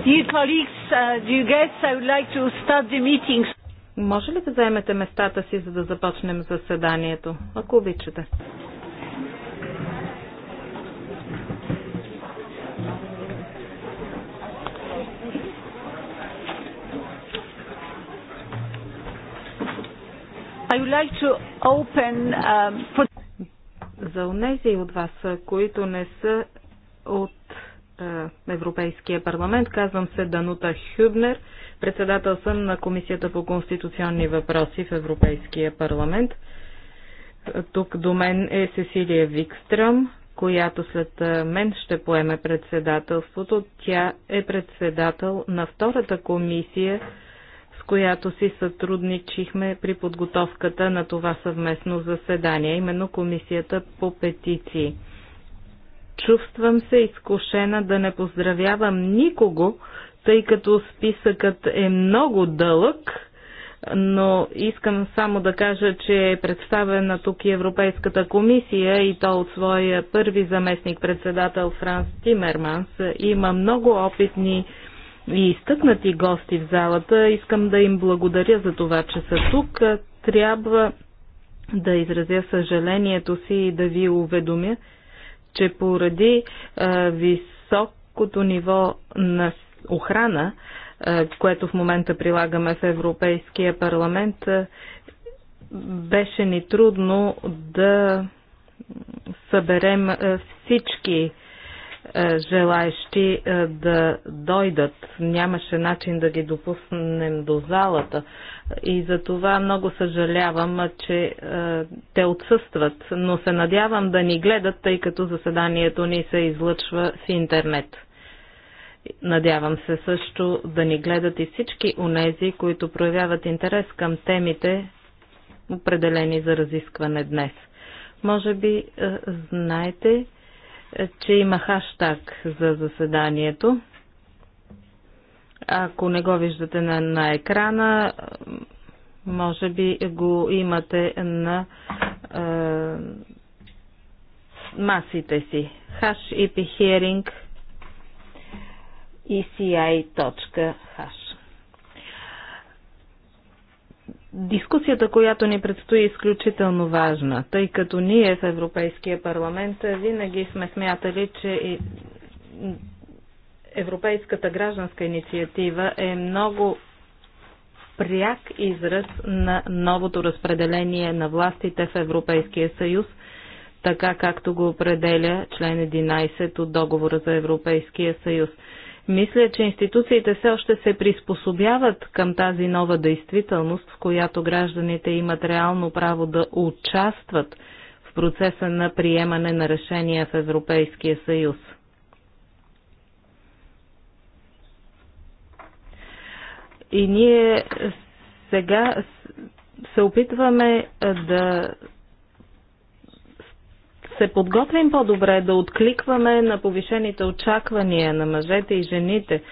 Uh, Може ли да заемете местата си, за да започнем заседанието, ако обичате? Um, за унези от вас, които не са от е, Европейския парламент. Казвам се Данута Хюбнер. Председател съм на Комисията по конституционни въпроси в Европейския парламент. Тук до мен е Сесилия Викстръм, която след е, мен ще поеме председателството. Тя е председател на втората комисия, с която си сътрудничихме при подготовката на това съвместно заседание, именно комисията по петиции. Чувствам се изкушена да не поздравявам никого, тъй като списъкът е много дълъг, но искам само да кажа, че е представена тук и Европейската комисия и то от своя първи заместник-председател Франс Тимерманс. Има много опитни и изтъкнати гости в залата. Искам да им благодаря за това, че са тук. Трябва да изразя съжалението си и да ви уведомя, че поради високото ниво на охрана, което в момента прилагаме в Европейския парламент, беше ни трудно да съберем всички желаещи да дойдат. Нямаше начин да ги допуснем до залата и за това много съжалявам, че е, те отсъстват, но се надявам да ни гледат, тъй като заседанието ни се излъчва в интернет. Надявам се също да ни гледат и всички унези, които проявяват интерес към темите, определени за разискване днес. Може би е, знаете, е, че има хаштаг за заседанието. Ако не го виждате на, на екрана, може би го имате на е, масите си. Hash IP Hearing ECI.hash Дискусията, която ни предстои е изключително важна, тъй като ние в Европейския парламент винаги сме смятали, че Европейската гражданска инициатива е много пряк израз на новото разпределение на властите в Европейския съюз, така както го определя член 11 от договора за Европейския съюз. Мисля, че институциите все още се приспособяват към тази нова действителност, в която гражданите имат реално право да участват в процеса на приемане на решения в Европейския съюз. И ние сега се опитваме да се подготвим по-добре, да откликваме на повишените очаквания на мъжете и жените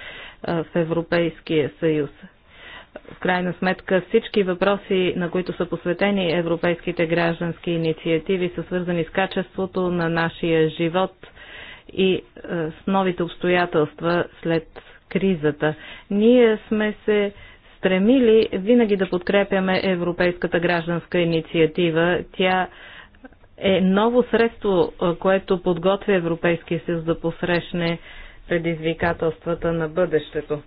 в Европейския съюз. В крайна сметка всички въпроси, на които са посветени европейските граждански инициативи, са свързани с качеството на нашия живот и с новите обстоятелства след кризата. Ние сме се стремили винаги да подкрепяме Европейската гражданска инициатива. Тя е ново средство, което подготвя Европейския съюз да посрещне предизвикателствата на бъдещето.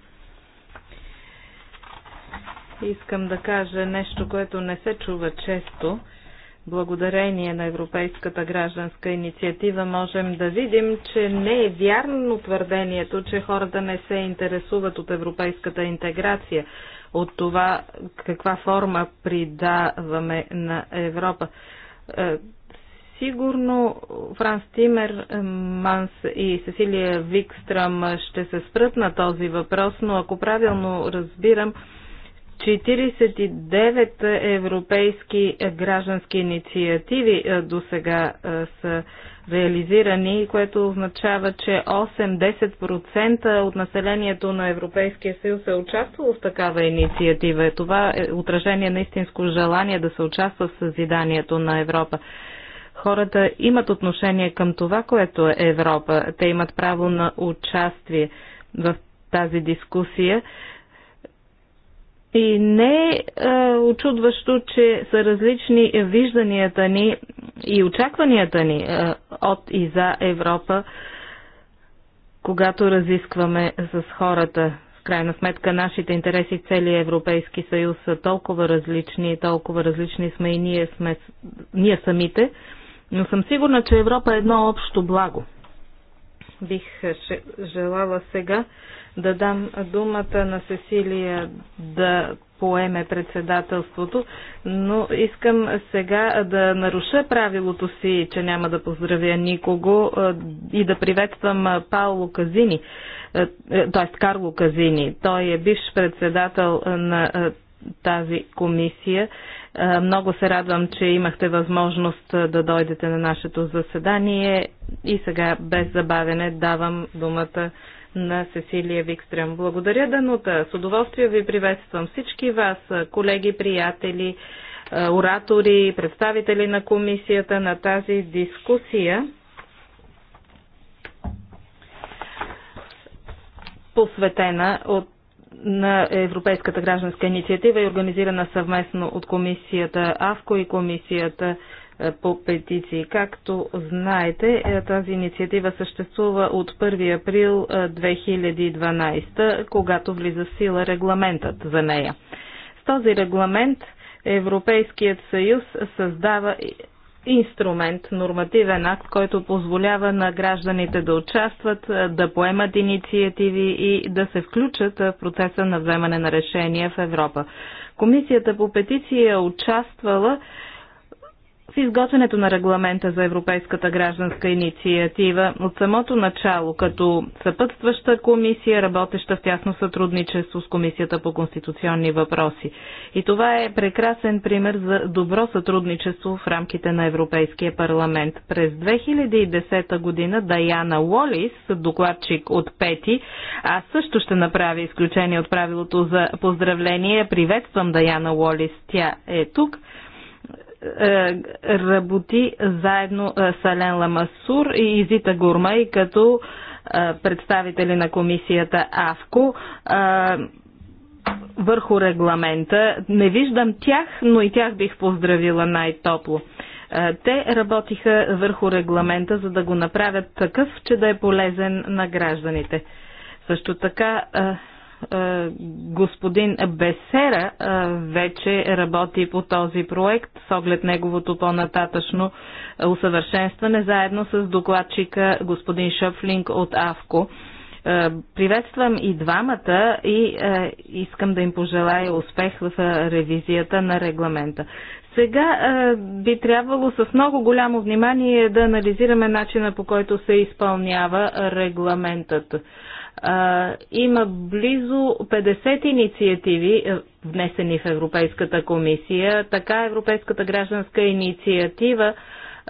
Искам да кажа нещо, което не се чува често благодарение на Европейската гражданска инициатива можем да видим, че не е вярно твърдението, че хората не се интересуват от европейската интеграция, от това каква форма придаваме на Европа. Е, сигурно Франс Тимер, Манс и Сесилия Викстрам ще се спрат на този въпрос, но ако правилно разбирам, 49 европейски граждански инициативи е, до сега е, са реализирани, което означава, че 8-10% от населението на Европейския съюз е участвало в такава инициатива. Това е отражение на истинско желание да се участва в съзиданието на Европа. Хората имат отношение към това, което е Европа. Те имат право на участие в тази дискусия и не е очудващо, че са различни вижданията ни и очакванията ни е, от и за Европа, когато разискваме с хората. В крайна сметка нашите интереси в целия Европейски съюз са толкова различни, толкова различни сме и ние, сме, ние самите, но съм сигурна, че Европа е едно общо благо. Бих е желала сега да дам думата на Сесилия да поеме председателството, но искам сега да наруша правилото си, че няма да поздравя никого и да приветствам Пауло Казини, т.е. Карло Казини. Той е бивш председател на тази комисия. Много се радвам, че имахте възможност да дойдете на нашето заседание и сега без забавене давам думата на Сесилия Викстрем. Благодаря, Данута. С удоволствие ви приветствам всички вас, колеги, приятели, е, оратори, представители на комисията на тази дискусия. посветена от на Европейската гражданска инициатива и организирана съвместно от комисията АВКО и комисията е, по петиции. Както знаете, е, тази инициатива съществува от 1 април 2012, е, когато влиза в сила регламентът за нея. С този регламент Европейският съюз създава инструмент, нормативен акт, който позволява на гражданите да участват, да поемат инициативи и да се включат в процеса на вземане на решения в Европа. Комисията по петиции е участвала в изготвянето на регламента за Европейската гражданска инициатива от самото начало, като съпътстваща комисия, работеща в тясно сътрудничество с Комисията по конституционни въпроси. И това е прекрасен пример за добро сътрудничество в рамките на Европейския парламент. През 2010 година Даяна Уолис, докладчик от Пети, аз също ще направя изключение от правилото за поздравление. Приветствам Даяна Уолис, тя е тук. Е, работи заедно е, с Ален Ламасур и Изита Гурмай като е, представители на комисията АВКО върху регламента. Не виждам тях, но и тях бих поздравила най-топло. Те работиха върху регламента, за да го направят такъв, че да е полезен на гражданите. Също така е, господин Бесера е, вече работи по този проект с оглед неговото по-нататъчно усъвършенстване, заедно с докладчика господин Шъфлинг от АВКО. Е, приветствам и двамата и искам да им пожелая успех в ревизията на регламента. Сега би трябвало с много голямо внимание да анализираме начина по който се изпълнява регламентът има близо 50 инициативи, е, внесени в Европейската комисия. Така Европейската гражданска инициатива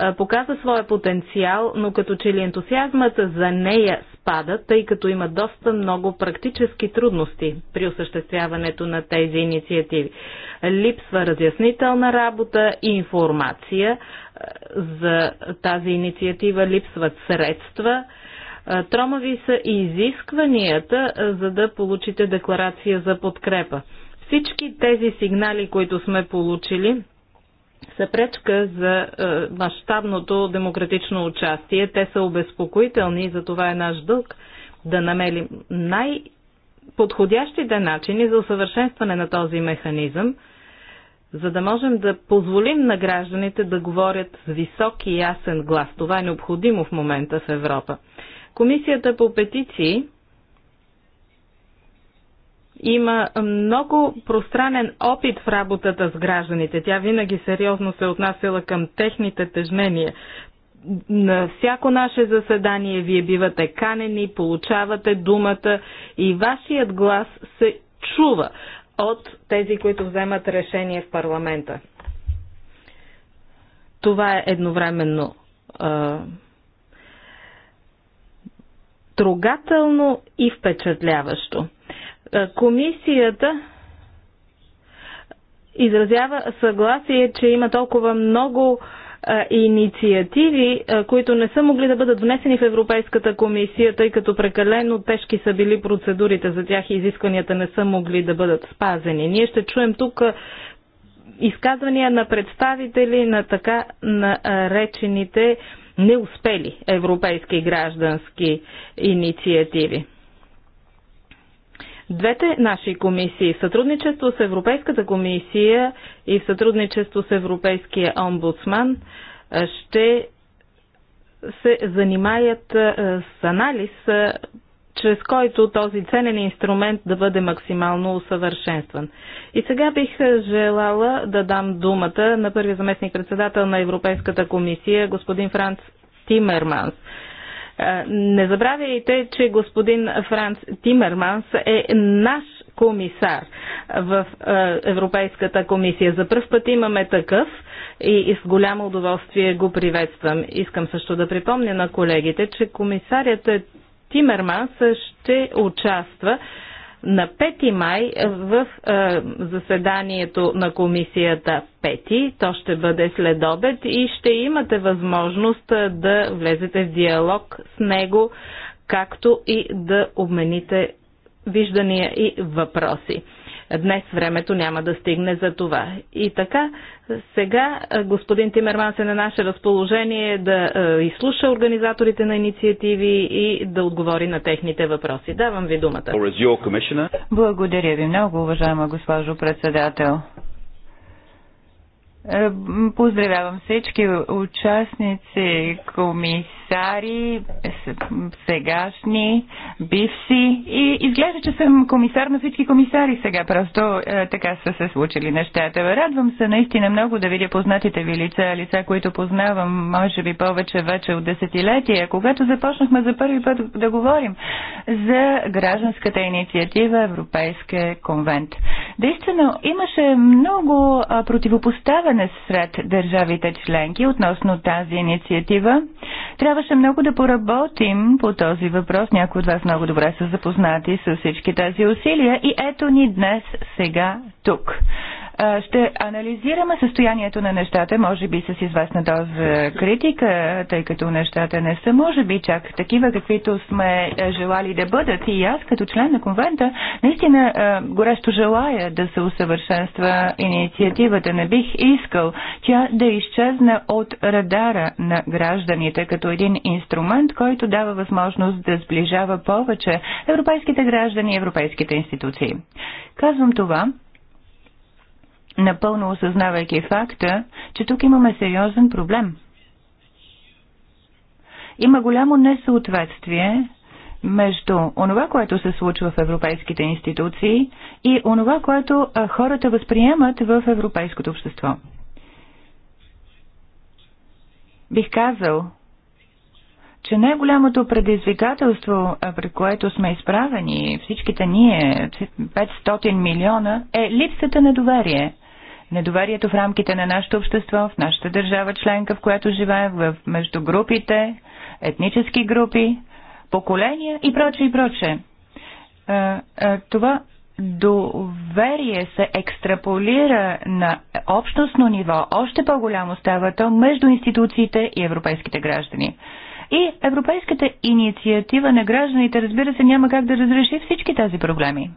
е, показва своя потенциал, но като че ли ентусиазмът за нея спада, тъй като има доста много практически трудности при осъществяването на тези инициативи. Липсва разяснителна работа и информация е, за тази инициатива, липсват средства – Тромави са и изискванията, за да получите декларация за подкрепа. Всички тези сигнали, които сме получили, са пречка за е, мащабното демократично участие. Те са обезпокоителни и за това е наш дълг да намерим най-подходящите начини за усъвършенстване на този механизъм, за да можем да позволим на гражданите да говорят с висок и ясен глас. Това е необходимо в момента в Европа. Комисията по петиции има много пространен опит в работата с гражданите. Тя винаги сериозно се е отнасяла към техните тежнения. На всяко наше заседание вие бивате канени, получавате думата и вашият глас се чува от тези, които вземат решение в парламента. Това е едновременно трогателно и впечатляващо. Е, комисията изразява съгласие, че има толкова много е, инициативи, е, които не са могли да бъдат внесени в Европейската комисия, тъй като прекалено тежки са били процедурите за тях и изискванията не са могли да бъдат спазени. Ние ще чуем тук изказвания на представители на така наречените неуспели европейски граждански инициативи. Двете наши комисии, сътрудничество с Европейската комисия и сътрудничество с Европейския омбудсман, ще се занимаят с анализ чрез който този ценен инструмент да бъде максимално усъвършенстван. И сега бих е, желала да дам думата на първия заместник председател на Европейската комисия, господин Франц Тимерманс. Е, не забравяйте, че господин Франц Тимерманс е наш комисар в е, Европейската комисия. За първ път имаме такъв и с голямо удоволствие го приветствам. Искам също да припомня на колегите, че комисарят Тимерманс ще участва на 5 май в е, заседанието на комисията 5. То ще бъде след обед и ще имате възможност е, да влезете в диалог с него, както и да обмените виждания и въпроси. Днес времето няма да стигне за това. И така, сега господин Тимерман се на наше разположение да изслуша организаторите на инициативи и да отговори на техните въпроси. Давам ви думата. Благодаря ви много, уважаема госпожо председател. Е, поздравявам всички участници, комисии комисари, сегашни, бивши и изглежда, че съм комисар на всички комисари сега. Просто е, така са се случили нещата. Радвам се наистина много да видя познатите ви лица, лица, които познавам, може би повече вече от десетилетия. Когато започнахме за първи път да говорим за гражданската инициатива Европейска конвент. Действено, имаше много противопоставяне сред държавите членки относно тази инициатива. Трябва Трябваше много да поработим по този въпрос. Някои от вас много добре са запознати с всички тези усилия и ето ни днес сега тук ще анализираме състоянието на нещата, може би с известна доза критика, тъй като нещата не са, може би, чак такива, каквито сме е, желали да бъдат. И аз, като член на конвента, наистина е, горещо желая да се усъвършенства инициативата. Не бих искал тя да изчезне от радара на гражданите като един инструмент, който дава възможност да сближава повече европейските граждани и европейските институции. Казвам това, напълно осъзнавайки факта, че тук имаме сериозен проблем. Има голямо несъответствие между онова, което се случва в европейските институции и онова, което хората възприемат в европейското общество. Бих казал, че най-голямото предизвикателство, при което сме изправени всичките ние, 500 милиона, е липсата на доверие недоверието в рамките на нашето общество, в нашата държава членка, в която живеем, в между групите, етнически групи, поколения и проче и проче. Това доверие се екстраполира на общностно ниво, още по-голямо става то между институциите и европейските граждани. И европейската инициатива на гражданите, разбира се, няма как да разреши всички тези проблеми.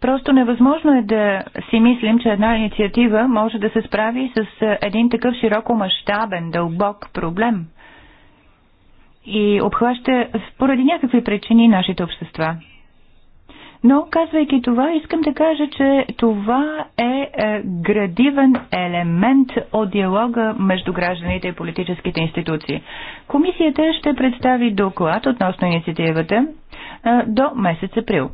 Просто невъзможно е да си мислим, че една инициатива може да се справи с е, един такъв широко мащабен, дълбок проблем и обхваща поради някакви причини нашите общества. Но, казвайки това, искам да кажа, че това е, е градивен елемент от диалога между гражданите и политическите институции. Комисията ще представи доклад относно инициативата е, до месец април.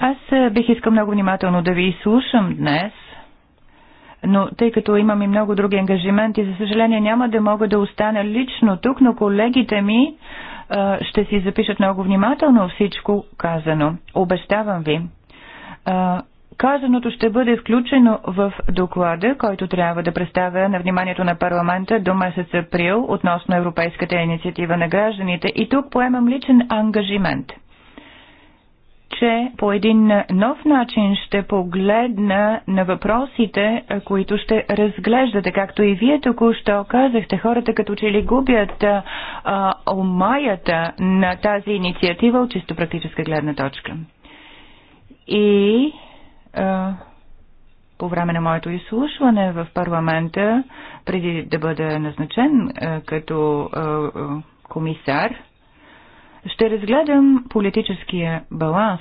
Аз бих искал много внимателно да ви изслушам днес, но тъй като имам и много други ангажименти, за съжаление няма да мога да остана лично тук, но колегите ми а, ще си запишат много внимателно всичко казано. Обещавам ви. А, казаното ще бъде включено в доклада, който трябва да представя на вниманието на парламента до месец април относно Европейската инициатива на гражданите и тук поемам личен ангажимент – че по един нов начин ще погледна на въпросите, които ще разглеждате. Както и вие току-що казахте, хората като че ли губят а, омаята на тази инициатива от чисто практическа гледна точка. И а, по време на моето изслушване в парламента, преди да бъда назначен а, като а, комисар, ще разгледам политическия баланс,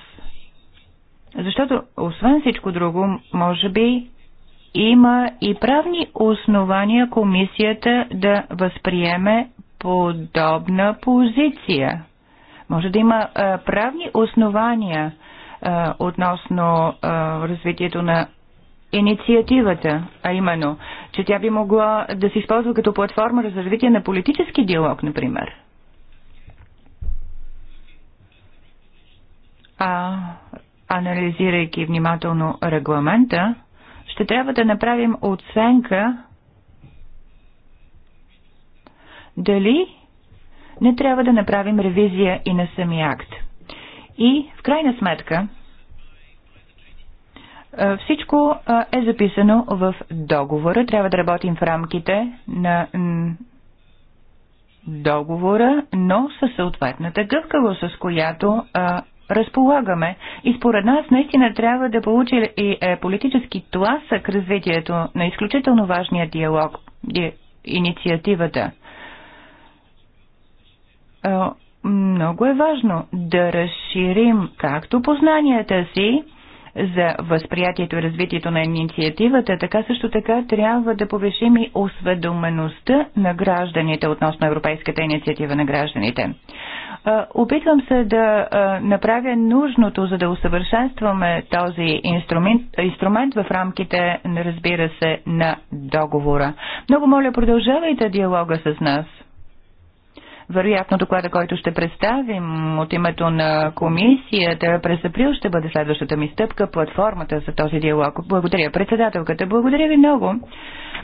защото освен всичко друго, може би има и правни основания комисията да възприеме подобна позиция. Може да има а, правни основания а, относно а, развитието на инициативата, а именно, че тя би могла да се използва като платформа за развитие на политически диалог, например. а анализирайки внимателно регламента, ще трябва да направим оценка дали не трябва да направим ревизия и на самия акт. И в крайна сметка всичко е записано в договора. Трябва да работим в рамките на договора, но със съответната гъвкавост, с която разполагаме. И според нас наистина трябва да получи и е, политически тласък развитието на изключително важния диалог, е, инициативата. Е, много е важно да разширим както познанията си, за възприятието и развитието на инициативата, така също така трябва да повишим и осведомеността на гражданите относно Европейската инициатива на гражданите. Опитвам се да направя нужното, за да усъвършенстваме този инструмент, инструмент в рамките, разбира се, на договора. Много моля, продължавайте диалога с нас. Вероятно доклада, който ще представим от името на комисията през април ще бъде следващата ми стъпка, платформата за този диалог. Благодаря председателката. Благодаря ви много.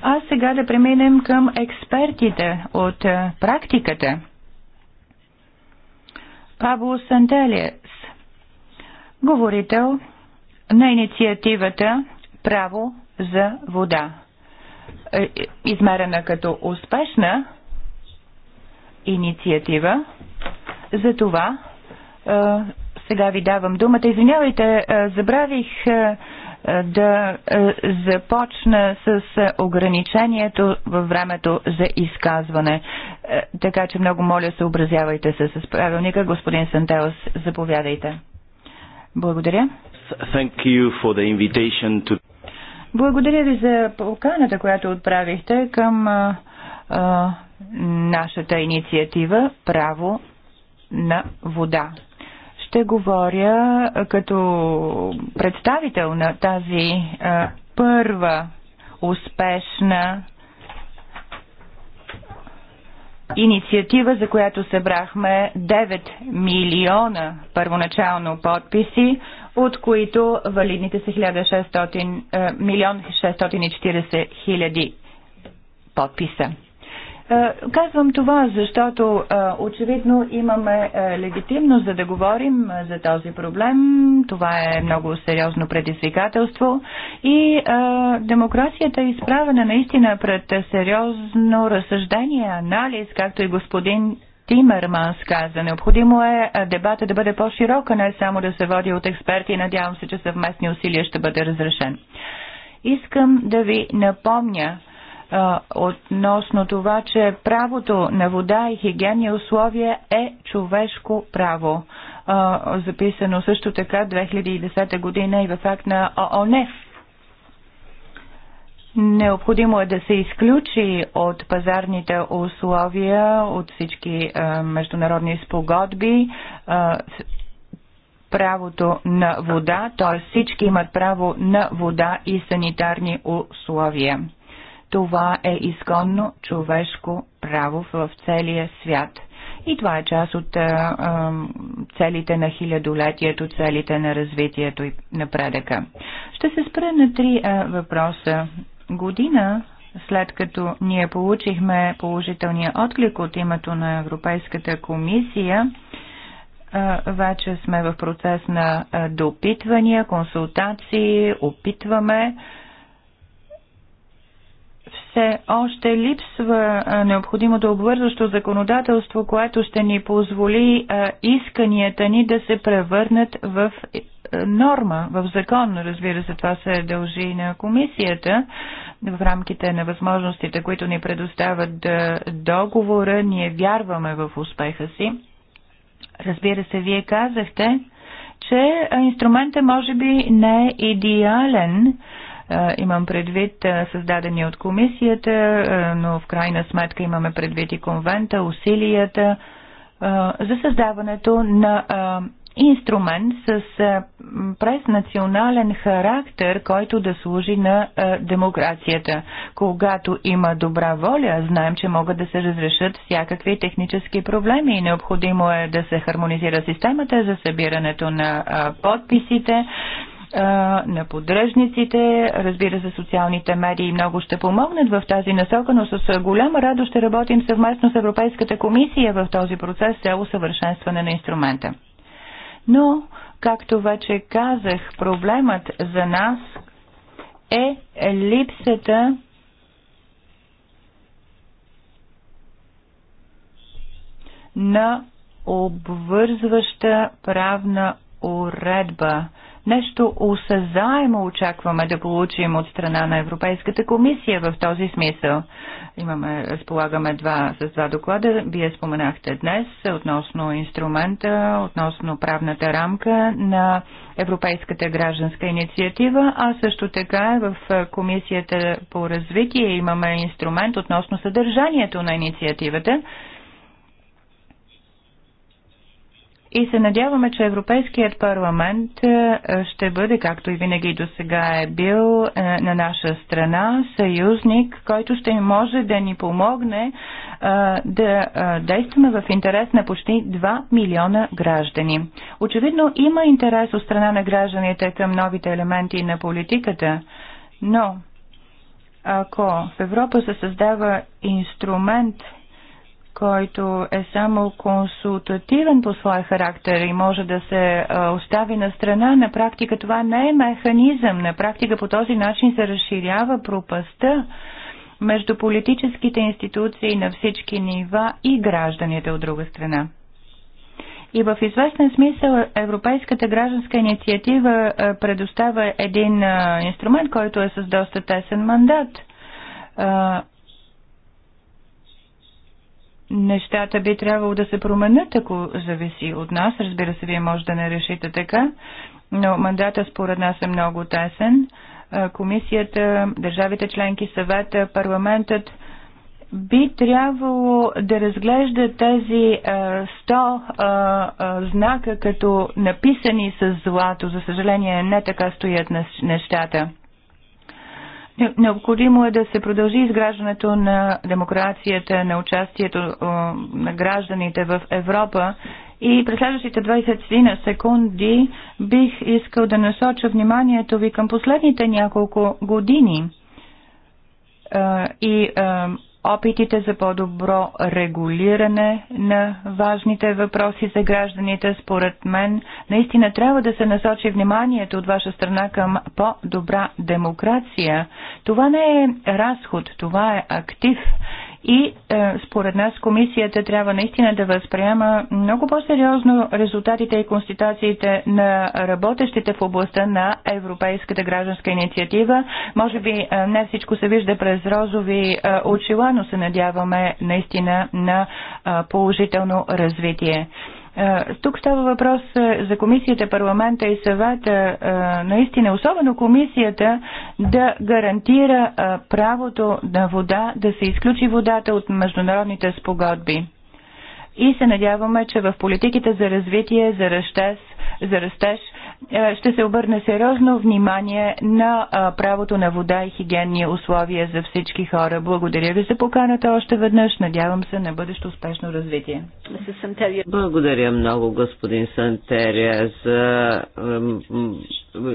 А сега да преминем към експертите от е, практиката. Пабло Сантелиес, говорител на инициативата Право за вода е, е, измерена като успешна, инициатива. За това сега ви давам думата. Извинявайте, забравих да започна с ограничението във времето за изказване. Така че много моля, съобразявайте се с правилника. Господин Сантеос, заповядайте. Благодаря. Thank you for the invitation to... Благодаря ви за поканата, която отправихте към нашата инициатива Право на вода. Ще говоря като представител на тази а, първа успешна инициатива, за която събрахме 9 милиона първоначално подписи, от които валидните са 1600, милион 640 хиляди подписа. Е, казвам това, защото е, очевидно имаме е, легитимност за да говорим за този проблем. Това е много сериозно предизвикателство и демокрацията е изправена наистина пред сериозно разсъждение, анализ, както и господин Тимерманс каза, необходимо е дебата да бъде по широка не само да се води от експерти и надявам се, че съвместни усилия ще бъде разрешен. Искам да ви напомня, а, относно това, че правото на вода и хигиенни условия е човешко право. А, записано също така 2010 година и в факт на ООН. Необходимо е да се изключи от пазарните условия, от всички а, международни спогодби, а, правото на вода, т.е. всички имат право на вода и санитарни условия. Това е изгонно човешко право в целия свят. И това е част от а, а, целите на хилядолетието, целите на развитието и напредъка. Ще се спра на три а, въпроса. Година след като ние получихме положителния отклик от името на Европейската комисия, вече сме в процес на допитвания, консултации, опитваме все още липсва необходимото обвързващо законодателство, което ще ни позволи исканията ни да се превърнат в е, норма, в закон. Разбира се, това се дължи на комисията. В рамките на възможностите, които ни предоставят договора, ние вярваме в успеха си. Разбира се, вие казахте, че инструментът може би не е идеален, е, имам предвид е, създадени от комисията, е, но в крайна сметка имаме предвид и конвента, усилията за създаването на инструмент с преснационален характер, който да служи на демокрацията. Когато има добра воля, знаем, че могат да се разрешат всякакви технически проблеми и необходимо е да се хармонизира системата за събирането на подписите, на подръжниците, разбира се, социалните медии много ще помогнат в тази насока, но с голяма радост ще работим съвместно с Европейската комисия в този процес с усъвършенстване на инструмента. Но, както вече казах, проблемът за нас е липсата на обвързваща правна уредба нещо осъзаемо очакваме да получим от страна на Европейската комисия в този смисъл. Имаме, разполагаме два, с два доклада. Вие споменахте днес относно инструмента, относно правната рамка на Европейската гражданска инициатива, а също така в Комисията по развитие имаме инструмент относно съдържанието на инициативата. и се надяваме, че Европейският парламент е, ще бъде, както и винаги до сега е бил, е, на наша страна, съюзник, който ще може да ни помогне е, да действаме в интерес на почти 2 милиона граждани. Очевидно има интерес от страна на гражданите към новите елементи на политиката, но ако в Европа се създава инструмент, който е само консултативен по своя характер и може да се остави на страна, на практика това не е механизъм. На практика по този начин се разширява пропаста между политическите институции на всички нива и гражданите от друга страна. И в известен смисъл Европейската гражданска инициатива предоставя един инструмент, който е с доста тесен мандат – нещата би трябвало да се променят, ако зависи от нас. Разбира се, вие може да не решите така, но мандата според нас е много тесен. Комисията, държавите членки, съвета, парламентът би трябвало да разглежда тези 100 знака като написани с злато. За съжаление, не така стоят нещата. Необходимо е да се продължи изграждането на демокрацията, на участието на гражданите в Европа и през следващите 20 секунди бих искал да насоча вниманието ви към последните няколко години е, и е, опитите за по-добро регулиране на важните въпроси за гражданите, според мен, наистина трябва да се насочи вниманието от ваша страна към по-добра демокрация. Това не е разход, това е актив и е, според нас комисията трябва наистина да възприема много по-сериозно резултатите и конститациите на работещите в областта на Европейската гражданска инициатива. Може би е, не всичко се вижда през розови е, очила, но се надяваме наистина на е, положително развитие. Е, тук става въпрос е, за комисията, парламента и съвета, е, наистина, особено комисията, да гарантира правото на вода, да се изключи водата от международните спогодби. И се надяваме, че в политиките за развитие, за растеж, за растеж е, ще се обърне сериозно внимание на правото на вода и хигиенни условия за всички хора. Благодаря ви за поканата още веднъж. Надявам се на бъдещо успешно развитие. Благодаря много, господин Сантерия, за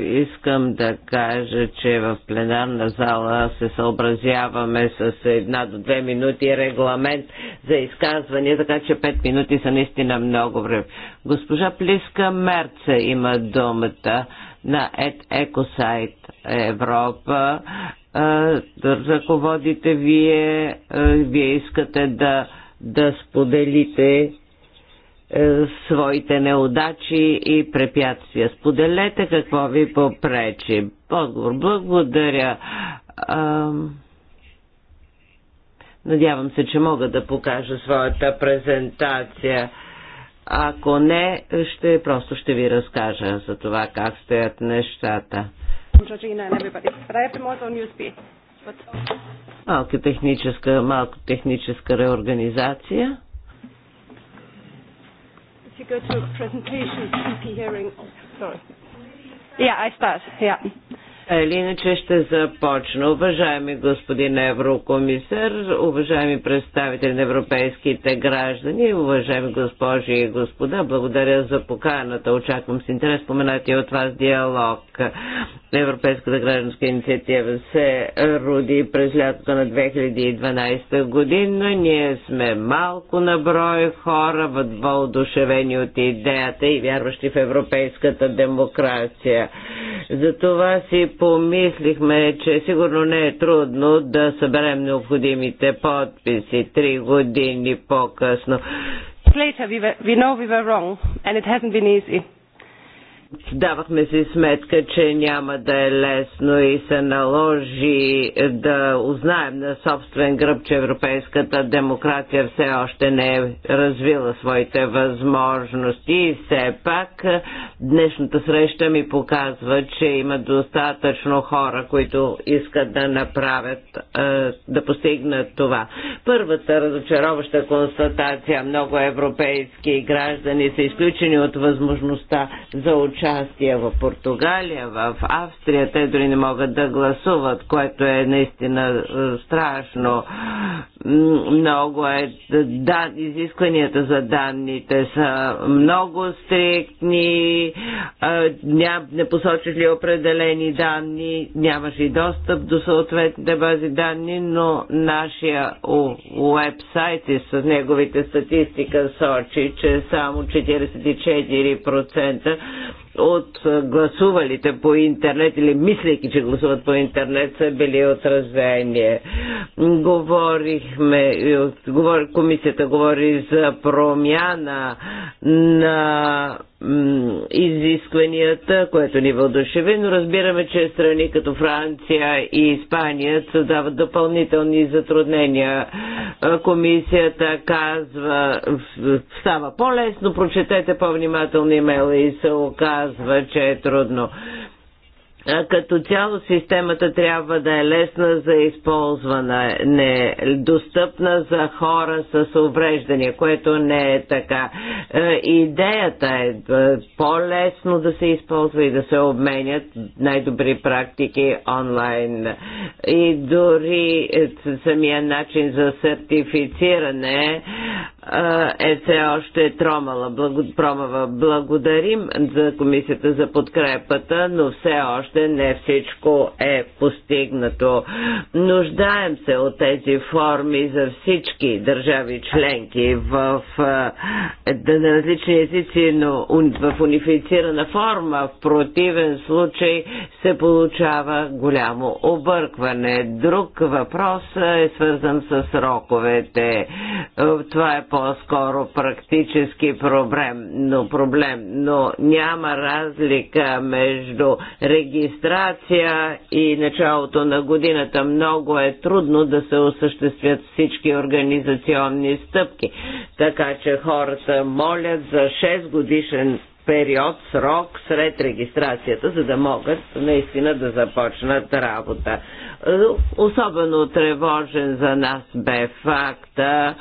искам да кажа, че в пленарна зала се съобразяваме с една до две минути регламент за изказване, така че пет минути са наистина много време. Госпожа Плиска Мерца има думата на Екосайт Европа. Ръководите вие, вие искате да, да споделите е, своите неудачи и препятствия. Споделете какво ви попречи. Отговор. Благодаря. Надявам се, че мога да покажа своята презентация. Ако не, ще просто ще ви разкажа за това как стоят нещата. Малко техническа, малко техническа реорганизация go to a presentation, CP hearing. Sorry. Yeah, I start. Yeah. Или иначе ще започна. Уважаеми господин еврокомисар, уважаеми представители на европейските граждани, уважаеми госпожи и господа, благодаря за поканата. Очаквам с интерес споменатия от вас диалог. Европейската гражданска инициатива се роди през лятото на 2012 година. Ние сме малко на брой хора, въдвоодушевени от идеята и вярващи в европейската демокрация. Затова си помислихме, че сигурно не е трудно да съберем необходимите подписи три години по-късно. Later we, were, we know we were wrong and it hasn't been easy. Давахме си сметка, че няма да е лесно и се наложи да узнаем на собствен гръб, че европейската демокрация все още не е развила своите възможности и все пак днешната среща ми показва, че има достатъчно хора, които искат да направят, е, да постигнат това. Първата разочароваща констатация, много европейски граждани са изключени от възможността за участие участие в Португалия, в Австрия, те дори не могат да гласуват, което е наистина е, страшно. Много е. Да, изискванията за данните са много стриктни, е, не посочиш ли определени данни, нямаш и достъп до съответните бази данни, но нашия уебсайт и с неговите статистика сочи, че само 44% от гласувалите по интернет или мислейки, че гласуват по интернет, са били отразени. Говорихме, говор, комисията говори за промяна на изискванията, което ни вълдушеви, но разбираме, че страни като Франция и Испания създават допълнителни затруднения. Комисията казва, става по-лесно, прочетете по-внимателно имейла и се оказва, че е трудно. Като цяло системата трябва да е лесна за използване, не достъпна за хора с увреждания, което не е така. Идеята е по-лесно да се използва и да се обменят най-добри практики онлайн. И дори е, самия начин за сертифициране е все още тромала. Благодарим за комисията за подкрепата, но все още още не всичко е постигнато. Нуждаем се от тези форми за всички държави членки в е, на различни езици, но в унифицирана форма. В противен случай се получава голямо объркване. Друг въпрос е свързан с сроковете. Това е по-скоро практически проблем, но проблем, но няма разлика между регионите регистрация и началото на годината много е трудно да се осъществят всички организационни стъпки. Така че хората молят за 6 годишен период, срок сред регистрацията, за да могат наистина да започнат работа. Особено тревожен за нас бе факта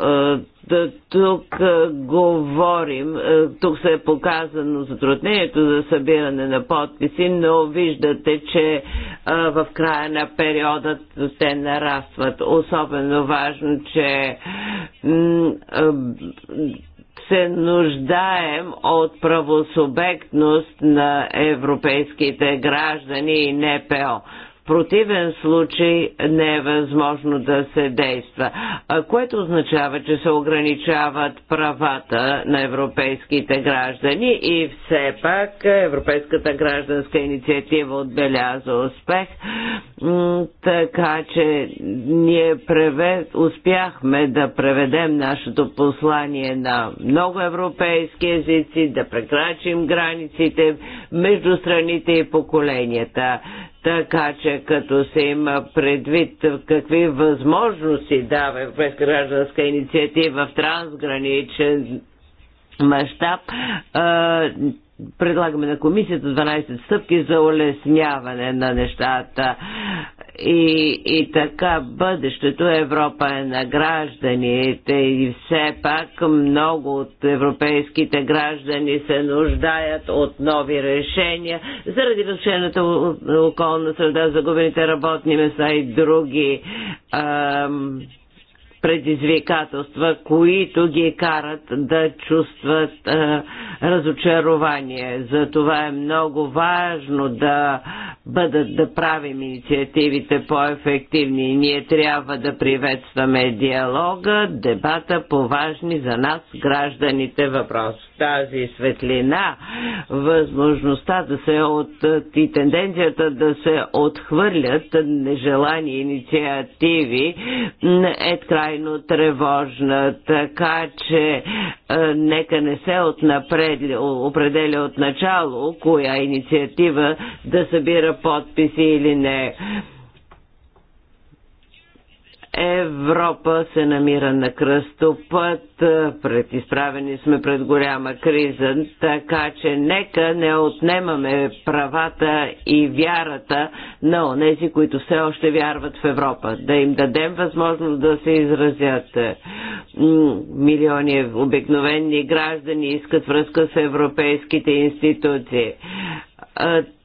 е, тук е, говорим, е, тук се е показано затруднението за събиране на подписи, но виждате, че в края на периода те нарастват. Особено важно, че се нуждаем от правосубектност на европейските граждани и НПО противен случай не е възможно да се действа, което означава, че се ограничават правата на европейските граждани и все пак Европейската гражданска инициатива отбеляза успех, така че ние превед, успяхме да преведем нашето послание на много европейски езици, да прекрачим границите между страните и поколенията. Така че като се има предвид какви възможности дава през гражданска инициатива в трансграничен мащаб, предлагаме на комисията 12 стъпки за улесняване на нещата. И, и така бъдещето Европа е на гражданите и все пак много от европейските граждани се нуждаят от нови решения заради разшената околна среда, загубените работни места и други. Ам предизвикателства, които ги карат да чувстват а, разочарование. Затова е много важно да бъдат да правим инициативите по-ефективни. Ние трябва да приветстваме диалога, дебата по важни за нас гражданите въпроси тази светлина възможността да се от и тенденцията да се отхвърлят нежелани инициативи е крайно тревожна. Така че е, нека не се отнапредли, определя от начало коя инициатива да събира подписи или не. Европа се намира на кръстопът, пред изправени сме пред голяма криза, така че нека не отнемаме правата и вярата на онези, които все още вярват в Европа. Да им дадем възможност да се изразят. Милиони обикновени граждани искат връзка с европейските институции.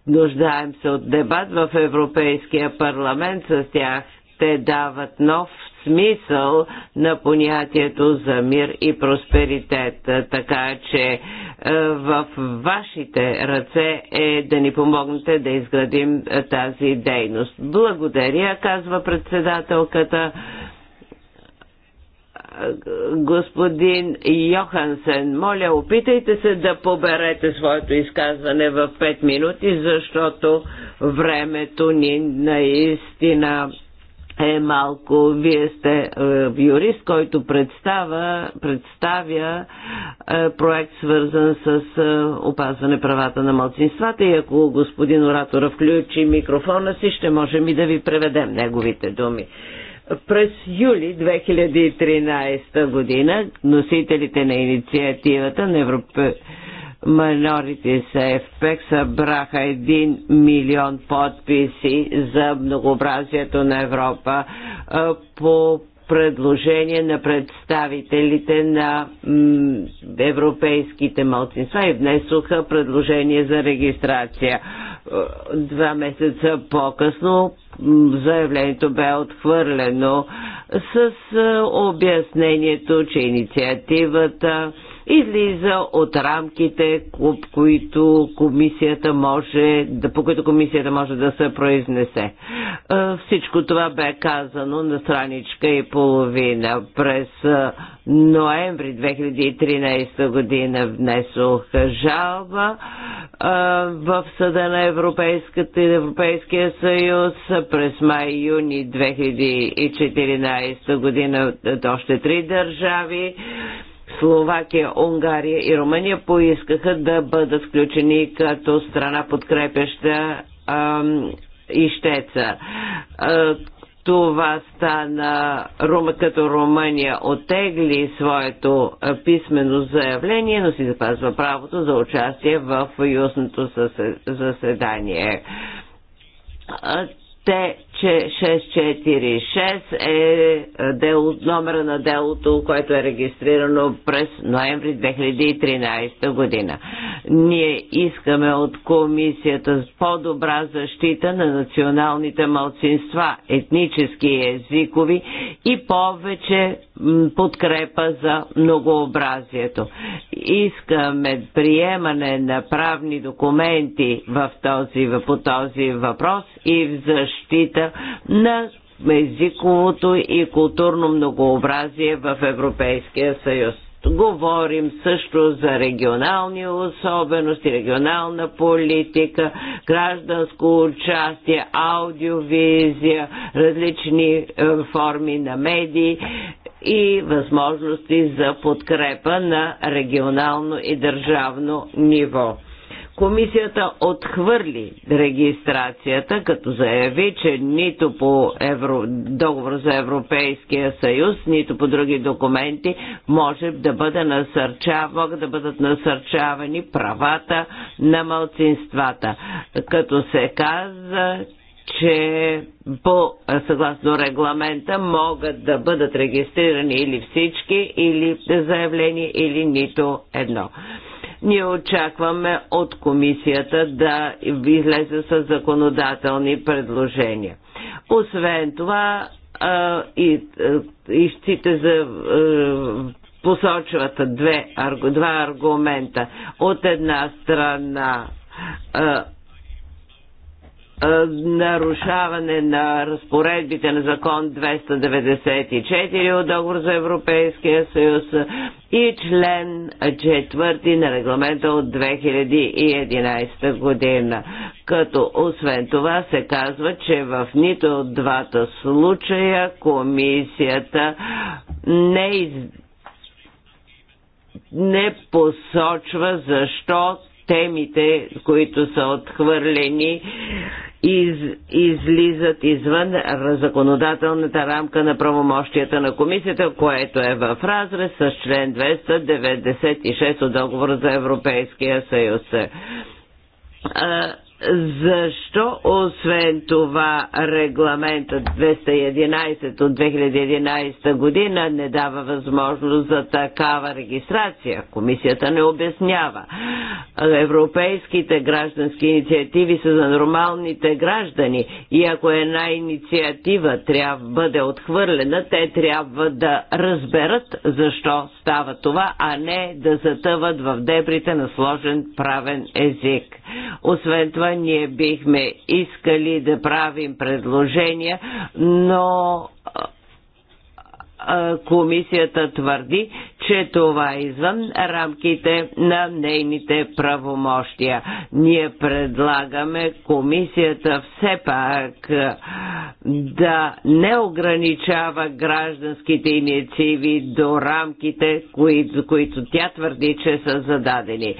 Нуждаем се от дебат в Европейския парламент с тях те дават нов смисъл на понятието за мир и просперитет. Така че е, в вашите ръце е да ни помогнете да изградим е, тази дейност. Благодаря, казва председателката господин Йохансен, моля, опитайте се да поберете своето изказване в 5 минути, защото времето ни наистина е малко. Вие сте е, юрист, който представя, представя е, проект свързан с е, опазване правата на младсинствата и ако господин оратора включи микрофона си, ще можем и да ви преведем неговите думи. През юли 2013 година носителите на инициативата на Европейския Минорите се събраха 1 милион подписи за многообразието на Европа по предложение на представителите на европейските малцинства и внесоха предложение за регистрация. Два месеца по-късно заявлението бе отхвърлено с обяснението, че инициативата излиза от рамките, които комисията може, по които комисията може да се произнесе. Е, всичко това бе казано на страничка и половина. През е, ноември 2013 година внесох жалба е, в Съда на Европейската и Европейския съюз. През май-юни 2014 година още три държави Словакия, Унгария и Румъния поискаха да бъдат включени като страна подкрепяща ищеца. Това стана Рума, като Румъния отегли своето писмено заявление, но си запазва правото за участие в юсното заседание. Те 646 е, е дел, номера на делото, което е регистрирано през ноември 2013 година. Ние искаме от комисията с по-добра защита на националните малцинства, етнически и езикови и повече подкрепа за многообразието. Искаме приемане на правни документи в този, по този въпрос и в защита на езиковото и културно многообразие в Европейския съюз. Говорим също за регионални особености, регионална политика, гражданско участие, аудиовизия, различни е, форми на медии и възможности за подкрепа на регионално и държавно ниво. Комисията отхвърли регистрацията, като заяви, че нито по евро, договор за Европейския съюз, нито по други документи може да бъде насърчава, могат да бъдат насърчавани правата на малцинствата. Като се каза, че по съгласно регламента могат да бъдат регистрирани или всички, или заявления, или нито едно. Ние очакваме от комисията да излезе с законодателни предложения. Освен това, а, и, ищите за посочват две, два аргумента. От една страна е, нарушаване на разпоредбите на закон 294 от договор за Европейския съюз и член 4 на регламента от 2011 година. Като освен това се казва, че в нито от двата случая комисията не из не посочва защо темите, които са отхвърлени, из, излизат извън законодателната рамка на правомощията на комисията, което е в разрез с член 296 от договора за Европейския съюз защо освен това регламентът 211 от 2011 година не дава възможност за такава регистрация? Комисията не обяснява. Европейските граждански инициативи са за нормалните граждани и ако една инициатива трябва да бъде отхвърлена, те трябва да разберат защо става това, а не да затъват в дебрите на сложен правен език. Освен това ние бихме искали да правим предложения, но комисията твърди, че това е извън рамките на нейните правомощия. Ние предлагаме комисията все пак да не ограничава гражданските инициативи до рамките, които, които тя твърди, че са зададени.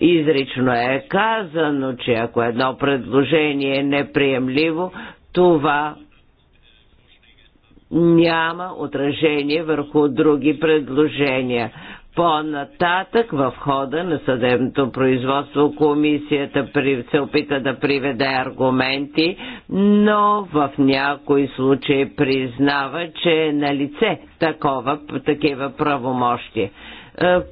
Изрично е казано, че ако едно предложение е неприемливо, това няма отражение върху други предложения. По-нататък в хода на съдебното производство комисията се опита да приведе аргументи, но в някои случаи признава, че е на лице такова, такива правомощи. Е,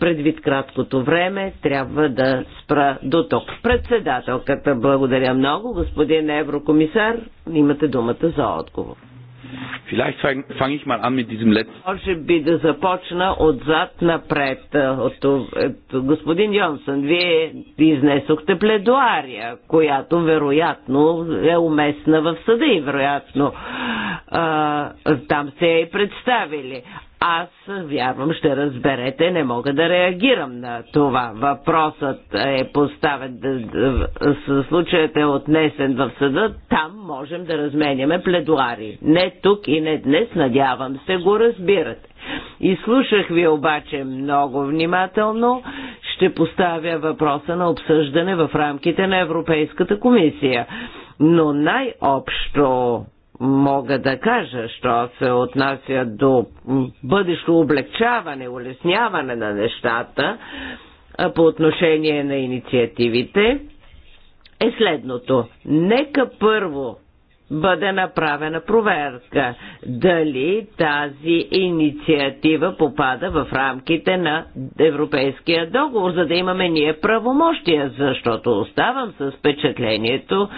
предвид краткото време, трябва да спра до тук. Председателката, благодаря много. Господин Еврокомисар, имате думата за отговор. Може би да започна отзад напред. От, от, господин Йонсън, вие изнесохте пледуария, която вероятно е уместна в съда и вероятно а, там се е и представили. Аз вярвам, ще разберете, не мога да реагирам на това. Въпросът е поставен, случаят е отнесен в съда, там можем да разменяме пледуари. Не тук и не днес, надявам се, го разбирате. И слушах ви обаче много внимателно, ще поставя въпроса на обсъждане в рамките на Европейската комисия. Но най-общо мога да кажа, що се отнася до бъдещо облегчаване, улесняване на нещата по отношение на инициативите, е следното. Нека първо бъде направена проверка дали тази инициатива попада в рамките на Европейския договор, за да имаме ние правомощия, защото оставам с впечатлението,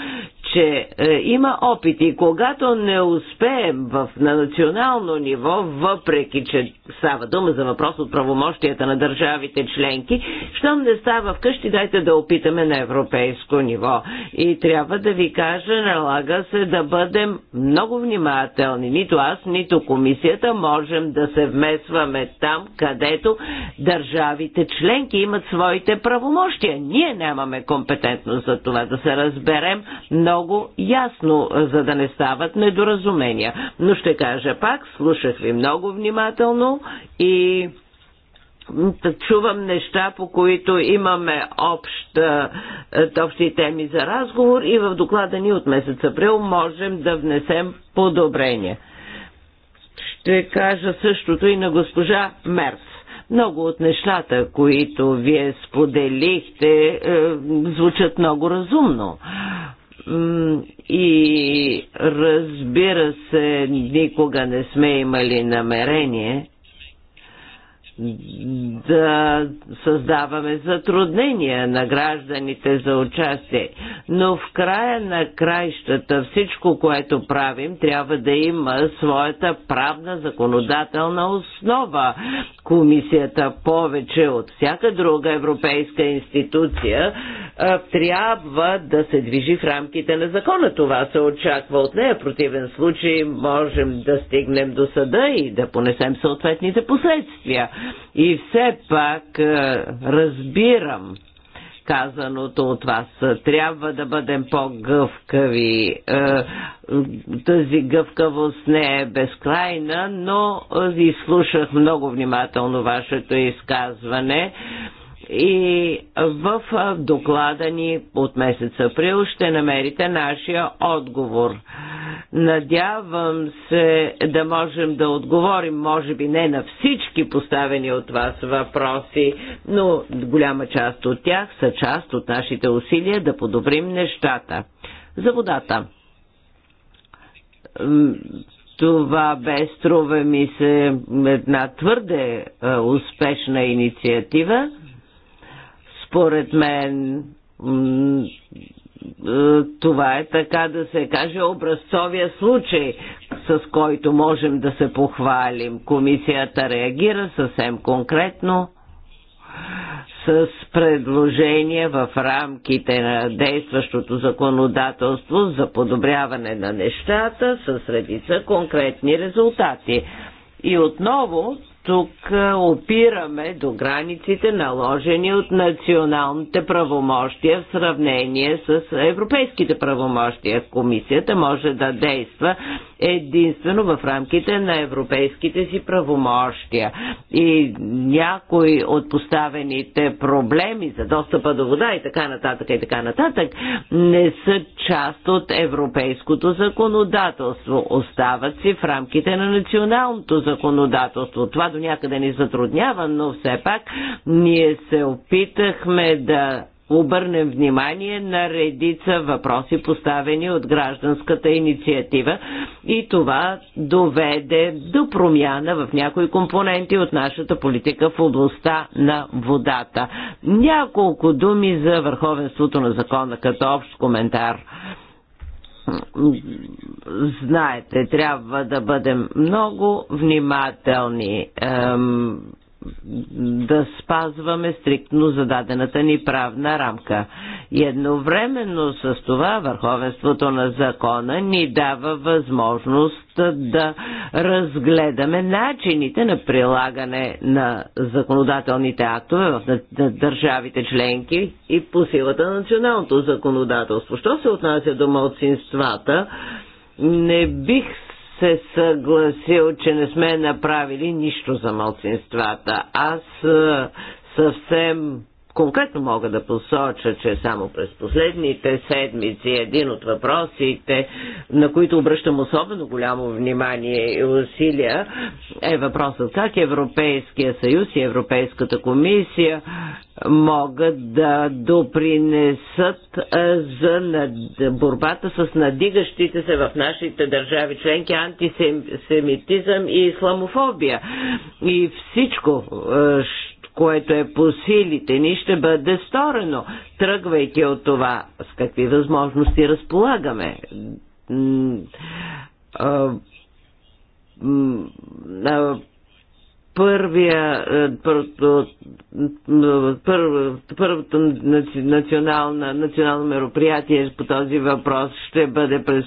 че е, има опити. Когато не успеем в, на национално ниво, въпреки че става дума за въпрос от правомощията на държавите членки, щом не става вкъщи, дайте да опитаме на европейско ниво. И трябва да ви кажа, налага се да бъдем много внимателни. Нито аз, нито комисията можем да се вмесваме там, където държавите членки имат своите правомощия. Ние нямаме компетентност за това да се разберем много много ясно, е, за да не стават недоразумения. Но ще кажа пак, слушах ви много внимателно и чувам неща, по които имаме обща, е, е, общи теми за разговор и в доклада ни от месец април можем да внесем подобрение. Ще кажа същото и на госпожа Мерц. Много от нещата, които вие споделихте, звучат много разумно. И разбира се, никога не сме имали намерение да създаваме затруднения на гражданите за участие. Но в края на краищата всичко, което правим, трябва да има своята правна законодателна основа комисията повече от всяка друга европейска институция трябва да се движи в рамките на закона. Това се очаква от нея. В противен случай можем да стигнем до съда и да понесем съответните последствия. И все пак разбирам казаното от вас. Трябва да бъдем по-гъвкави. Е, тази гъвкавост не е безкрайна, но изслушах много внимателно вашето изказване и в доклада ни от месец април ще намерите нашия отговор. Надявам се да можем да отговорим, може би не на всички поставени от вас въпроси, но голяма част от тях са част от нашите усилия да подобрим нещата. За водата. Това бе, струва ми се, една твърде успешна инициатива според мен е, това е така да се каже образцовия случай, с който можем да се похвалим. Комисията реагира съвсем конкретно с предложения в рамките на действащото законодателство за подобряване на нещата с редица конкретни резултати. И отново тук опираме до границите, наложени от националните правомощия в сравнение с европейските правомощия. Комисията може да действа единствено в рамките на европейските си правомощия. И някои от поставените проблеми за достъпа до вода и така нататък и така нататък не са част от европейското законодателство. Остават си в рамките на националното законодателство. Това до някъде ни затруднява, но все пак ние се опитахме да обърнем внимание на редица въпроси, поставени от гражданската инициатива и това доведе до промяна в някои компоненти от нашата политика в областта на водата. Няколко думи за върховенството на закона като общ коментар знаете, трябва да бъдем много внимателни. Ем, да спазваме стриктно зададената ни правна рамка. И едновременно с това върховенството на закона ни дава възможност да разгледаме начините на прилагане на законодателните актове в държавите членки и по силата на националното законодателство. Що се отнася до малцинствата, не бих се съгласил, че не сме направили нищо за малцинствата. Аз съвсем Конкретно мога да посоча, че само през последните седмици един от въпросите, на които обръщам особено голямо внимание и усилия, е въпросът как Европейския съюз и Европейската комисия могат да допринесат за борбата с надигащите се в нашите държави членки антисемитизъм и исламофобия. И всичко ще което е по силите ни, ще бъде сторено, тръгвайки от това с какви възможности разполагаме първия, първо, първото национално, национално мероприятие по този въпрос ще бъде през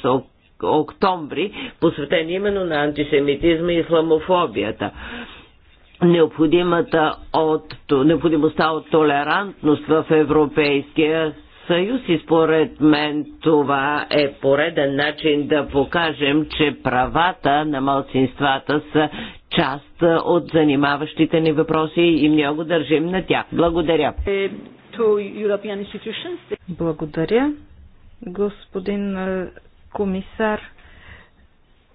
октомври, посветен именно на антисемитизма и исламофобията необходимата от, необходимостта от толерантност в Европейския съюз и според мен това е пореден начин да покажем, че правата на малцинствата са част от занимаващите ни въпроси и много държим на тях. Благодаря. Е, Благодаря. Господин е, комисар,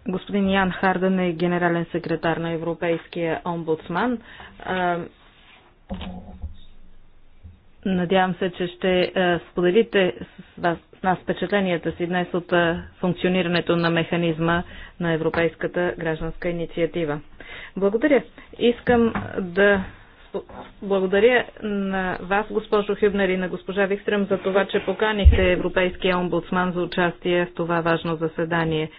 Господин Ян Харден е генерален секретар на Европейския омбудсман. Надявам се, че ще споделите с, вас, с нас впечатленията си днес от функционирането на механизма на Европейската гражданска инициатива. Благодаря. Искам да благодаря на вас, госпожо Хюбнер и на госпожа Викстрем, за това, че поканихте Европейския омбудсман за участие в това важно заседание.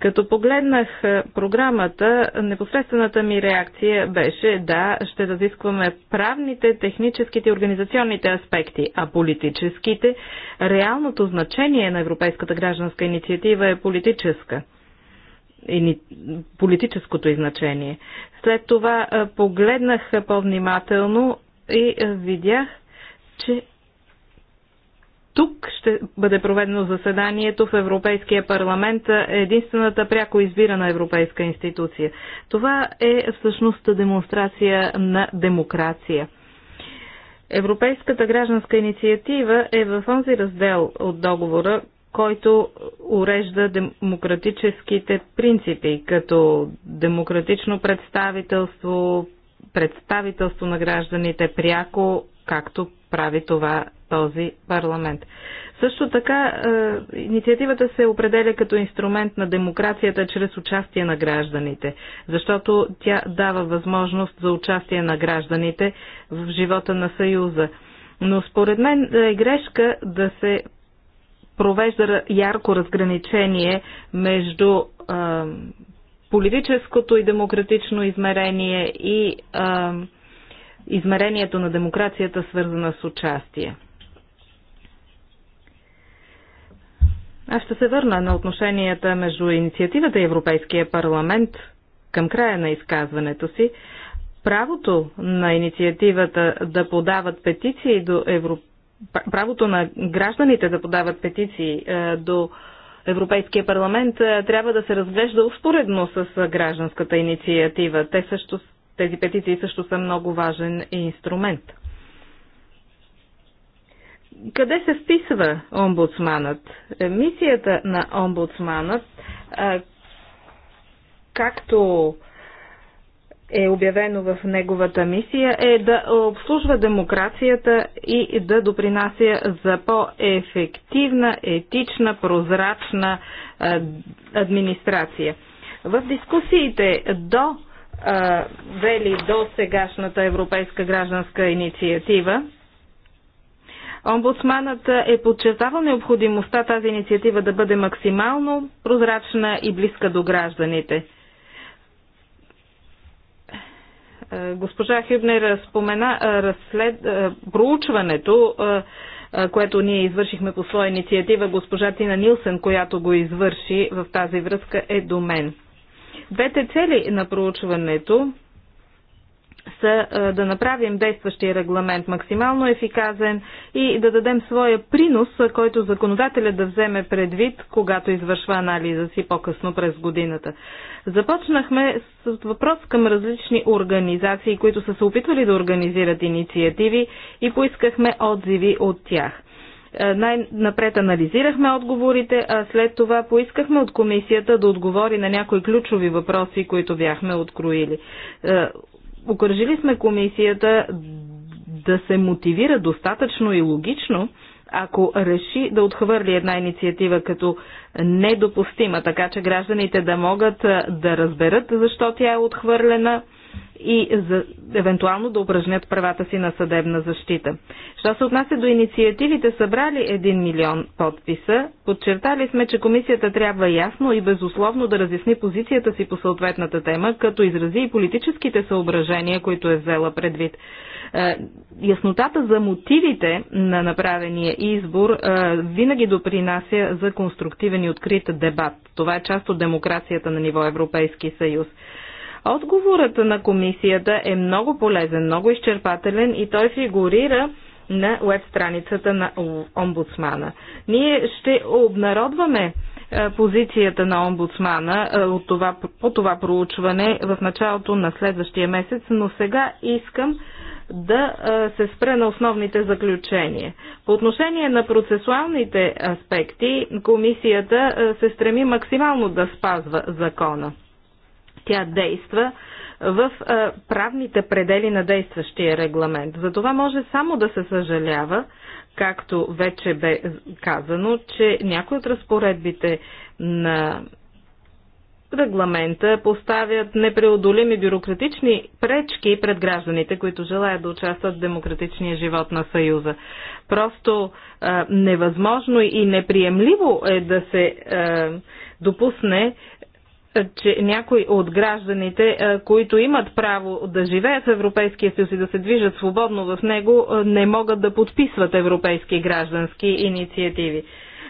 Като погледнах е, програмата, непосредствената ми реакция беше да, ще разискваме правните, техническите и организационните аспекти, а политическите, реалното значение на Европейската гражданска инициатива е политическа политическото и значение. След това е, погледнах е, по-внимателно и видях, че тук ще бъде проведено заседанието в Европейския парламент, единствената пряко избирана европейска институция. Това е всъщност демонстрация на демокрация. Европейската гражданска инициатива е в онзи раздел от договора, който урежда демократическите принципи, като демократично представителство, представителство на гражданите пряко, както прави това този парламент. Също така, е, инициативата се определя като инструмент на демокрацията чрез участие на гражданите, защото тя дава възможност за участие на гражданите в живота на Съюза. Но според мен е, е грешка да се провежда ярко разграничение между е, политическото и демократично измерение и е, измерението на демокрацията, свързана с участие. Аз ще се върна на отношенията между инициативата и Европейския парламент към края на изказването си. Правото на инициативата да подават петиции до Евро правото на гражданите да подават петиции е, до Европейския парламент е, трябва да се разглежда успоредно с гражданската инициатива. Те също, тези петиции също са много важен инструмент къде се вписва омбудсманът? Мисията на омбудсманът, както е обявено в неговата мисия, е да обслужва демокрацията и да допринася за по-ефективна, етична, прозрачна администрация. В дискусиите до вели до сегашната Европейска гражданска инициатива, Омбудсманът е подчертавал необходимостта тази инициатива да бъде максимално прозрачна и близка до гражданите. Е, госпожа Хюбнер спомена е, разслед... Е, проучването, което ние извършихме по своя инициатива. Госпожа Тина Нилсен, която го извърши в тази връзка, е до мен. Двете цели на проучването са е, да направим действащия регламент максимално ефиказен и да дадем своя принос, е, който законодателят да вземе предвид, когато извършва анализа си по-късно през годината. Започнахме с въпрос към различни организации, които са се опитвали да организират инициативи и поискахме отзиви от тях. Е, най-напред анализирахме отговорите, а след това поискахме от комисията да отговори на някои ключови въпроси, които бяхме откроили. Окоръжили сме комисията да се мотивира достатъчно и логично, ако реши да отхвърли една инициатива като недопустима, така че гражданите да могат да разберат защо тя е отхвърлена и за, евентуално да упражнят правата си на съдебна защита. Що се отнася до инициативите събрали 1 милион подписа, подчертали сме, че комисията трябва ясно и безусловно да разясни позицията си по съответната тема, като изрази и политическите съображения, които е взела предвид. Е, яснотата за мотивите на направения избор е, винаги допринася за конструктивен и открит дебат. Това е част от демокрацията на ниво Европейски съюз. Отговорът на комисията е много полезен, много изчерпателен и той фигурира на веб страницата на омбудсмана. Ние ще обнародваме е, позицията на омбудсмана е, от това, по това проучване в началото на следващия месец, но сега искам да е, се спре на основните заключения. По отношение на процесуалните аспекти, комисията се стреми максимално да спазва закона тя действа в е, правните предели на действащия регламент. За това може само да се съжалява, както вече бе казано, че някои от разпоредбите на регламента поставят непреодолими бюрократични пречки пред гражданите, които желаят да участват в демократичния живот на Съюза. Просто а, е, невъзможно и неприемливо е да се а, е, допусне че някои от гражданите, е, които имат право да живеят в Европейския съюз и да се движат свободно в него, е, не могат да подписват европейски граждански инициативи.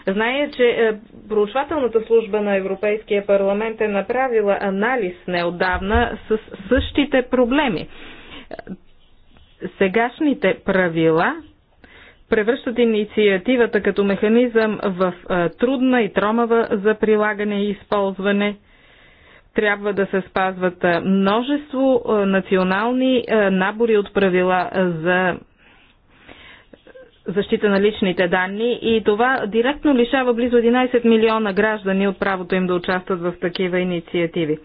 Зная, че е, проучвателната служба на Европейския парламент е направила анализ неодавна с същите проблеми. Сегашните правила превръщат инициативата като механизъм в трудна и тромава за прилагане и използване – трябва да се спазват множество национални набори от правила за защита на личните данни и това директно лишава близо 11 милиона граждани от правото им да участват в такива инициативи.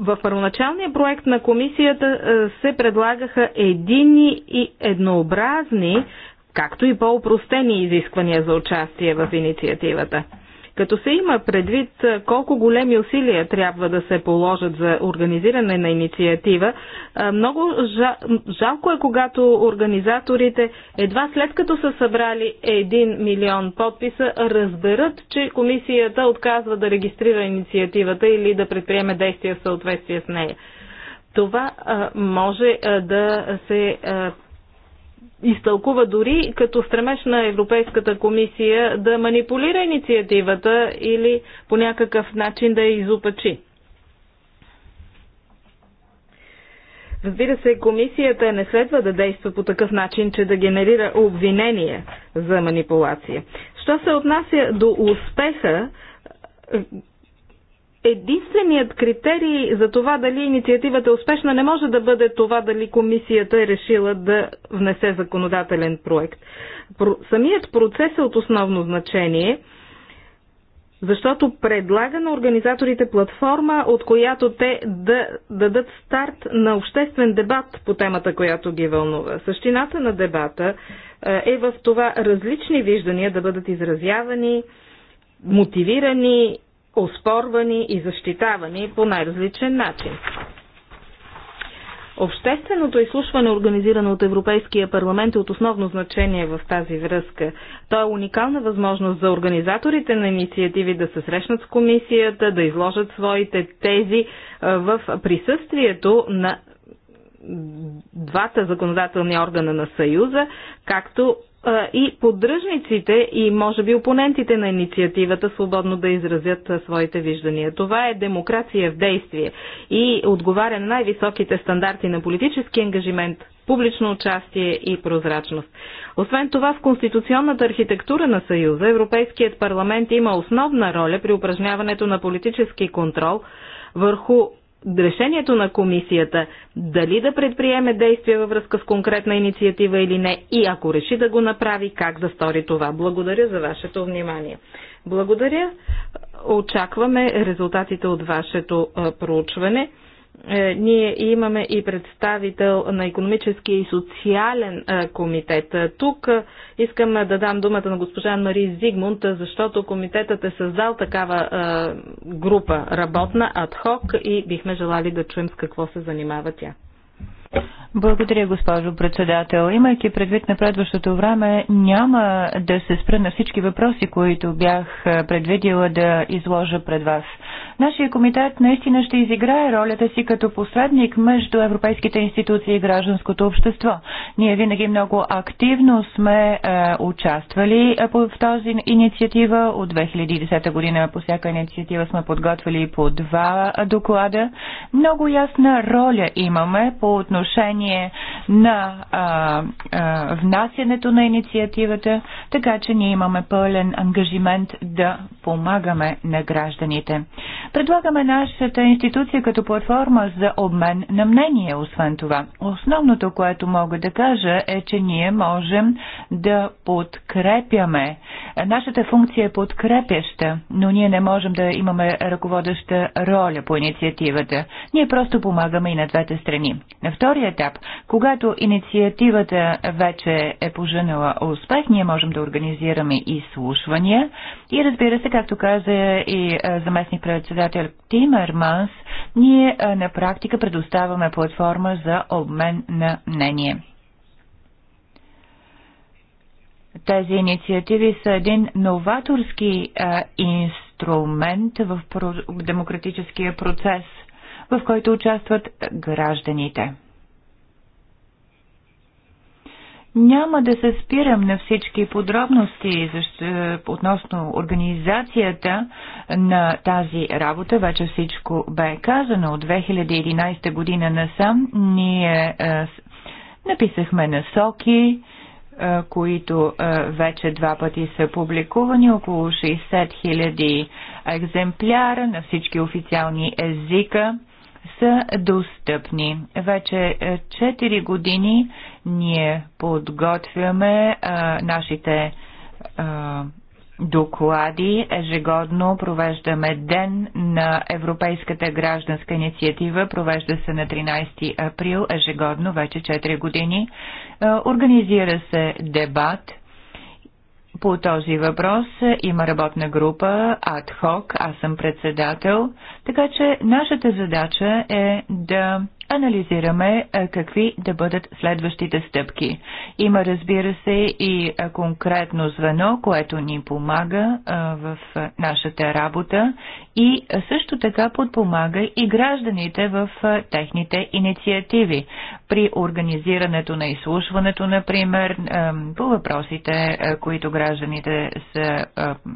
В първоначалния проект на комисията се предлагаха едини и еднообразни, както и по-упростени изисквания за участие в инициативата. Като се има предвид колко големи усилия трябва да се положат за организиране на инициатива, много жалко е, когато организаторите едва след като са събрали 1 милион подписа, разберат, че комисията отказва да регистрира инициативата или да предприеме действия в съответствие с нея. Това а, може а, да се а, изтълкува дори като стремеж на Европейската комисия да манипулира инициативата или по някакъв начин да я изопачи. Разбира се, комисията не следва да действа по такъв начин, че да генерира обвинение за манипулация. Що се отнася до успеха, единственият критерий за това дали инициативата е успешна не може да бъде това дали комисията е решила да внесе законодателен проект. Самият процес е от основно значение, защото предлага на организаторите платформа, от която те да дадат старт на обществен дебат по темата, която ги вълнува. Същината на дебата е, е в това различни виждания да бъдат изразявани, мотивирани оспорвани и защитавани по най-различен начин. Общественото изслушване, организирано от Европейския парламент, е от основно значение в тази връзка. То е уникална възможност за организаторите на инициативи да се срещнат с комисията, да изложат своите тези в присъствието на двата законодателни органа на Съюза, както и поддръжниците и може би опонентите на инициативата свободно да изразят своите виждания. Това е демокрация в действие и отговаря на най-високите стандарти на политически ангажимент, публично участие и прозрачност. Освен това, в конституционната архитектура на Съюза Европейският парламент има основна роля при упражняването на политически контрол върху решението на комисията дали да предприеме действия във връзка с конкретна инициатива или не и ако реши да го направи, как да стори това. Благодаря за вашето внимание. Благодаря. Очакваме резултатите от вашето проучване. Е, ние имаме и представител на економическия и социален е, комитет. Е, тук искам да дам думата на госпожа Мари Зигмунд, защото комитетът е създал такава група работна, адхок и бихме желали да чуем с какво се занимава тя. Благодаря, госпожо председател. Имайки предвид на предващото време, няма да се спра на всички въпроси, които бях предвидила да изложа пред вас. Нашия комитет наистина ще изиграе ролята си като посредник между европейските институции и гражданското общество. Ние винаги много активно сме е, участвали е, в тази инициатива. От 2010 година по всяка инициатива сме подготвили по два е, доклада. Много ясна роля имаме по отношение на е, е, внасянето на инициативата, така че ние имаме пълен ангажимент да помагаме на гражданите. Предлагаме нашата институция като платформа за обмен на мнение, освен това. Основното, което мога да кажа е, че ние можем да подкрепяме. Нашата функция е подкрепяща, но ние не можем да имаме ръководеща роля по инициативата. Ние просто помагаме и на двете страни. На втория етап, когато инициативата вече е поженала успех, ние можем да организираме изслушвания, и разбира се, както каза и заместник председател Тимерманс, ние на практика предоставяме платформа за обмен на мнение. Тези инициативи са един новаторски а, инструмент в про- демократическия процес, в който участват гражданите. Няма да се спирам на всички подробности защо, относно организацията на тази работа. Вече всичко бе казано. От 2011 година насам ние е, написахме насоки, е, които е, вече два пъти са публикувани, около 60 000 екземпляра на всички официални езика са достъпни. Вече 4 е, години ние подготвяме а, е, нашите а, е, доклади. Ежегодно провеждаме Ден на Европейската гражданска инициатива. Провежда се на 13 април ежегодно, вече 4 години. Организира се дебат по този въпрос. Има работна група, адхок, аз съм председател, така че нашата задача е да анализираме какви да бъдат следващите стъпки. Има, разбира се, и конкретно звено, което ни помага в нашата работа и също така подпомага и гражданите в техните инициативи. При организирането на изслушването, например, по въпросите, които гражданите са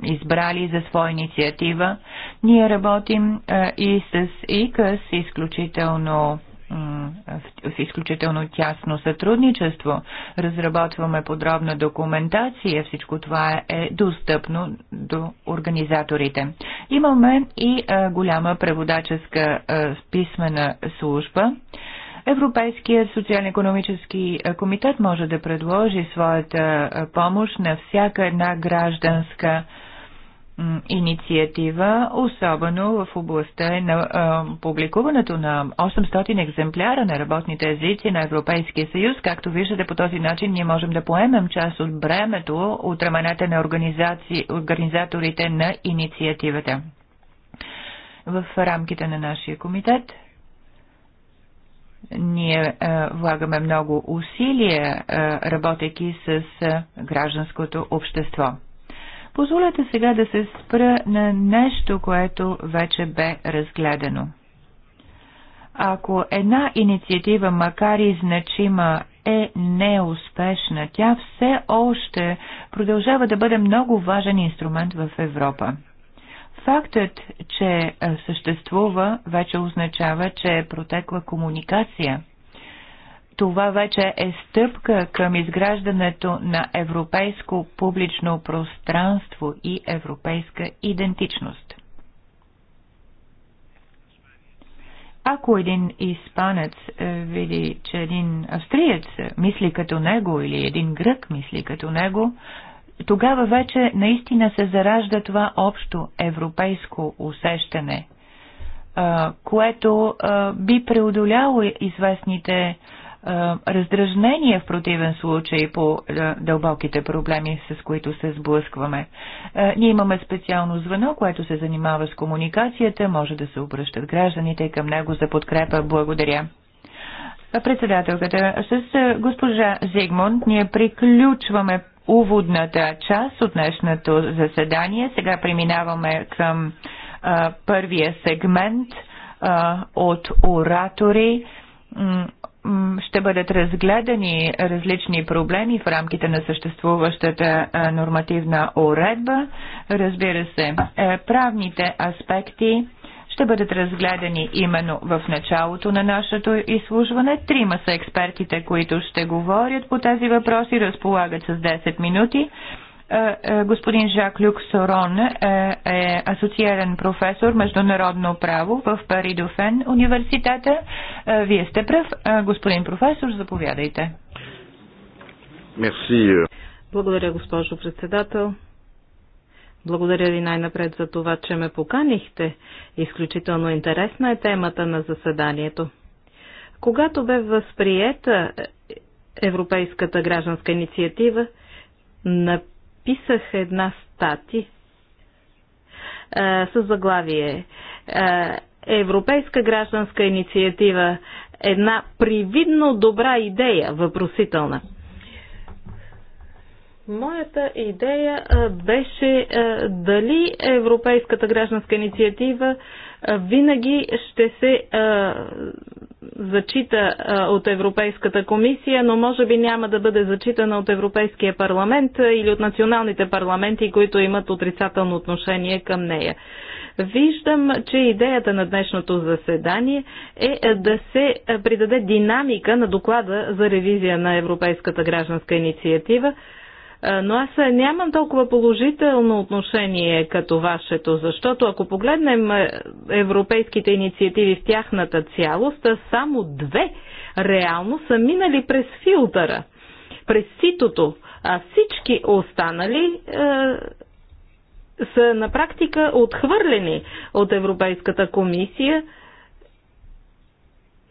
избрали за своя инициатива, ние работим и с ИКАС изключително в изключително тясно сътрудничество. Разработваме подробна документация. Всичко това е достъпно до организаторите. Имаме и голяма преводаческа писмена служба. Европейският социално-економически комитет може да предложи своята помощ на всяка една гражданска инициатива, особено в областта на а, публикуването на 800 екземпляра на работните езици на Европейския съюз. Както виждате, по този начин ние можем да поемем част от бремето от рамената на организаторите на инициативата. В рамките на нашия комитет ние а, влагаме много усилия, а, работейки с а, гражданското общество. Позволете сега да се спра на нещо, което вече бе разгледано. Ако една инициатива, макар и значима, е неуспешна, тя все още продължава да бъде много важен инструмент в Европа. Фактът, че съществува, вече означава, че е протекла комуникация – това вече е стъпка към изграждането на европейско публично пространство и европейска идентичност. Ако един испанец е, види, че един австриец мисли като него или един грък мисли като него, тогава вече наистина се заражда това общо европейско усещане, което би преодоляло известните раздражнение в противен случай по дълбоките проблеми, с които се сблъскваме. Ние имаме специално звено, което се занимава с комуникацията, може да се обръщат гражданите към него за подкрепа. Благодаря. Председателката, с госпожа Зигмунд ние приключваме уводната част от днешното заседание. Сега преминаваме към а, първия сегмент а, от оратори ще бъдат разгледани различни проблеми в рамките на съществуващата нормативна уредба. Разбира се, е, правните аспекти ще бъдат разгледани именно в началото на нашето изслужване. Трима са експертите, които ще говорят по тези въпроси, разполагат с 10 минути. Е, е, господин Жак Люк Сорон е, е, асоцииран професор международно право в Пари Дофен университета. Вие сте прав. Господин професор, заповядайте. Мерси. Благодаря, госпожо председател. Благодаря ви най-напред за това, че ме поканихте. Изключително интересна е темата на заседанието. Когато бе възприета Европейската гражданска инициатива, на написах една стати а, с заглавие а, Европейска гражданска инициатива една привидно добра идея, въпросителна. Моята идея беше дали Европейската гражданска инициатива винаги ще се зачита от Европейската комисия, но може би няма да бъде зачитана от Европейския парламент или от националните парламенти, които имат отрицателно отношение към нея. Виждам, че идеята на днешното заседание е да се придаде динамика на доклада за ревизия на Европейската гражданска инициатива, но аз нямам толкова положително отношение като вашето, защото ако погледнем европейските инициативи в тяхната цялост, само две реално са минали през филтъра, през ситото, а всички останали е, са на практика отхвърлени от Европейската комисия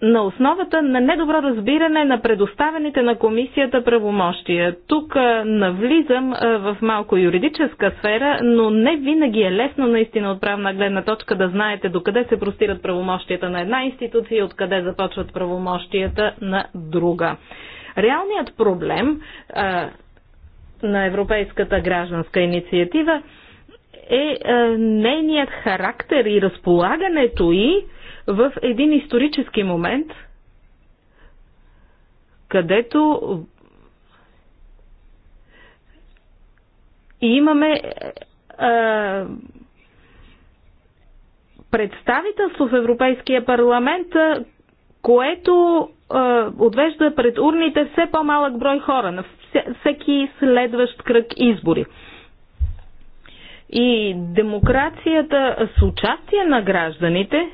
на основата на недобро разбиране на предоставените на комисията правомощия. Тук навлизам в малко юридическа сфера, но не винаги е лесно наистина от правна гледна точка да знаете докъде се простират правомощията на една институция и откъде започват правомощията на друга. Реалният проблем а, на Европейската гражданска инициатива е а, нейният характер и разполагането и в един исторически момент, където имаме а, представителство в Европейския парламент, което а, отвежда пред урните все по-малък брой хора на всеки следващ кръг избори. И демокрацията с участие на гражданите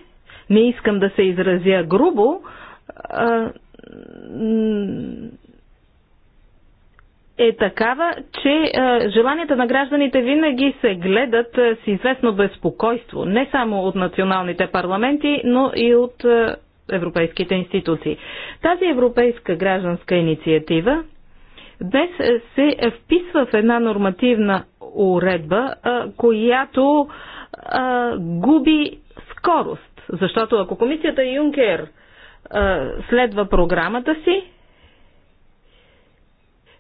не искам да се изразя грубо, е такава, че желанията на гражданите винаги се гледат с известно безпокойство, не само от националните парламенти, но и от европейските институции. Тази европейска гражданска инициатива днес се вписва в една нормативна уредба, която губи скорост защото ако комисията Юнкер следва програмата си,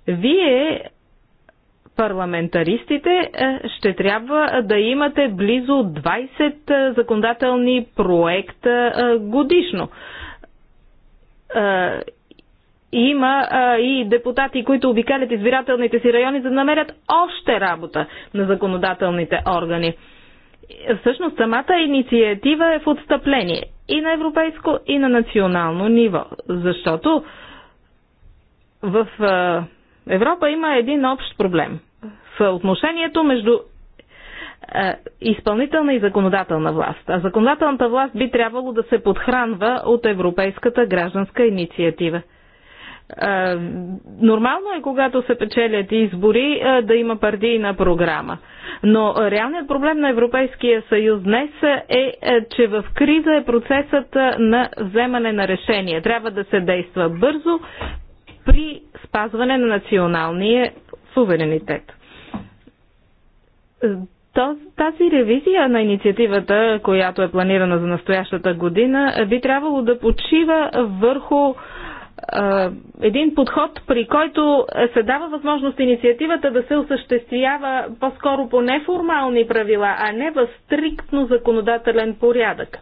вие парламентаристите ще трябва да имате близо 20 законодателни проекта годишно. Има и депутати, които обикалят избирателните си райони, за да намерят още работа на законодателните органи всъщност самата инициатива е в отстъпление и на европейско, и на национално ниво. Защото в Европа има един общ проблем. Съотношението между изпълнителна и законодателна власт. А законодателната власт би трябвало да се подхранва от Европейската гражданска инициатива. Е, нормално е, когато се печелят избори, е, да има партийна програма. Но реалният проблем на Европейския съюз днес е, е че в криза е процесът на вземане на решение. Трябва да се действа бързо при спазване на националния суверенитет. Тази ревизия на инициативата, която е планирана за настоящата година, би трябвало да почива върху един подход, при който се дава възможност инициативата да се осъществява по-скоро по неформални правила, а не в стриктно законодателен порядък.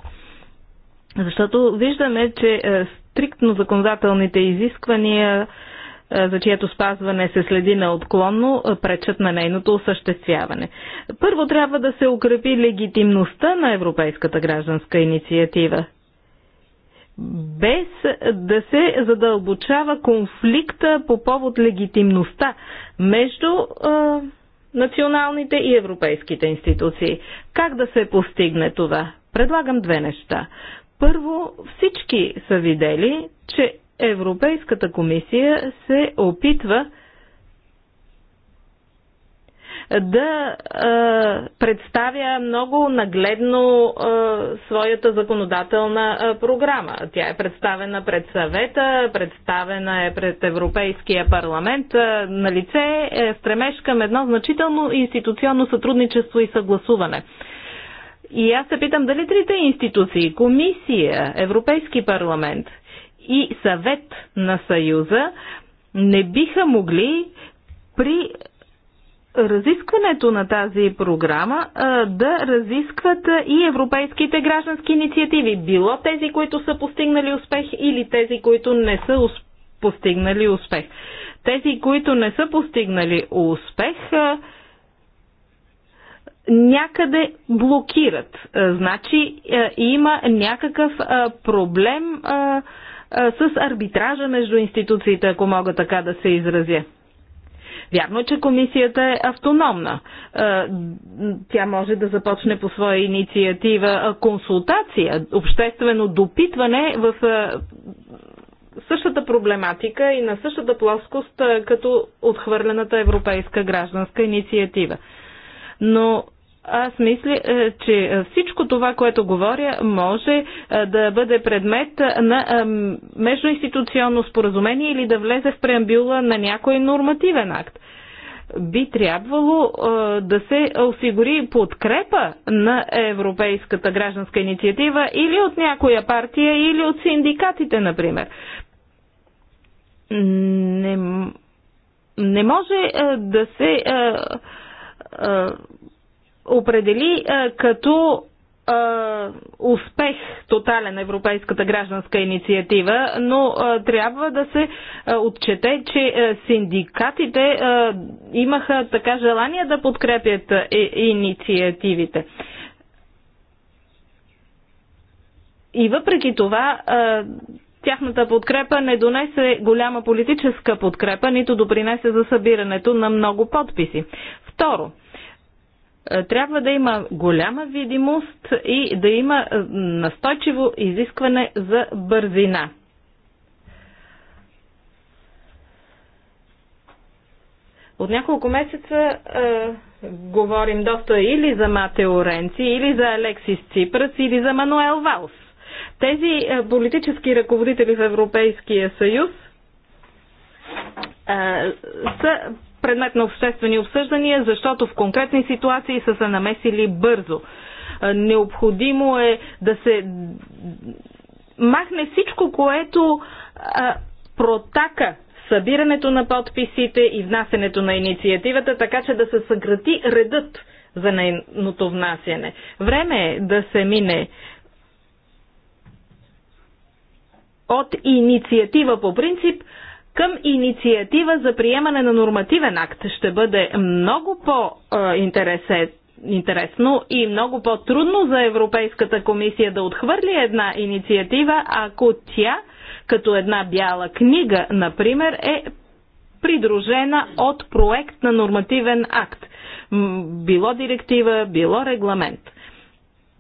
Защото виждаме, че е, стриктно законодателните изисквания, е, за чието спазване се следи на отклонно, е, пречат на нейното осъществяване. Първо трябва да се укрепи легитимността на Европейската гражданска инициатива без да се задълбочава конфликта по повод легитимността между е, националните и европейските институции. Как да се постигне това? Предлагам две неща. Първо, всички са видели, че Европейската комисия се опитва да представя много нагледно своята законодателна програма. Тя е представена пред съвета, представена е пред Европейския парламент. На лице е стремеж към едно значително институционно сътрудничество и съгласуване. И аз се питам дали трите институции, комисия, Европейски парламент и съвет на Съюза не биха могли при разискването на тази програма да разискват и европейските граждански инициативи, било тези, които са постигнали успех или тези, които не са постигнали успех. Тези, които не са постигнали успех, някъде блокират. Значи има някакъв проблем с арбитража между институциите, ако мога така да се изразя. Вярно е, че комисията е автономна. Е, тя може да започне по своя инициатива е, консултация, обществено допитване в е, същата проблематика и на същата плоскост като отхвърлената европейска гражданска инициатива. Но аз мисля, е, че всичко това, което говоря, може е, да бъде предмет на е, междуинституционно споразумение или да влезе в преамбюла на някой нормативен акт би трябвало да се осигури подкрепа на Европейската гражданска инициатива или от някоя партия, или от синдикатите, например. Не, не може да се. А, а, определи а, е, като а, е, успех тотален на Европейската гражданска инициатива, но а, е, трябва да се а, отчете, че а, синдикатите а, имаха така желание да подкрепят а, и, инициативите. И въпреки това, тяхната подкрепа не донесе голяма политическа подкрепа, нито допринесе за събирането на много подписи. Второ, е, трябва да има голяма видимост и да има е, настойчиво изискване за бързина. От няколко месеца е, говорим доста или за Матео Ренци, или за Алексис Ципрас, или за Мануел Валс. Тези е, политически ръководители в Европейския съюз е, са предмет на обществени обсъждания, защото в конкретни ситуации са се намесили бързо. Е, необходимо е да се махне всичко, което а, е, протака събирането на подписите и внасенето на инициативата, така че да се съкрати редът за нейното внасяне. Време е да се мине от инициатива по принцип към инициатива за приемане на нормативен акт. Ще бъде много по-интересен интересно и много по-трудно за Европейската комисия да отхвърли една инициатива, ако тя, като една бяла книга, например, е придружена от проект на нормативен акт. Било директива, било регламент.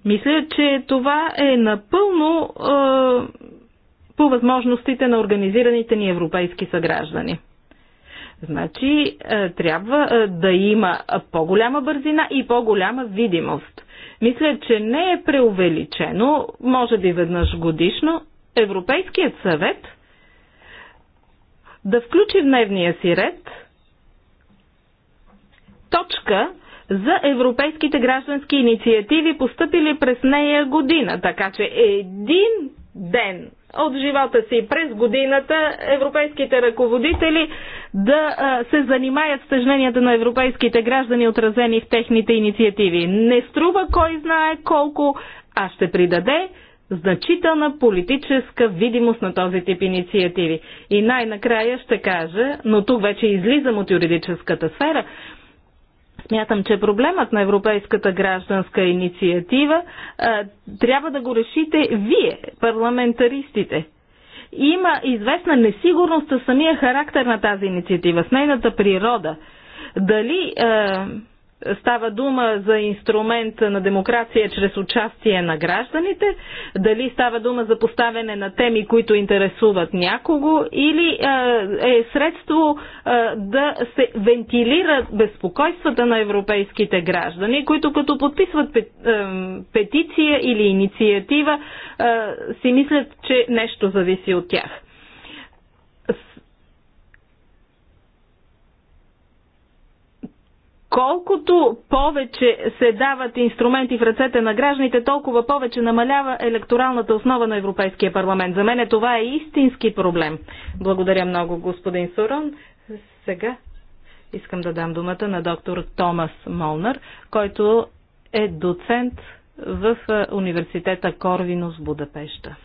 Мисля, че това е напълно е, по възможностите на организираните ни европейски съграждани. Значи е, трябва е, да има по-голяма бързина и по-голяма видимост. Мисля, че не е преувеличено, може би веднъж годишно, Европейският съвет да включи в дневния си ред точка за европейските граждански инициативи, поступили през нея година. Така че един ден от живота си през годината европейските ръководители да се занимаят с тъжненията на европейските граждани, отразени в техните инициативи. Не струва кой знае колко, а ще придаде значителна политическа видимост на този тип инициативи. И най-накрая ще кажа, но тук вече излизам от юридическата сфера, Смятам, че проблемът на Европейската гражданска инициатива а, е, трябва да го решите вие, парламентаристите. Има известна несигурност със самия характер на тази инициатива, с нейната природа. Дали а, е, става дума за инструмент на демокрация чрез участие на гражданите, дали става дума за поставяне на теми, които интересуват някого, или е средство да се вентилират безпокойствата на европейските граждани, които като подписват петиция или инициатива, си мислят, че нещо зависи от тях. колкото повече се дават инструменти в ръцете на гражданите, толкова повече намалява електоралната основа на Европейския парламент. За мен това е истински проблем. Благодаря много, господин Сурон. Сега искам да дам думата на доктор Томас Молнар, който е доцент в университета Корвинус Будапешта.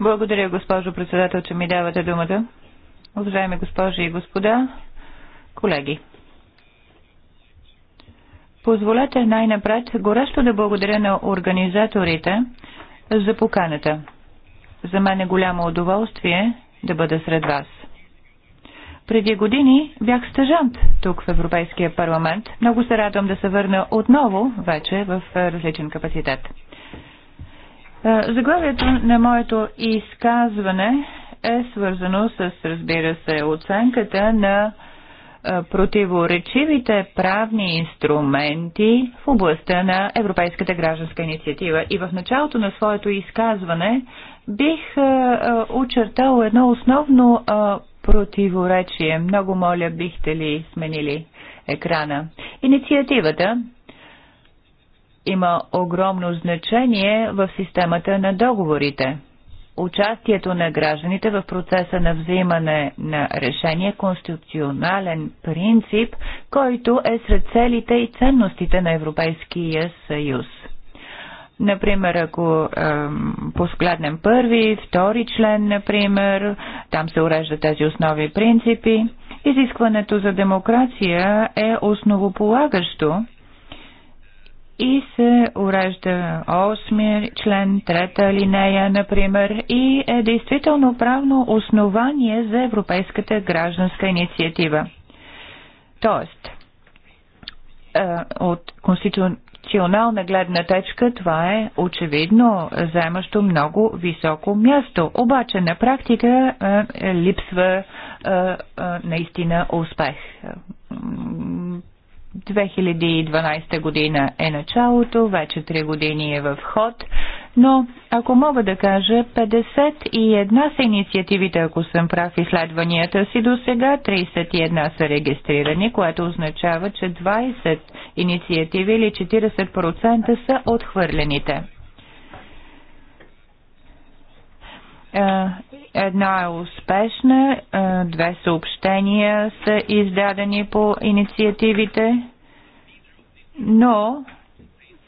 Благодаря, госпожо председател, че ми давате думата. Уважаеми госпожи и господа, Колеги, позволете най-напред горещо да благодаря на организаторите за поканата. За мен е голямо удоволствие да бъда сред вас. Преди години бях стъжант тук в Европейския парламент. Много се радвам да се върна отново вече в различен капацитет. Е, заглавието на моето изказване е свързано с, разбира се, оценката на е, противоречивите правни инструменти в областта на Европейската гражданска инициатива. И в началото на своето изказване бих е, е, очертал едно основно противоречие. Много моля, бихте ли сменили екрана. Инициативата има огромно значение в системата на договорите – участието на гражданите в процеса на взимане на решение конституционален принцип, който е сред целите и ценностите на Европейския съюз. Например, ако е, посгледнем първи, втори член, например, там се уреждат тези основи принципи. Изискването за демокрация е основополагащо и се урежда 8 член, трета линея, например, и е действително правно основание за Европейската гражданска инициатива. Тоест, е, от конституционална гледна точка това е очевидно заемащо много високо място. Обаче на практика е, липсва е, наистина успех. 2012 година е началото, вече 3 години е в ход, но ако мога да кажа, 51 са инициативите, ако съм прав изследванията си до сега, 31 са регистрирани, което означава, че 20 инициативи или 40% са отхвърлените. Е, една е успешна, е, две съобщения са издадени по инициативите, но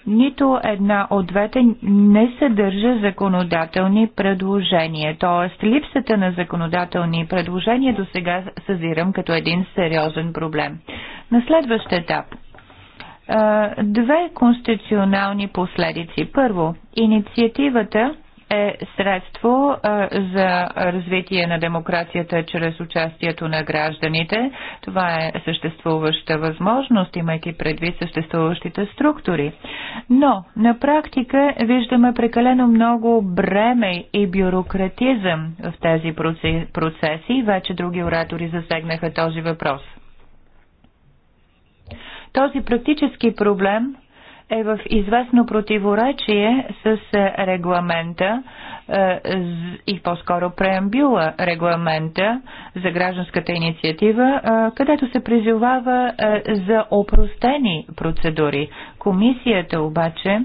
нито една от двете не съдържа законодателни предложения. Тоест, липсата на законодателни предложения до сега съзирам като един сериозен проблем. На следващ етап. Е, две конституционални последици. Първо, инициативата е средство за развитие на демокрацията чрез участието на гражданите. Това е съществуваща възможност, имайки предвид съществуващите структури. Но на практика виждаме прекалено много бреме и бюрократизъм в тези процеси. Вече други оратори засегнаха този въпрос. Този практически проблем е в известно противоречие с регламента е, и по-скоро преамбюла регламента за гражданската инициатива, е, където се призовава е, за опростени процедури. Комисията обаче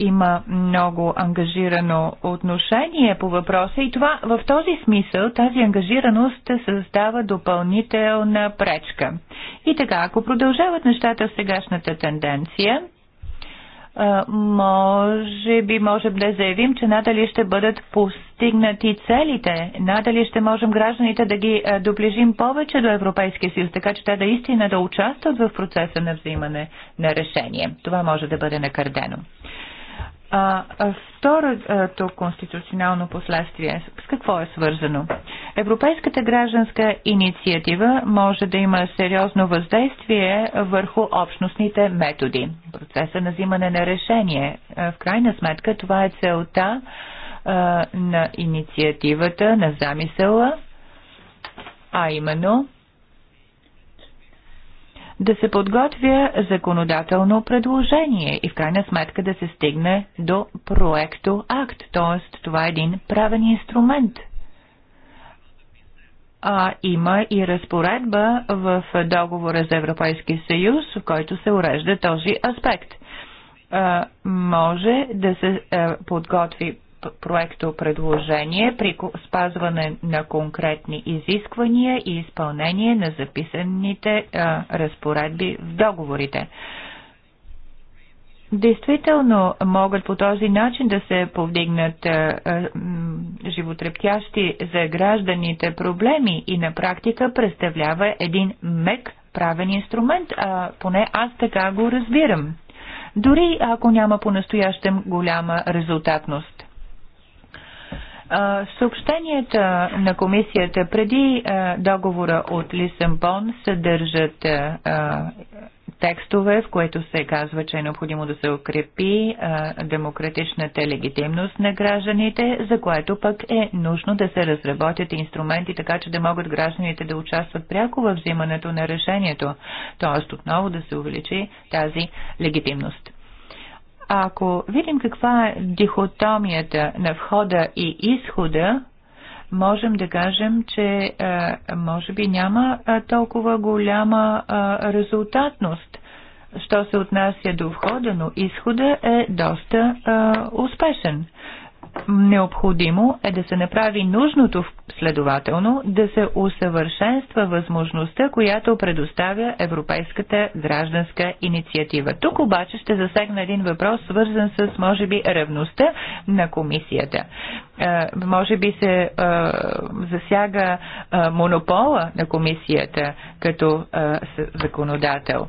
има много ангажирано отношение по въпроса и това в този смисъл тази ангажираност създава допълнителна пречка. И така, ако продължават нещата в сегашната тенденция, може би можем да заявим, че надали ще бъдат постигнати целите, надали ще можем гражданите да ги доближим повече до Европейския съюз, така че те да истина да участват в процеса на взимане на решение. Това може да бъде накърдено. А, второто конституционално последствие с какво е свързано? Европейската гражданска инициатива може да има сериозно въздействие върху общностните методи. Процеса на взимане на решение. В крайна сметка това е целта а, на инициативата, на замисъла, а именно да се подготвя законодателно предложение и в крайна сметка да се стигне до проекто акт, т.е. това е един правен инструмент. А, има и разпоредба в договора за Европейския съюз, в който се урежда този аспект. А, може да се а, подготви проекто предложение при спазване на конкретни изисквания и изпълнение на записаните а, разпоредби в договорите. Действително могат по този начин да се повдигнат а, а, животрептящи за гражданите проблеми и на практика представлява един мек правен инструмент, а поне аз така го разбирам дори ако няма по-настоящем голяма резултатност. Съобщенията на комисията преди договора от Лисенбон съдържат текстове, в което се казва, че е необходимо да се укрепи демократичната легитимност на гражданите, за което пък е нужно да се разработят инструменти, така че да могат гражданите да участват пряко във взимането на решението, т.е. отново да се увеличи тази легитимност. Ако видим каква е дихотомията на входа и изхода, можем да кажем, че е, може би няма е, толкова голяма е, резултатност, що се отнася до входа, но изхода е доста успешен необходимо е да се направи нужното следователно да се усъвършенства възможността, която предоставя Европейската гражданска инициатива. Тук обаче ще засегна един въпрос, свързан с, може би, равността на комисията. Е, може би се е, засяга е, монопола на комисията като е, законодател.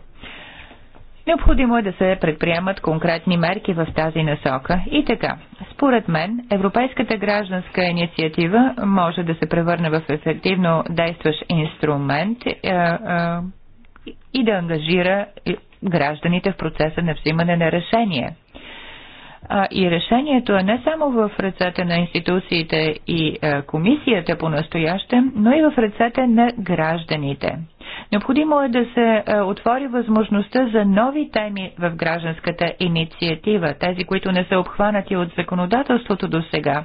Необходимо е да се предприемат конкретни мерки в тази насока. И така, според мен, Европейската гражданска инициатива може да се превърне в ефективно действащ инструмент е, е, и да ангажира гражданите в процеса на взимане на решение. А, и решението е не само в ръцете на институциите и а, е, комисията по настояще но и в ръцете на гражданите. Необходимо е да се е, отвори възможността за нови теми в гражданската инициатива, тези, които не са обхванати от законодателството до сега.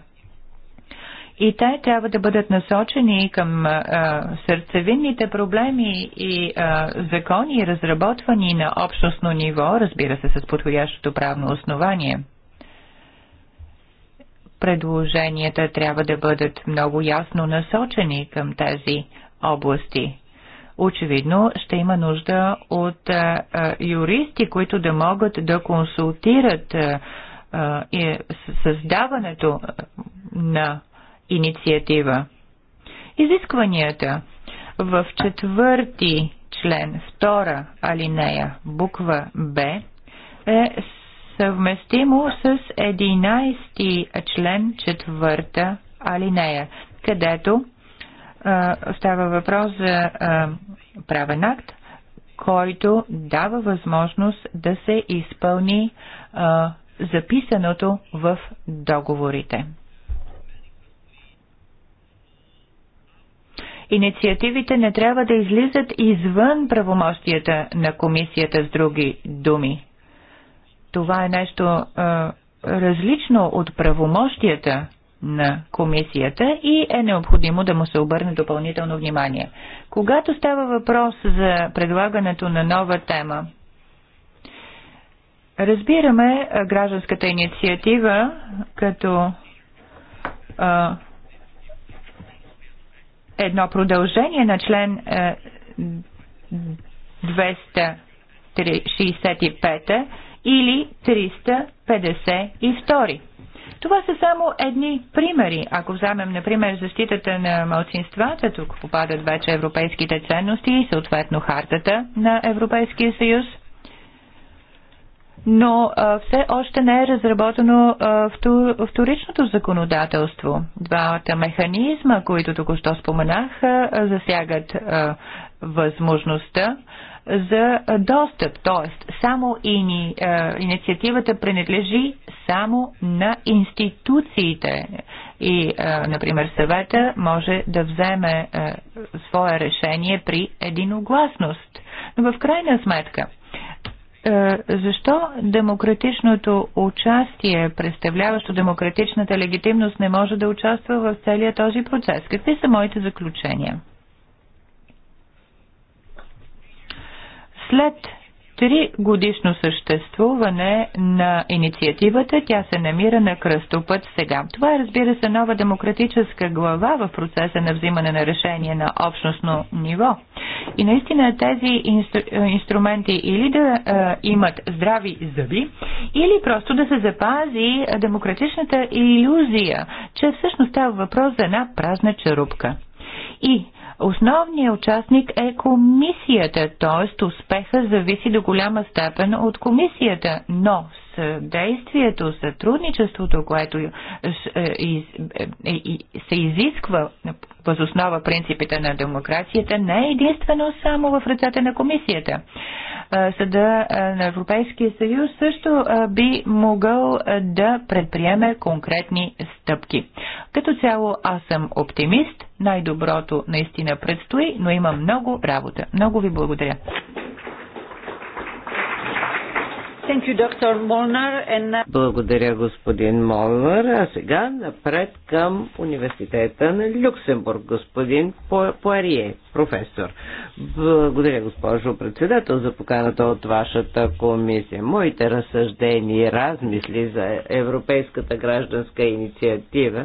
И те трябва да бъдат насочени към а, е, сърцевинните проблеми и а, закони, разработвани на общностно ниво, разбира се, с подходящото правно основание. Предложенията трябва да бъдат много ясно насочени към тези области. Очевидно ще има нужда от а, а, юристи, които да могат да консултират а, а, и създаването на инициатива. Изискванията в четвърти член, втора алинея, буква Б, е съвместимо с 11 член 4 алинея, където а, става въпрос за а, правен акт, който дава възможност да се изпълни а, записаното в договорите. Инициативите не трябва да излизат извън правомощията на комисията с други думи. Това е нещо различно от правомощията на комисията и е необходимо да му се обърне допълнително внимание. Когато става въпрос за предлагането на нова тема, разбираме гражданската инициатива като а, едно продължение на член а, 265 или 352. Това са само едни примери. Ако вземем, например, защитата на малцинствата, тук попадат вече европейските ценности и съответно хартата на Европейския съюз, но а, все още не е разработено а, вторичното законодателство. Двата механизма, които току-що споменах, а, засягат а, възможността за достъп, т.е. само ини, е, инициативата принадлежи само на институциите и, е, например, съвета може да вземе е, свое решение при единогласност. Но в крайна сметка, е, защо демократичното участие, представляващо демократичната легитимност, не може да участва в целия този процес? Какви са моите заключения? След три годишно съществуване на инициативата, тя се намира на кръстопът сега. Това е, разбира се, нова демократическа глава в процеса на взимане на решение на общностно ниво. И наистина тези инстру, е, инструменти или да а, е, имат здрави зъби, или просто да се запази демократичната иллюзия, че всъщност става въпрос за една празна черупка. И Основният участник е комисията, т.е. успеха зависи до голяма степен от комисията, но Действието, сътрудничеството, което е, е, е, се изисква възоснова принципите на демокрацията, не е единствено само в ръцете на комисията. Съда на Европейския съюз също би могъл да предприеме конкретни стъпки. Като цяло аз съм оптимист, най-доброто наистина предстои, но има много работа. Много ви благодаря. Thank you, доктор Молнар. And... Uh, Благодаря, господин Молнар. А сега напред към университета на Люксембург, господин Пуарие, професор. Благодаря, госпожо председател, за поканата от вашата комисия. Моите разсъждения и размисли за Европейската гражданска инициатива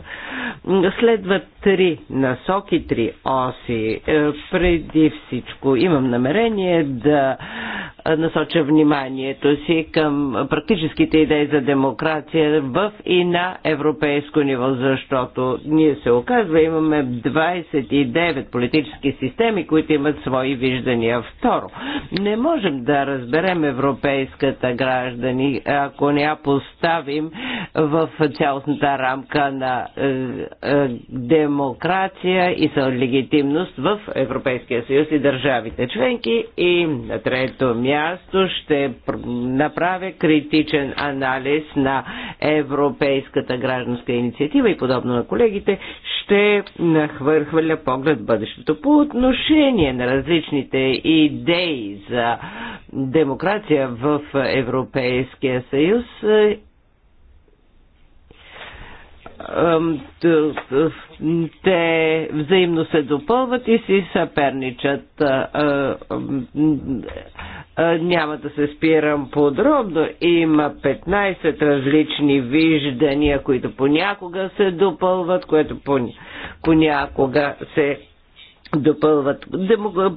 следват три насоки, три оси. Е, преди всичко имам намерение да насоча вниманието си към практическите идеи за демокрация в и на европейско ниво, защото ние се оказва, имаме 29 политически системи, които имат свои виждания. Второ, не можем да разберем европейската граждани, ако не я поставим в цялостната рамка на е, е, демокрация и легитимност в Европейския съюз и държавите членки. И на трето място ще направим направя критичен анализ на Европейската гражданска инициатива и подобно на колегите, ще нахвърхваля поглед в бъдещето. По отношение на различните идеи за демокрация в Европейския съюз, те взаимно се допълват и си съперничат. Няма да се спирам подробно. Има 15 различни виждания, които понякога се допълват, което понякога се допълват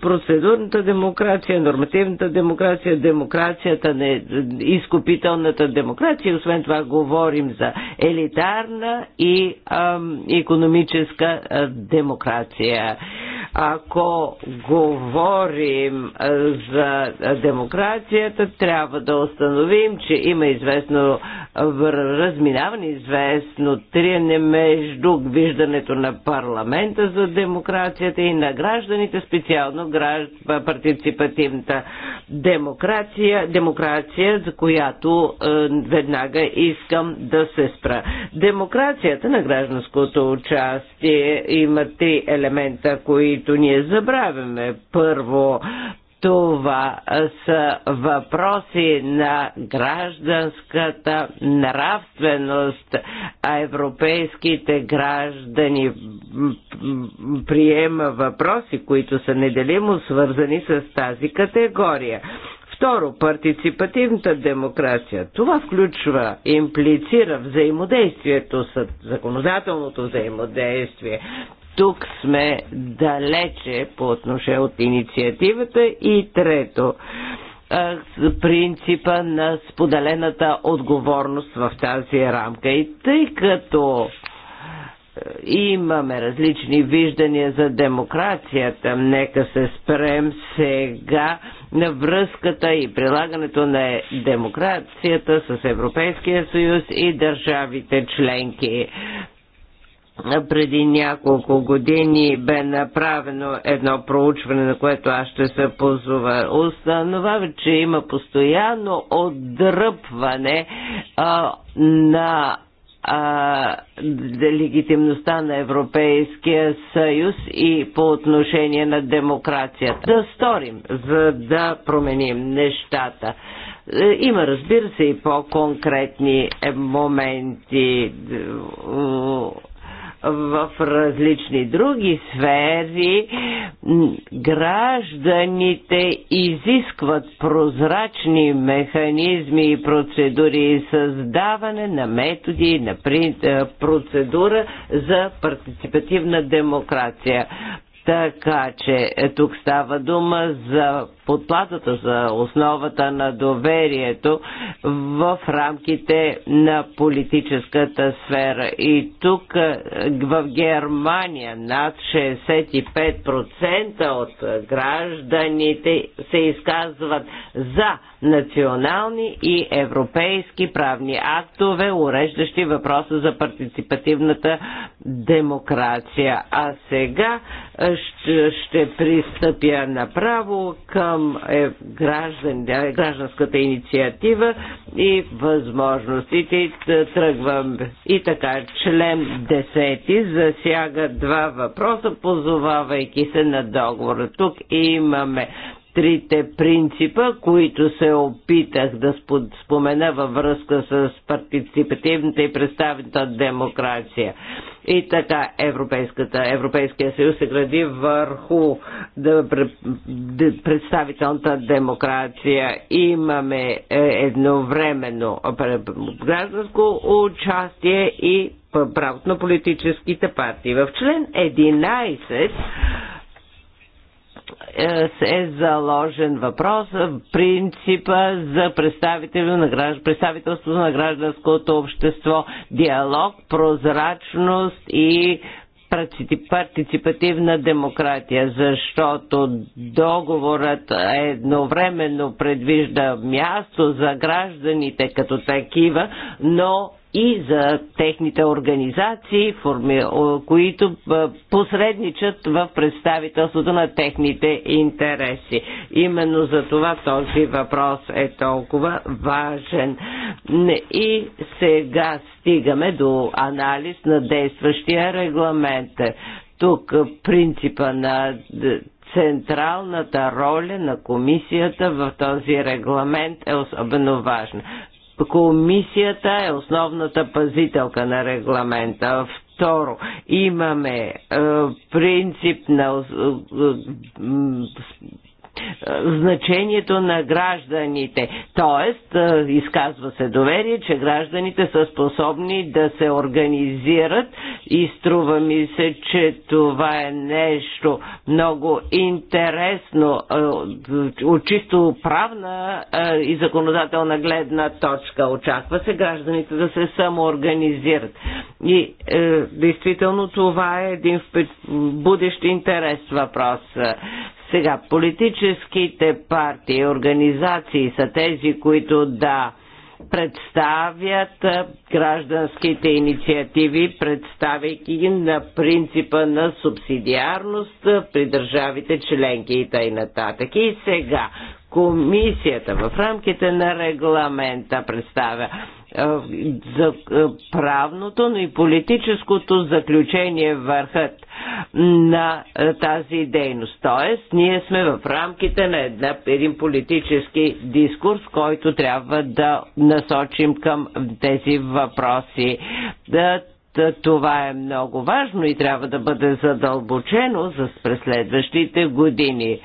процедурната демокрация, нормативната демокрация, демокрацията, не, изкупителната демокрация. Освен това говорим за елитарна и ам, економическа демокрация. Ако говорим за демокрацията, трябва да установим, че има известно разминаване, известно триене между виждането на парламента за демокрацията и на на гражданите, специално партиципативната демокрация, демокрация, за която е, веднага искам да се спра. Демокрацията на гражданското участие има три елемента, които ние забравяме. Първо, това са въпроси на гражданската нравственост, а европейските граждани приема въпроси, които са неделимо свързани с тази категория. Второ, партиципативната демокрация. Това включва, имплицира взаимодействието с законодателното взаимодействие тук сме далече по отношение от инициативата и трето принципа на споделената отговорност в тази рамка. И тъй като имаме различни виждания за демокрацията. Нека се спрем сега на връзката и прилагането на демокрацията с Европейския съюз и държавите членки преди няколко години бе направено едно проучване, на което аз ще се позова. Установява, че има постоянно отдръпване а, на а, легитимността на Европейския съюз и по отношение на демокрацията. Да сторим, за да променим нещата. Е, има, разбира се, и по-конкретни моменти в различни други сфери гражданите изискват прозрачни механизми и процедури и създаване на методи, на е, процедура за партиципативна демокрация. Така че е, тук става дума за подплатата, за основата на доверието в рамките на политическата сфера. И тук е, в Германия над 65% от гражданите се изказват за национални и европейски правни актове, уреждащи въпроса за партиципативната демокрация. А сега е, ще, ще пристъпя направо към е, граждан, гражданската инициатива и възможностите. Тръгвам и така. Член 10 засяга два въпроса, позовавайки се на договора. Тук имаме трите принципа, които се опитах да спомена във връзка с партиципативната и представената демокрация. И така Европейската, Европейския съюз се гради върху да, да, представителната демокрация. Имаме е, едновременно гражданско участие и правото на политическите партии. В член 11 е, е заложен въпрос принципа за представителството на гражданското общество, диалог, прозрачност и партиципативна демократия, защото договорът едновременно предвижда място за гражданите като такива, но и за техните организации, които посредничат в представителството на техните интереси. Именно за това този въпрос е толкова важен. И сега стигаме до анализ на действащия регламент. Тук принципа на централната роля на комисията в този регламент е особено важна. Комисията е основната пазителка на регламента. Второ, имаме е, принцип на е, е, е, значението на гражданите. Тоест, е, изказва се доверие, че гражданите са способни да се организират и струва ми се, че това е нещо много интересно е, от чисто правна и законодателна гледна точка. Очаква се гражданите да се самоорганизират. И действително това е един будещ интерес въпрос. Сега, политическите партии, организации са тези, които да представят гражданските инициативи, представяйки ги на принципа на субсидиарност при държавите членки и т.н. И сега комисията в рамките на регламента представя за правното, но и политическото заключение върхът на е, тази дейност. Тоест, ние сме в рамките на една, един политически дискурс, който трябва да насочим към тези въпроси. Да, е, това е много важно и трябва да бъде задълбочено за през следващите години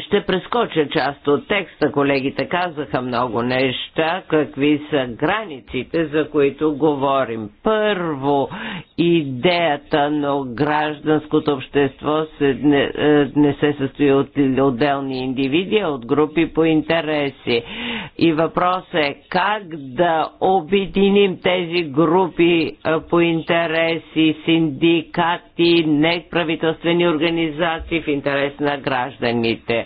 ще прескоча част от текста. Колегите казаха много неща. Какви са границите, за които говорим? Първо, идеята на гражданското общество се, не, е, не се състои от отделни индивиди, а от групи по интереси. И въпросът е как да обединим тези групи е, по интереси, синдикати, неправителствени организации в интерес на гражданите.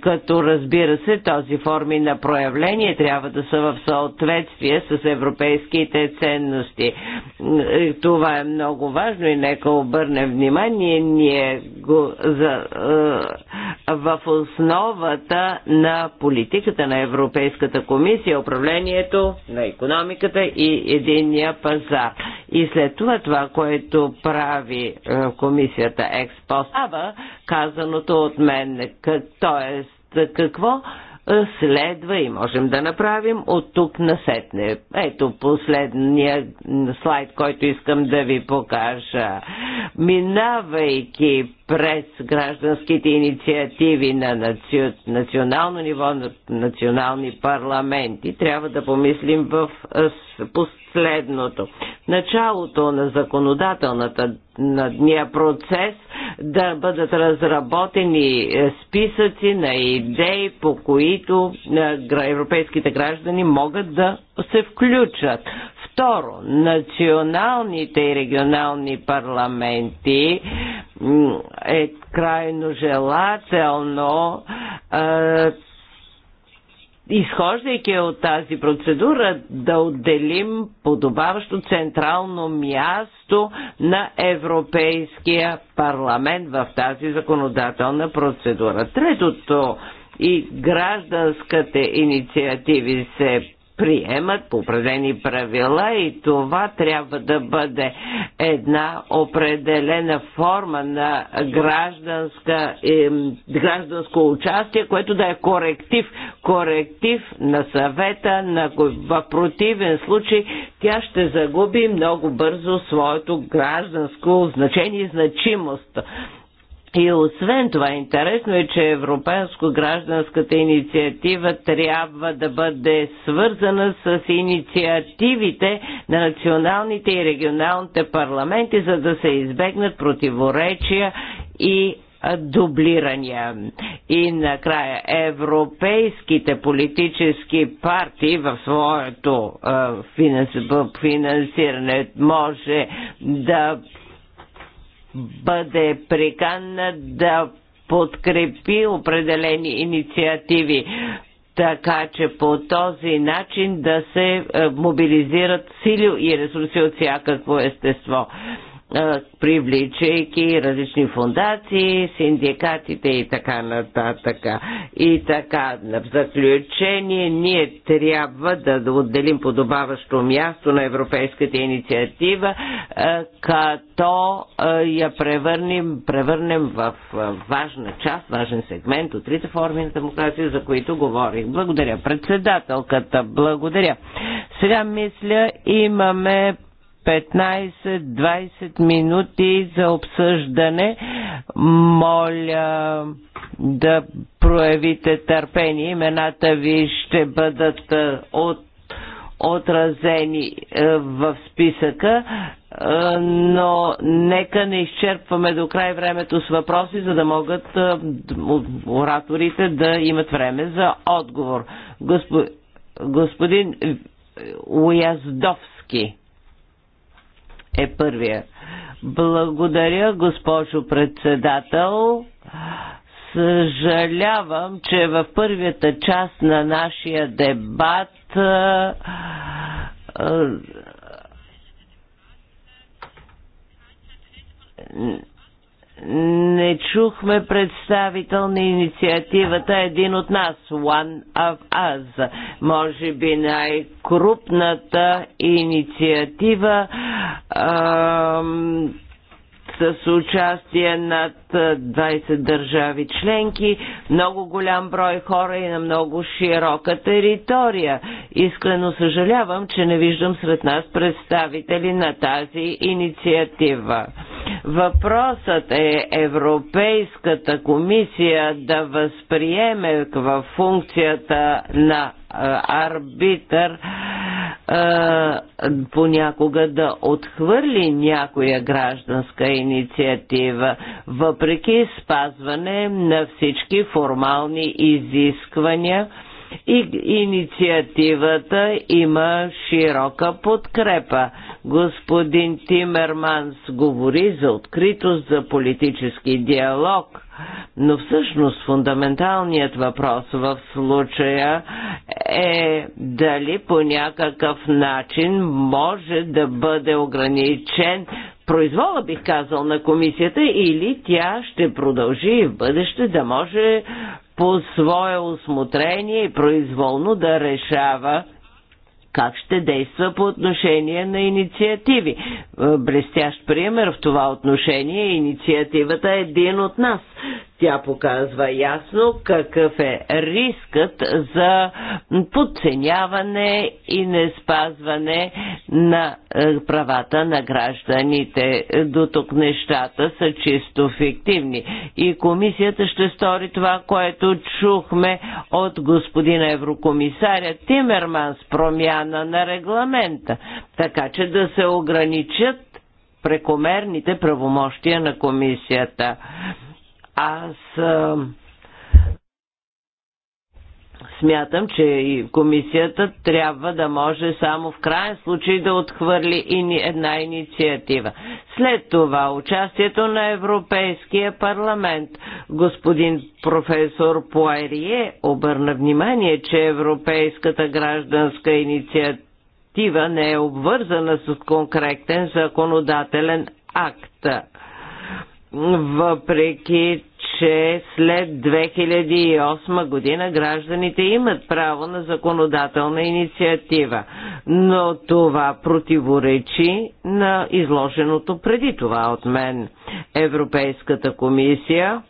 като разбира се този форми на проявление трябва да са в съответствие с европейските ценности. Е, това е много важно и нека обърнем внимание ние го, за, е, в основата на политиката на Европейската комисия, управлението на економиката и единния пазар. И след това това, което прави е, комисията Експостава, казаното от мен Тоест, какво следва и можем да направим от тук на сетне. Ето последния слайд, който искам да ви покажа. Минавайки през гражданските инициативи на наци... национално ниво, на национални парламенти, трябва да помислим в последното. Началото на законодателната на дния процес да бъдат разработени е, списъци на идеи, по които е, европейските граждани могат да се включат. Второ, националните и регионални парламенти е крайно желателно изхождайки от тази процедура, да отделим подобаващо централно място на Европейския парламент в тази законодателна процедура. Третото и гражданските инициативи се приемат по определени правила и това трябва да бъде една определена форма на гражданска, е, гражданско участие, което да е коректив. Коректив на съвета, на, в противен случай тя ще загуби много бързо своето гражданско значение и значимост. И освен това, интересно е, че Европейско-гражданската инициатива трябва да бъде свързана с инициативите на националните и регионалните парламенти, за да се избегнат противоречия и дублирания. И накрая европейските политически партии в своето финансиране може да бъде прикана да подкрепи определени инициативи, така че по този начин да се е, мобилизират сили и ресурси от всякакво естество привличайки различни фундации, синдикатите и така нататък. И така, В заключение, ние трябва да отделим подобаващо място на европейската инициатива, като я превърнем, превърнем в важна част, важен сегмент от трите форми на демокрация, за които говорих. Благодаря. Председателката, благодаря. Сега, мисля, имаме 15-20 минути за обсъждане. Моля да проявите търпение. Имената ви ще бъдат е, от отразени е, в списъка, е, но нека не изчерпваме до край времето с въпроси, за да могат ораторите да имат време за отговор. Господин Уяздовски е първия. Благодаря, госпожо председател. Съжалявам, че в първията част на нашия дебат не чухме представител на инициативата един от нас, One of Us. Може би най-крупната инициатива, с участие над 20 държави членки, много голям брой хора и на много широка територия. Искрено съжалявам, че не виждам сред нас представители на тази инициатива. Въпросът е Европейската комисия да възприеме в функцията на арбитър понякога да отхвърли някоя гражданска инициатива, въпреки спазване на всички формални изисквания и инициативата има широка подкрепа. Господин Тимерманс говори за откритост, за политически диалог, но всъщност фундаменталният въпрос в случая е дали по някакъв начин може да бъде ограничен произвола, бих казал, на комисията или тя ще продължи и в бъдеще да може по свое усмотрение и произволно да решава как ще действа по отношение на инициативи. Е, блестящ пример в това отношение е инициативата е един от нас – тя показва ясно какъв е рискът за подценяване и не спазване на е, правата на гражданите. До тук нещата са чисто фиктивни. И комисията ще стори това, което чухме от господина еврокомисаря Тимерманс промяна на регламента, така че да се ограничат прекомерните правомощия на комисията. Аз Смятам, че и комисията трябва да може само в крайен случай да отхвърли и една инициатива. След това участието на Европейския парламент. Господин професор Пуарие обърна внимание, че Европейската гражданска инициатива не е обвързана с конкретен законодателен акт въпреки че след 2008 година гражданите имат право на законодателна инициатива, но това противоречи на изложеното преди това от мен. Европейската комисия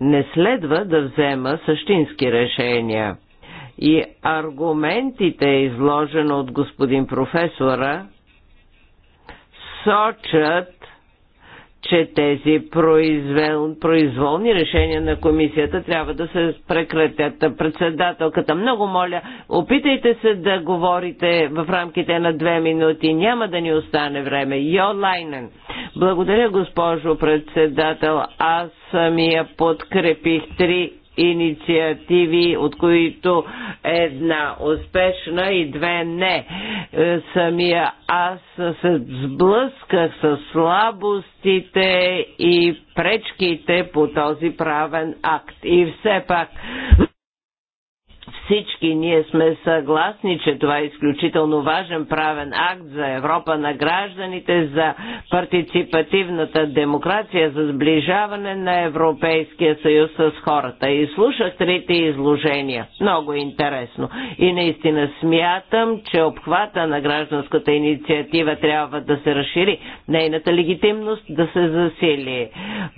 не следва да взема същински решения. И аргументите, изложено от господин професора, сочат че тези произвел, произволни решения на комисията трябва да се прекратят. Председателката, много моля, опитайте се да говорите в рамките на две минути. Няма да ни остане време. Йо Лайнен. Благодаря, госпожо председател. Аз самия подкрепих три инициативи, от които една успешна и две не. Е, самия аз се сблъсках с слабостите и пречките по този правен акт. И все пак всички ние сме съгласни, че това е изключително важен правен акт за Европа на гражданите, за партиципативната демокрация, за сближаване на Европейския съюз с хората. И слушах трите изложения. Много интересно. И наистина смятам, че обхвата на гражданската инициатива трябва да се разшири, нейната легитимност да се засили.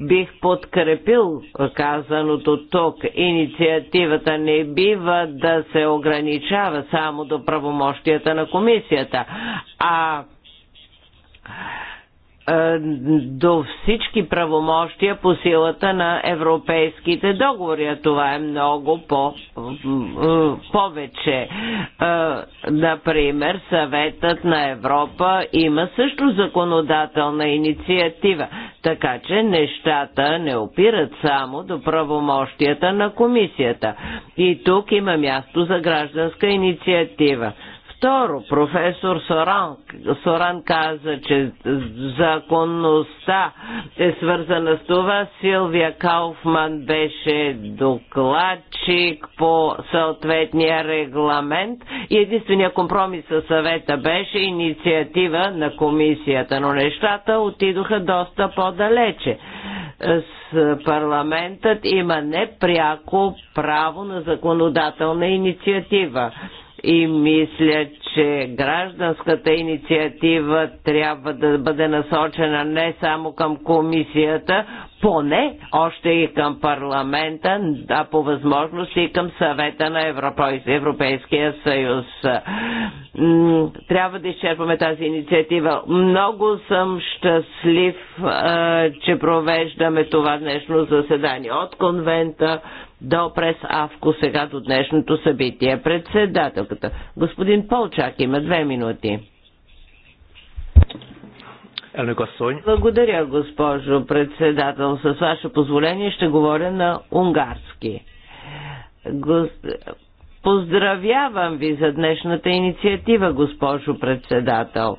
Бих подкрепил казаното тук. Инициативата не бива да се ограничава само до правомощията на комисията. А е, до всички правомощия по силата на европейските договори, а това е много по, повече. Е, например, съветът на Европа има също законодателна инициатива, така че нещата не опират само до правомощията на комисията. И тук има място за гражданска инициатива. Второ, професор Соран, Соран каза, че законността е свързана с това. Силвия Кауфман беше докладчик по съответния регламент и единствения компромис със съвета беше инициатива на комисията, но нещата отидоха доста по-далече. Парламентът има непряко право на законодателна инициатива и мисля, че гражданската инициатива трябва да бъде насочена не само към комисията, поне още и към парламента, а по възможност и към съвета на Европейския съюз. Трябва да изчерпаме тази инициатива. Много съм щастлив, че провеждаме това днешно заседание от конвента до през авко сега до днешното събитие. Председателката. Господин Полчак има две минути. Благодаря, госпожо председател. С ваше позволение ще говоря на унгарски. Поздравявам ви за днешната инициатива, госпожо председател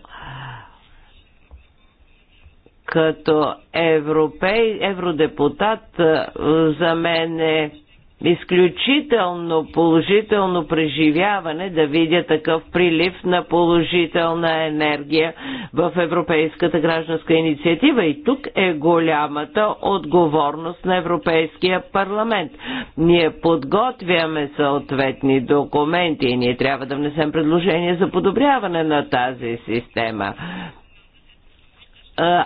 като европей, евродепутат за мен е изключително положително преживяване да видя такъв прилив на положителна енергия в Европейската гражданска инициатива. И тук е голямата отговорност на Европейския парламент. Ние подготвяме съответни документи и ние трябва да внесем предложение за подобряване на тази система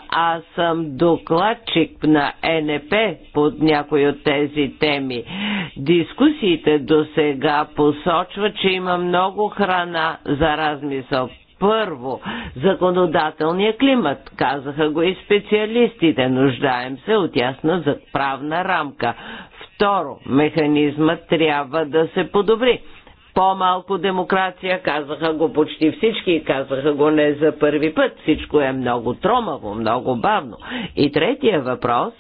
аз съм докладчик на НП под някои от тези теми. Дискусиите до сега посочват, че има много храна за размисъл. Първо, законодателния климат, казаха го и специалистите, нуждаем се от ясна правна рамка. Второ, механизмът трябва да се подобри по-малко демокрация, казаха го почти всички, казаха го не за първи път. Всичко е много тромаво, много бавно. И третия въпрос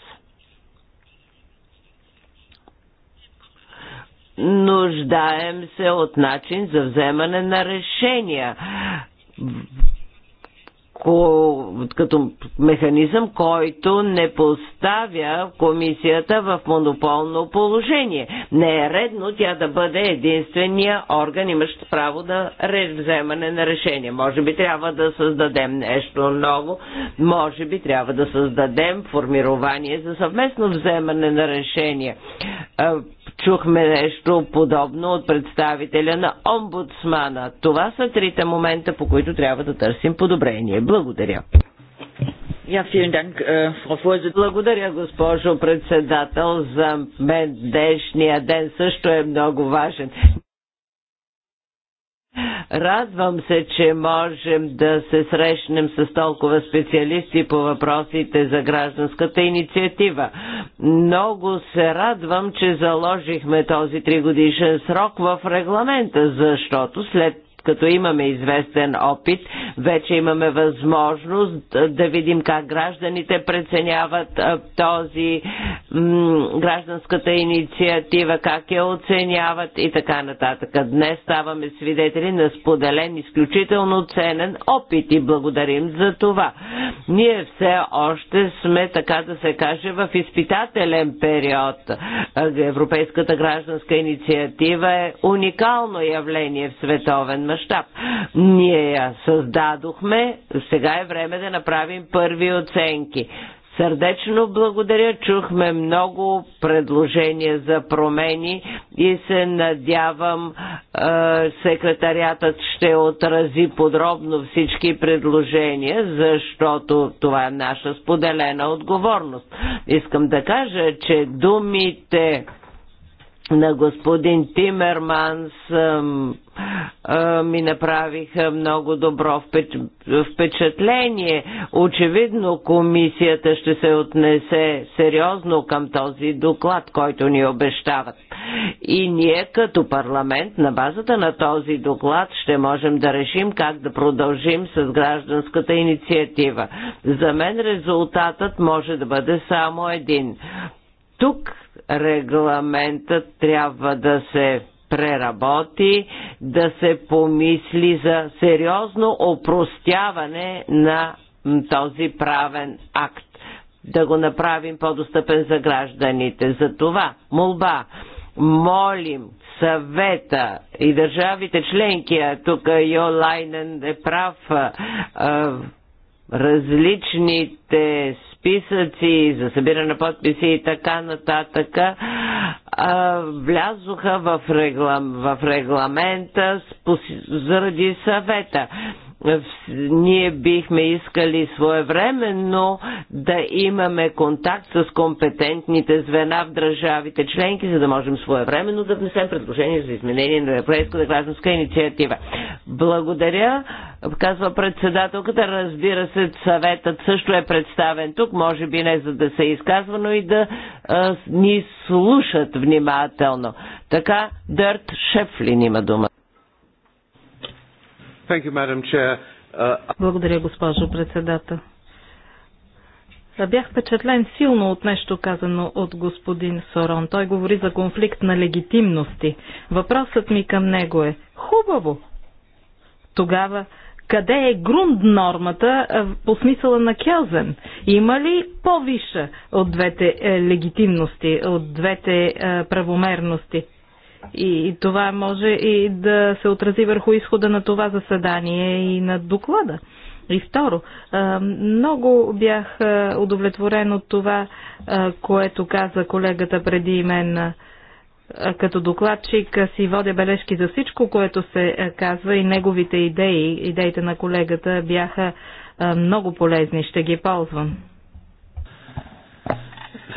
нуждаем се от начин за вземане на решения като механизъм, който не поставя комисията в монополно положение. Не е редно тя да бъде единствения орган, имащ право да вземане на решение. Може би трябва да създадем нещо ново, може би трябва да създадем формирование за съвместно вземане на решение. Чухме нещо подобно от представителя на омбудсмана. Това са трите момента, по които трябва да търсим подобрение. Благодаря. Ja, vielen Dank, äh, Frau Vorsitzende. Благодаря, госпожо председател. За мен днешния ден също е много важен. Радвам се, че можем да се срещнем с толкова специалисти по въпросите за гражданската инициатива. Много се радвам, че заложихме този тригодишен срок в регламента, защото след като имаме известен опит, вече имаме възможност да видим как гражданите преценяват този гражданската инициатива, как я оценяват и така нататък. Днес ставаме свидетели на споделен изключително ценен опит и благодарим за това. Ние все още сме, така да се каже, в изпитателен период. Европейската гражданска инициатива е уникално явление в световен мащаб мащаб. Ние я създадохме, сега е време да направим първи оценки. Сърдечно благодаря, чухме много предложения за промени и се надявам е, секретариатът ще отрази подробно всички предложения, защото това е наша споделена отговорност. Искам да кажа, че думите на господин Тимерманс ми направиха много добро впечатление. Очевидно комисията ще се отнесе сериозно към този доклад, който ни обещават. И ние като парламент на базата на този доклад ще можем да решим как да продължим с гражданската инициатива. За мен резултатът може да бъде само един. Тук регламентът трябва да се преработи, да се помисли за сериозно опростяване на този правен акт. Да го направим по-достъпен за гражданите. За това молба молим съвета и държавите членки, а тук Лайнен е прав, различните списъци, за събиране на подписи и така нататък, а, влязоха в, реглам, в регламента заради съвета ние бихме искали своевременно да имаме контакт с компетентните звена в държавите членки, за да можем своевременно да внесем предложение за изменение на Европейската гражданска инициатива. Благодаря, казва председателката. Разбира се, съветът също е представен тук, може би не за да се изказва, но и да а, ни слушат внимателно. Така, Дърт Шефлин има дума. Uh, Благодаря, госпожо председател. Бях впечатлен силно от нещо казано от господин Сорон. Той говори за конфликт на легитимности. Въпросът ми към него е хубаво. Тогава къде е грунт нормата по смисъла на Келзен? Има ли по-виша от двете е, легитимности, от двете е, правомерности? И това може и да се отрази върху изхода на това заседание и на доклада. И второ, много бях удовлетворен от това, което каза колегата преди мен. Като докладчик си водя бележки за всичко, което се казва и неговите идеи, идеите на колегата бяха много полезни. Ще ги ползвам.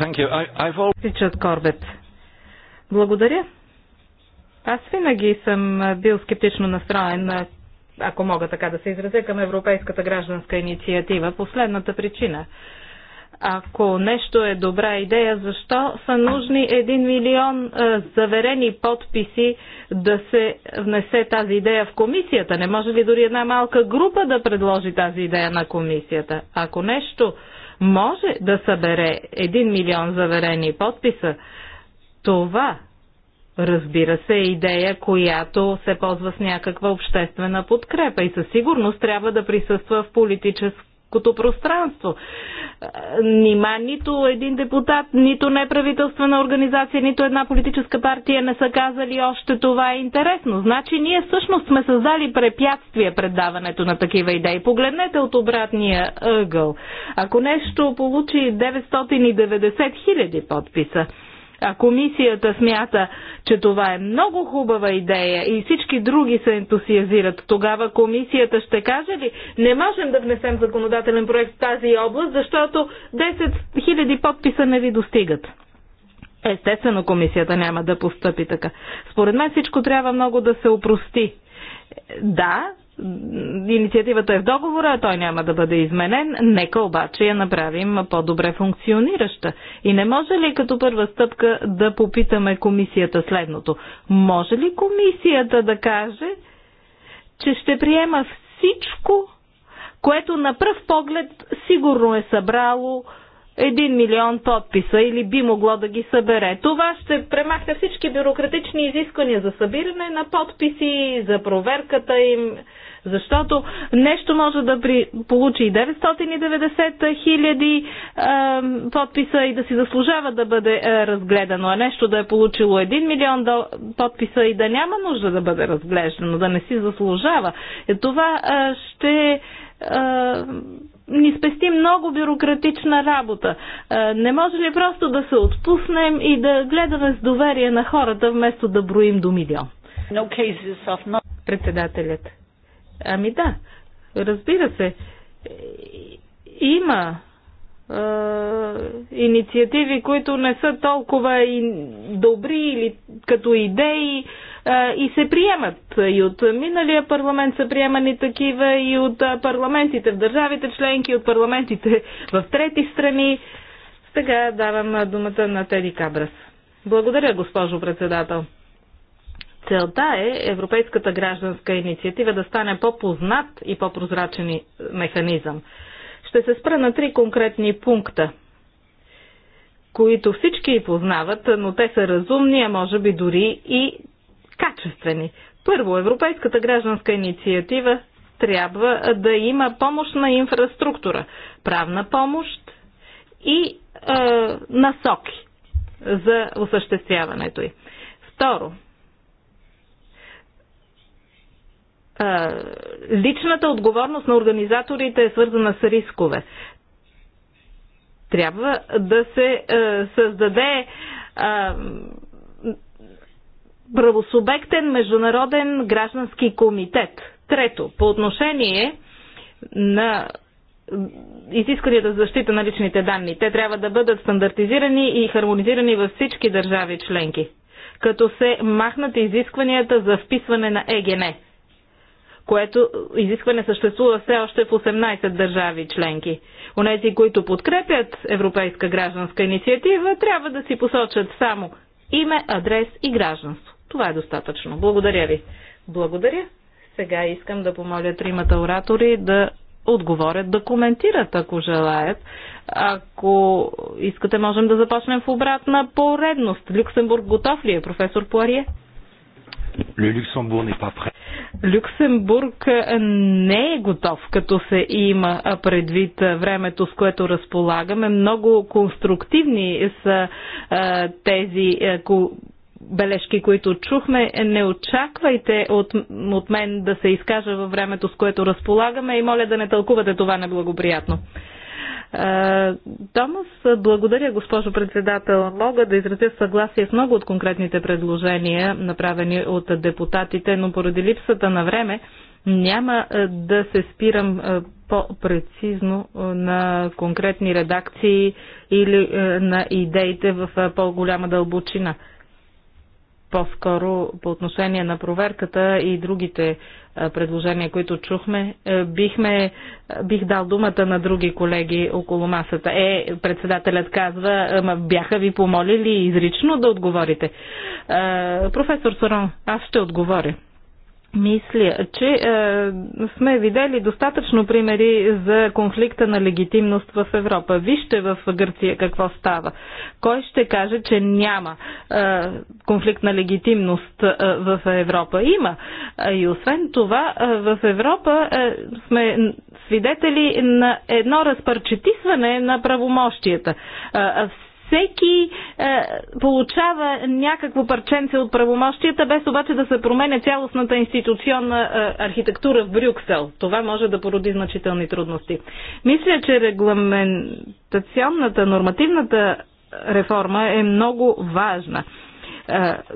Thank you. I, I've... Корбет. Благодаря. Аз винаги съм бил скептично настроен, ако мога така да се изразя, към Европейската гражданска инициатива. Последната причина. Ако нещо е добра идея, защо са нужни един милион заверени подписи да се внесе тази идея в комисията? Не може ли дори една малка група да предложи тази идея на комисията? Ако нещо може да събере един милион заверени подписа, това разбира се, идея, която се ползва с някаква обществена подкрепа и със сигурност трябва да присъства в политическото пространство. Нима нито един депутат, нито неправителствена организация, нито една политическа партия не са казали още това е интересно. Значи ние всъщност сме създали препятствия пред даването на такива идеи. Погледнете от обратния ъгъл. Ако нещо получи 990 хиляди подписа, а комисията смята, че това е много хубава идея и всички други се ентусиазират. Тогава комисията ще каже ли, не можем да внесем законодателен проект в тази област, защото 10 000 подписа не ви достигат. Естествено, комисията няма да постъпи така. Според мен всичко трябва много да се опрости. Да, инициативата е в договора, той няма да бъде изменен, нека обаче я направим по-добре функционираща. И не може ли като първа стъпка да попитаме комисията следното? Може ли комисията да каже, че ще приема всичко, което на пръв поглед сигурно е събрало един милион подписа или би могло да ги събере. Това ще премахне всички бюрократични изисквания за събиране на подписи, за проверката им, защото нещо може да при... получи 990 хиляди подписа и да си заслужава да бъде е, разгледано, а нещо да е получило 1 милион подписа и да няма нужда да бъде разглеждано, да не си заслужава. Е, това е, ще е, ни спести много бюрократична работа. Е, не може ли просто да се отпуснем и да гледаме с доверие на хората, вместо да броим до милион? Председателят. Ами да, разбира се. Има е, инициативи, които не са толкова и добри или като идеи е, и се приемат. И от миналия парламент са приемани такива, и от парламентите в държавите членки, от парламентите в трети страни. Сега давам думата на Теди Кабрас. Благодаря, госпожо председател. Целта е Европейската гражданска инициатива да стане по-познат и по-прозрачен е, механизъм. Ще се спра на три конкретни пункта, които всички познават, но те са разумни, а може би дори и качествени. Първо, Европейската гражданска инициатива трябва да има помощна инфраструктура, правна помощ и е, насоки за осъществяването й. Второ, личната отговорност на организаторите е свързана с рискове. Трябва да се създаде правосубектен международен граждански комитет. Трето, по отношение на изискванията за защита на личните данни. Те трябва да бъдат стандартизирани и хармонизирани във всички държави членки, като се махнат изискванията за вписване на ЕГН което изискване съществува все още в 18 държави членки. Онези, които подкрепят Европейска гражданска инициатива, трябва да си посочат само име, адрес и гражданство. Това е достатъчно. Благодаря ви. Благодаря. Сега искам да помоля тримата оратори да отговорят, да коментират, ако желаят. Ако искате, можем да започнем в обратна поредност. Люксембург готов ли е, професор Пуарие? Люксембург не е готов, като се има предвид времето, с което разполагаме. Много конструктивни са тези бележки, които чухме. Не очаквайте от, от мен да се изкажа във времето, с което разполагаме и моля да не тълкувате това неблагоприятно. Е, Томас, благодаря, госпожо председател. Мога да изразя съгласие с много от конкретните предложения, направени от депутатите, но поради липсата на време няма е, да се спирам е, по-прецизно на конкретни редакции или на идеите в по-голяма дълбочина по-скоро по отношение на проверката и другите предложения, които чухме, е, бихме, е, бих дал думата на други колеги около масата. Е, председателят казва, Ама бяха ви помолили изрично да отговорите. Е, професор Сорон, аз ще отговоря. Мисля, че е, сме видели достатъчно примери за конфликта на легитимност в Европа. Вижте в Гърция какво става. Кой ще каже, че няма е, конфликт на легитимност е, в Европа? Има. Е, и освен това, е, в Европа е, сме свидетели на едно разпърчетисване на правомощията. Е, всеки е, получава някакво парченце от правомощията, без обаче да се променя цялостната институционна е, архитектура в Брюксел. Това може да породи значителни трудности. Мисля, че регламентационната, нормативната реформа е много важна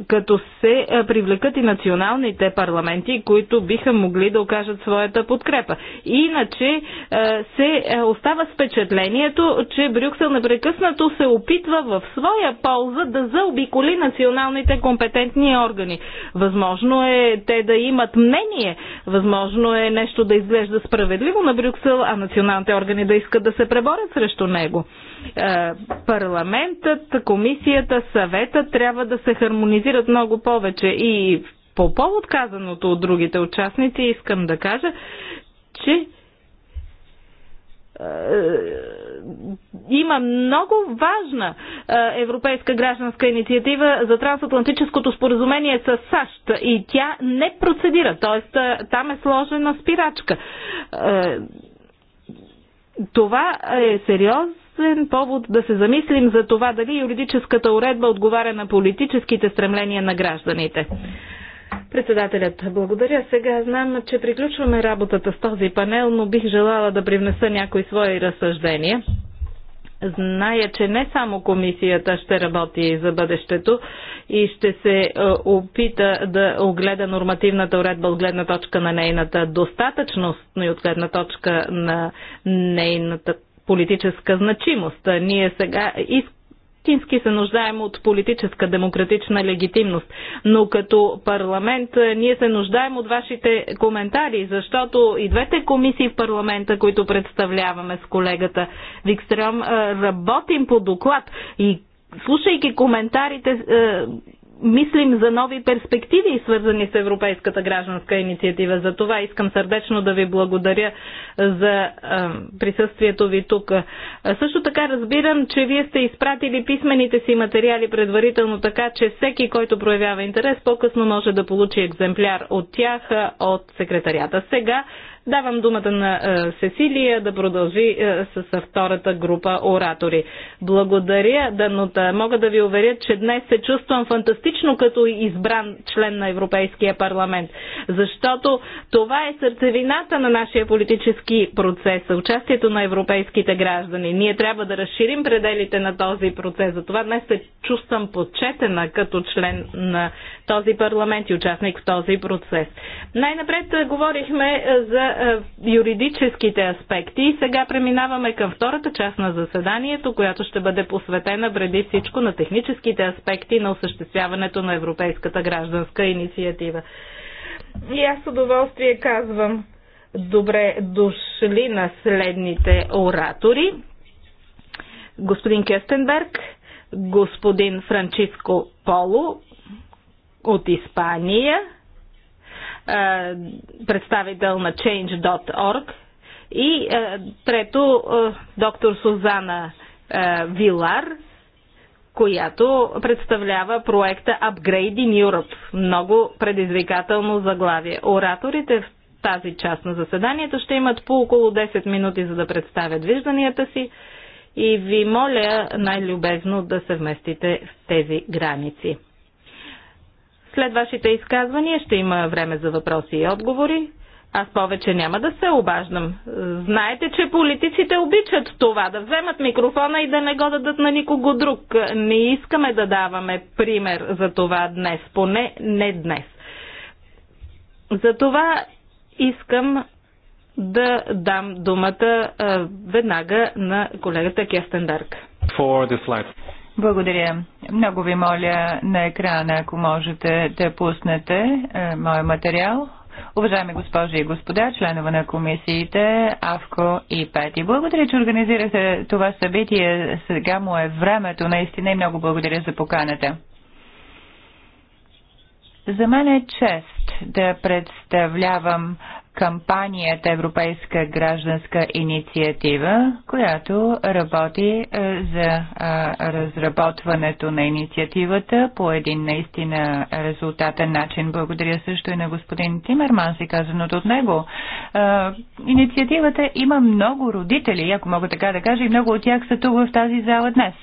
като се привлекат и националните парламенти, които биха могли да окажат своята подкрепа. Иначе се остава впечатлението, че Брюксел непрекъснато се опитва в своя полза да заобиколи националните компетентни органи. Възможно е те да имат мнение, възможно е нещо да изглежда справедливо на Брюксел, а националните органи да искат да се преборят срещу него. Е, парламентът, комисията, съвета трябва да се хармонизират много повече. И по повод казаното от другите участници искам да кажа, че е, има много важна е, европейска гражданска инициатива за трансатлантическото споразумение с САЩ и тя не процедира, т.е. там е сложена спирачка. Това е сериоз ясен повод да се замислим за това дали юридическата уредба отговаря на политическите стремления на гражданите. Председателят, благодаря. Сега знам, че приключваме работата с този панел, но бих желала да привнеса някои свои разсъждения. Зная, че не само комисията ще работи за бъдещето и ще се е, опита да огледа нормативната уредба от гледна точка на нейната достатъчност, но и от гледна точка на нейната политическа значимост. Ние сега истински се нуждаем от политическа демократична легитимност. Но като парламент е, ние се нуждаем от вашите коментари, защото и двете комисии в парламента, които представляваме с колегата Викстрем, е, работим по доклад и слушайки коментарите, е, мислим за нови перспективи, свързани с Европейската гражданска инициатива. За това искам сърдечно да ви благодаря за присъствието ви тук. Също така разбирам, че вие сте изпратили писмените си материали предварително така, че всеки, който проявява интерес, по-късно може да получи екземпляр от тях от секретарията. Сега Давам думата на е, Сесилия да продължи е, с е, втората група оратори. Благодаря, Данута. Мога да ви уверя, че днес се чувствам фантастично като избран член на Европейския парламент, защото това е сърцевината на нашия политически процес, участието на европейските граждани. Ние трябва да разширим пределите на този процес. Затова днес се чувствам подчетена като член на този парламент и участник в този процес. Най-напред говорихме за е, юридическите аспекти. И сега преминаваме към втората част на заседанието, която ще бъде посветена преди всичко на техническите аспекти на осъществяването на Европейската гражданска инициатива. И аз с удоволствие казвам добре дошли на следните оратори. Господин Кестенберг, господин Франциско Поло от Испания – е, представител на Change.org. И е, трето, е, доктор Сузана Вилар, която представлява проекта Upgrade in Europe. Много предизвикателно заглавие. Ораторите в тази част на заседанието ще имат по около 10 минути, за да представят вижданията си и ви моля най-любезно да се вместите в тези граници. След вашите изказвания ще има време за въпроси и отговори. Аз повече няма да се обаждам. Знаете, че политиците обичат това, да вземат микрофона и да не го дадат на никого друг. Не искаме да даваме пример за това днес, поне не днес. Затова искам да дам думата веднага на колегата Кестендарк. Благодаря. Много ви моля на екрана, ако можете да пуснете е, моя материал. Уважаеми госпожи и господа, членове на комисиите АВКО и ПЕТИ, благодаря, че организирате това събитие. Сега му е времето наистина и много благодаря за поканата. За мен е чест да представлявам кампанията Европейска гражданска инициатива, която работи е, за разработването на инициативата по един наистина резултатен начин. Благодаря също и на господин Тимерман си казаното от него. Инициативата има много родители, ако мога така да кажа, и много от тях са тук в тази зала днес.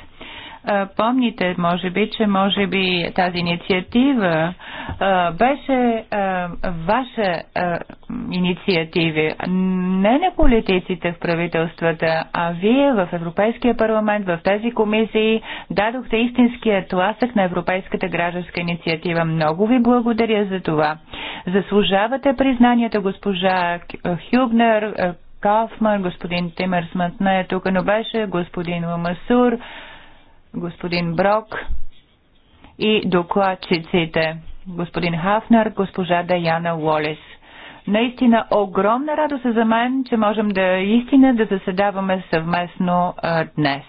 Е, помните, може би, че може би тази инициатива е, беше е, ваша инициатива, не на политиците в правителствата, а вие в Европейския парламент, в тези комисии дадохте истинския тласък на Европейската гражданска инициатива. Много ви благодаря за това. Заслужавате признанията госпожа Хюбнер, Кафман, господин Тимерсмант не е тук, но беше господин Ламасур, господин Брок и докладчиците господин Хафнер, госпожа Даяна Уолес. Наистина огромна радост е за мен, че можем да истина да заседаваме съвместно а, днес.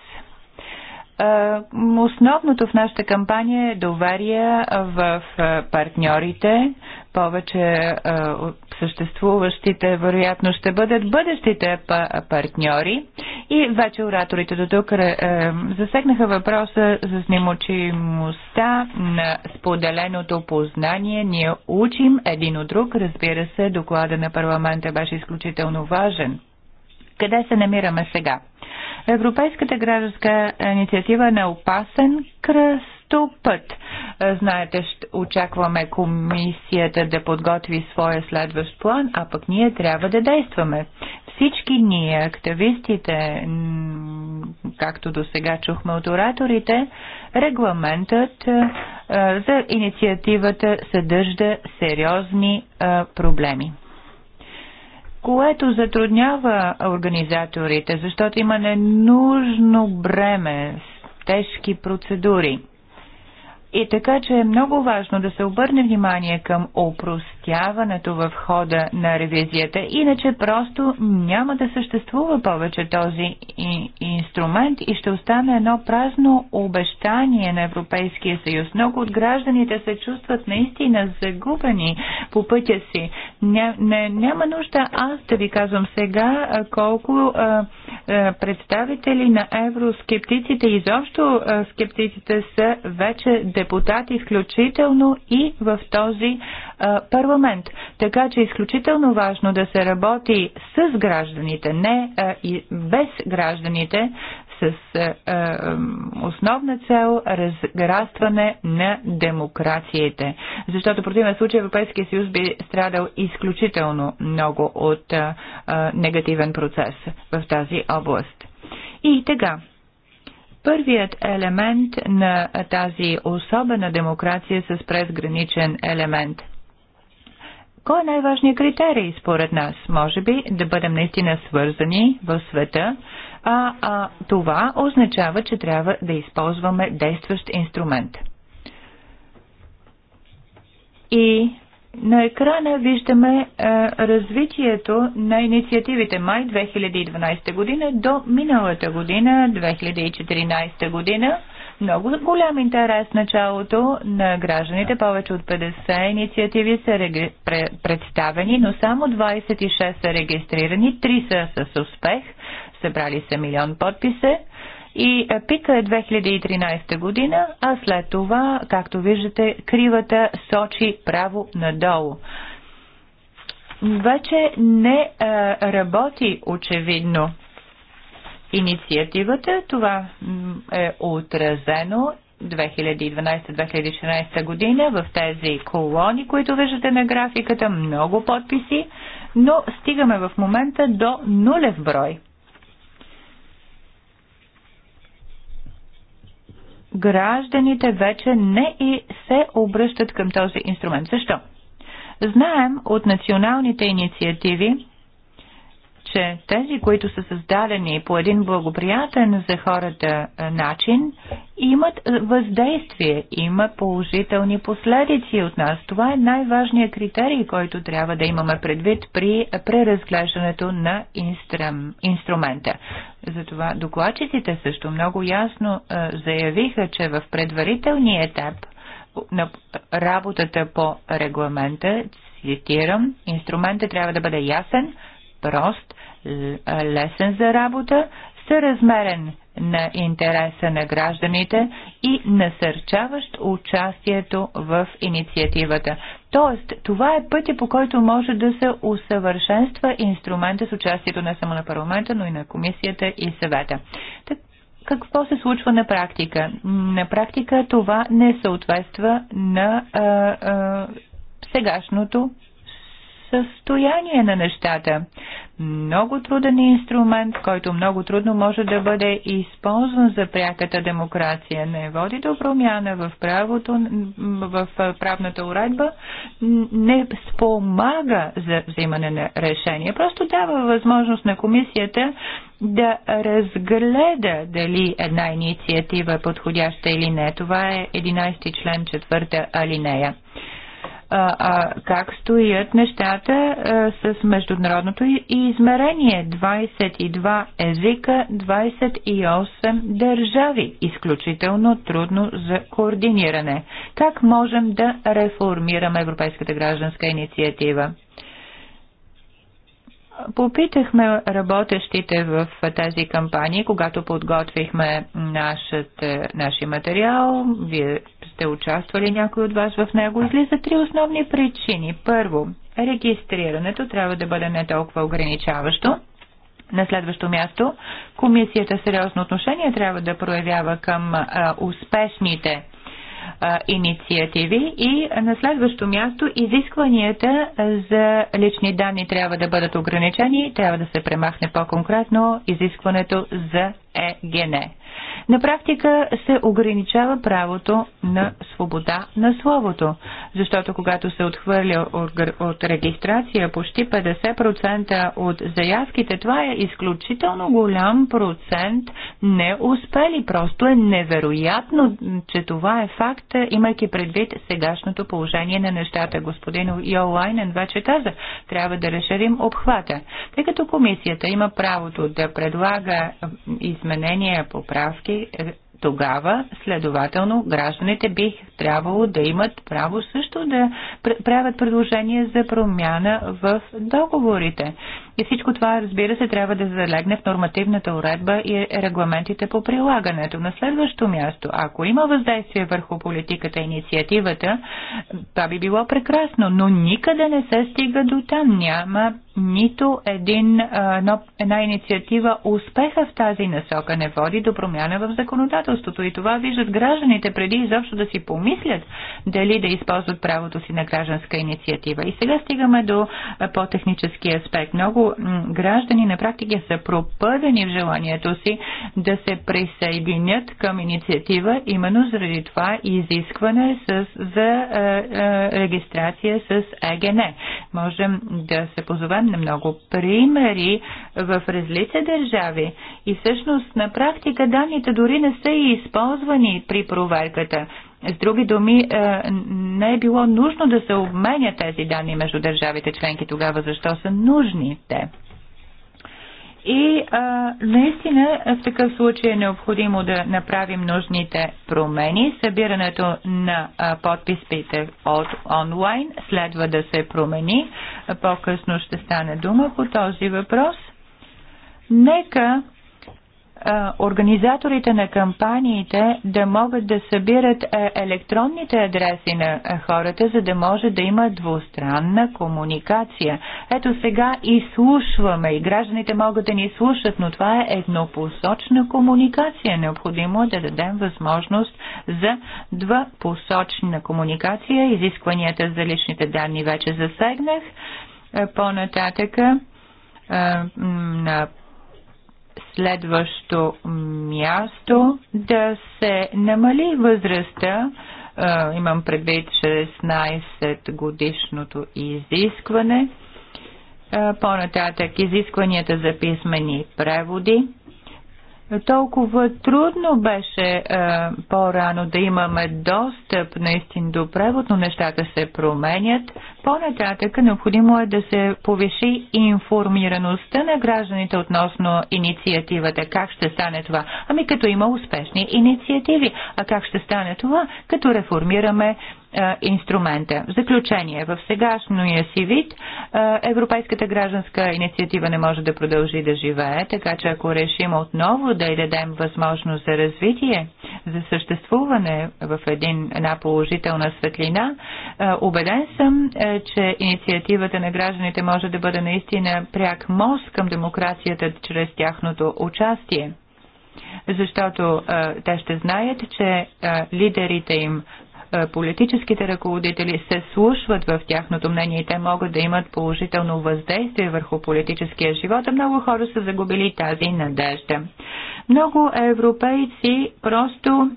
Основното в нашата кампания е доверие в партньорите, повече е, от съществуващите, вероятно ще бъдат бъдещите партньори. И вече ораторите до тук е, е, засегнаха въпроса за снимочимостта на споделеното познание. Ние учим един от друг. Разбира се, доклада на парламента беше изключително важен. Къде се намираме сега? Европейската гражданска инициатива е на опасен кръстопът. Е, знаете, ще очакваме комисията да подготви своя следващ план, а пък ние трябва да действаме. Всички ние, активистите, както до сега чухме от ораторите, регламентът е, е, за инициативата съдържа сериозни проблеми което затруднява организаторите, защото има ненужно бреме, с тежки процедури. И така, че е много важно да се обърне внимание към опростяването в хода на ревизията, иначе просто няма да съществува повече този инструмент и ще остане едно празно обещание на Европейския съюз. Много от гражданите се чувстват наистина загубени по пътя си. Ня, не, няма нужда аз да ви казвам сега колко а, а, представители на евроскептиците, изобщо а, скептиците са вече депутати, включително и в този а, парламент. Така че е изключително важно да се работи с гражданите, не а, и без гражданите, с а, основна цел разграстване на демокрациите. Защото в противен случай Европейския съюз би страдал изключително много от а, негативен процес в тази област. И така, Първият елемент на тази особена демокрация с презграничен елемент – кой е най-важният критерий според нас? Може би да бъдем наистина свързани в света, а, а това означава, че трябва да използваме действащ инструмент. И на екрана виждаме е, развитието на инициативите май 2012 година до миналата година, 2014 година. Много голям интерес в началото на гражданите. Повече от 50 инициативи са реги... представени, но само 26 са регистрирани, 3 са с успех, събрали са милион подписа и е, пика е 2013 година, а след това, както виждате, кривата сочи право надолу вече не а, е, работи очевидно. Инициативата, това е отразено 2012-2016 година в тези колони, които виждате на графиката, много подписи, но стигаме в момента до нулев брой. гражданите вече не и се обръщат към този инструмент. Защо? Знаем от националните инициативи, че тези, които са създадени по един благоприятен за хората начин, имат въздействие, има положителни последици от нас. Това е най-важният критерий, който трябва да имаме предвид при преразглеждането на инстрам, инструмента. Затова докладчиците също много ясно заявиха, че в предварителния етап на работата по регламента, цитирам, инструментът трябва да бъде ясен, прост, е, лесен за работа, съразмерен на интереса на гражданите и насърчаващ участието в инициативата. Тоест, това е пътя по който може да се усъвършенства инструмента с участието не само на парламента, но и на комисията и съвета. Так, какво се случва на практика? На практика това не съответства на а, а, сегашното състояние на нещата много труден инструмент, който много трудно може да бъде използван за пряката демокрация. Не води до промяна в правото, в правната уредба, не спомага за взимане на решение. Просто дава възможност на комисията да разгледа дали една инициатива е подходяща или не. Това е 11 член 4 алинея а, как стоят нещата а, с международното измерение. 22 езика, 28 държави. Изключително трудно за координиране. Как можем да реформираме Европейската гражданска инициатива? Попитахме работещите в тази кампания, когато подготвихме нашите, нашия материал. Вие сте участвали някой от вас в него, излиза три основни причини. Първо, регистрирането трябва да бъде не толкова ограничаващо. На следващо място, комисията сериозно отношение трябва да проявява към а, успешните а, инициативи и на следващо място изискванията за лични данни трябва да бъдат ограничени, трябва да се премахне по-конкретно изискването за ЕГН. На практика се ограничава правото на свобода на словото, защото когато се отхвърля от регистрация почти 50% от заявките, това е изключително голям процент не успели. Просто е невероятно, че това е факт, имайки предвид сегашното положение на нещата. Господин Йолайнен вече каза, трябва да разширим обхвата. Тъй като комисията има правото да предлага изменения, поправки, членки е, тогава, следователно, гражданите бих трябвало да имат право също да правят предложение за промяна в договорите. И всичко това, разбира се, трябва да залегне в нормативната уредба и регламентите по прилагането. На следващо място, ако има въздействие върху политиката и инициативата, това би било прекрасно, но никъде не се стига до там. Няма нито един, една инициатива успеха в тази насока не води до промяна в законодателството. И това виждат гражданите преди изобщо да си помислят дали да използват правото си на гражданска инициатива. И сега стигаме до по-технически аспект. Много много граждани на практика са пропъдени в желанието си да се присъединят към инициатива, именно заради това изискване с, за е, е, регистрация с ЕГН. Можем да се позовем на много примери в различни държави и всъщност на практика данните дори не са и използвани при проверката. С други думи, е, не е било нужно да се обменят тези данни между държавите членки тогава, защо са нужни те. И а, наистина в такъв случай е необходимо да направим нужните промени. Събирането на а, подписите от онлайн следва да се промени. По-късно ще стане дума по този въпрос. Нека организаторите на кампаниите да могат да събират електронните адреси на хората, за да може да има двустранна комуникация. Ето сега изслушваме и гражданите могат да ни слушат, но това е еднопосочна комуникация. Необходимо е да дадем възможност за двапосочна комуникация. Изискванията за личните данни вече засегнах. Е, по-нататъка е, на следващо място да се намали възрастта, имам предвид 16 годишното изискване, по-нататък изискванията за писмени преводи, толкова трудно беше е, по-рано да имаме достъп наистина до превод, но нещата се променят. По-нататък необходимо е да се повиши информираността на гражданите относно инициативата. Как ще стане това? Ами като има успешни инициативи. А как ще стане това? Като реформираме е, инструмента. В заключение, в сегашния си вид е, Европейската гражданска инициатива не може да продължи да живее, така че ако решим отново да й дадем възможност за развитие, за съществуване в един, една положителна светлина, е, убеден съм, че инициативата на гражданите може да бъде наистина пряк мост към демокрацията чрез тяхното участие защото а, те ще знаят, че а, лидерите им е, политическите ръководители се слушват в тяхното мнение и те могат да имат положително въздействие върху политическия живот, а много хора са загубили тази надежда. Много европейци просто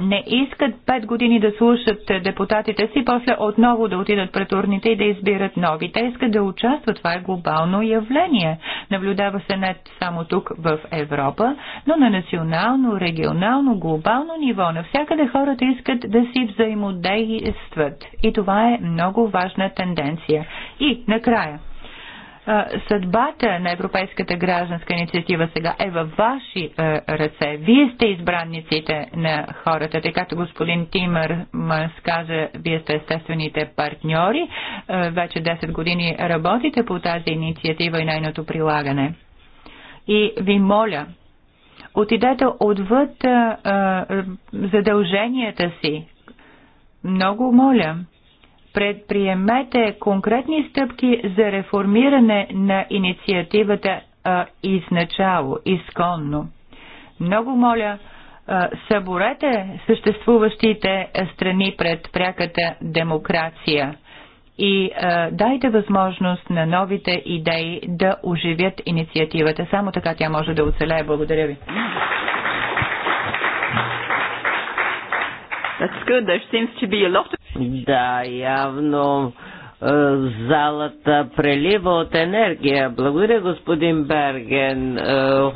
не искат пет години да слушат депутатите си, после отново да отидат пред урните и да избират нови. Те искат да участват. Това е глобално явление. Наблюдава се не само тук в Европа, но на национално, регионално, глобално ниво. Навсякъде хората искат да си взаимодействат. И това е много важна тенденция. И накрая съдбата на Европейската гражданска инициатива сега е във ваши ръце. Вие сте избранниците на хората, тъй като господин Тимър каза, вие сте естествените партньори. Вече 10 години работите по тази инициатива и нейното прилагане. И ви моля, отидете отвъд задълженията си. Много моля предприемете конкретни стъпки за реформиране на инициативата а, изначало, изконно. Много моля, съборете съществуващите страни пред пряката демокрация и а, дайте възможност на новите идеи да оживят инициативата. Само така тя може да оцелее. Благодаря ви. That's good. There seems to be a lot of... Да, явно е, залата прелива от енергия. Благодаря, господин Берген. Е,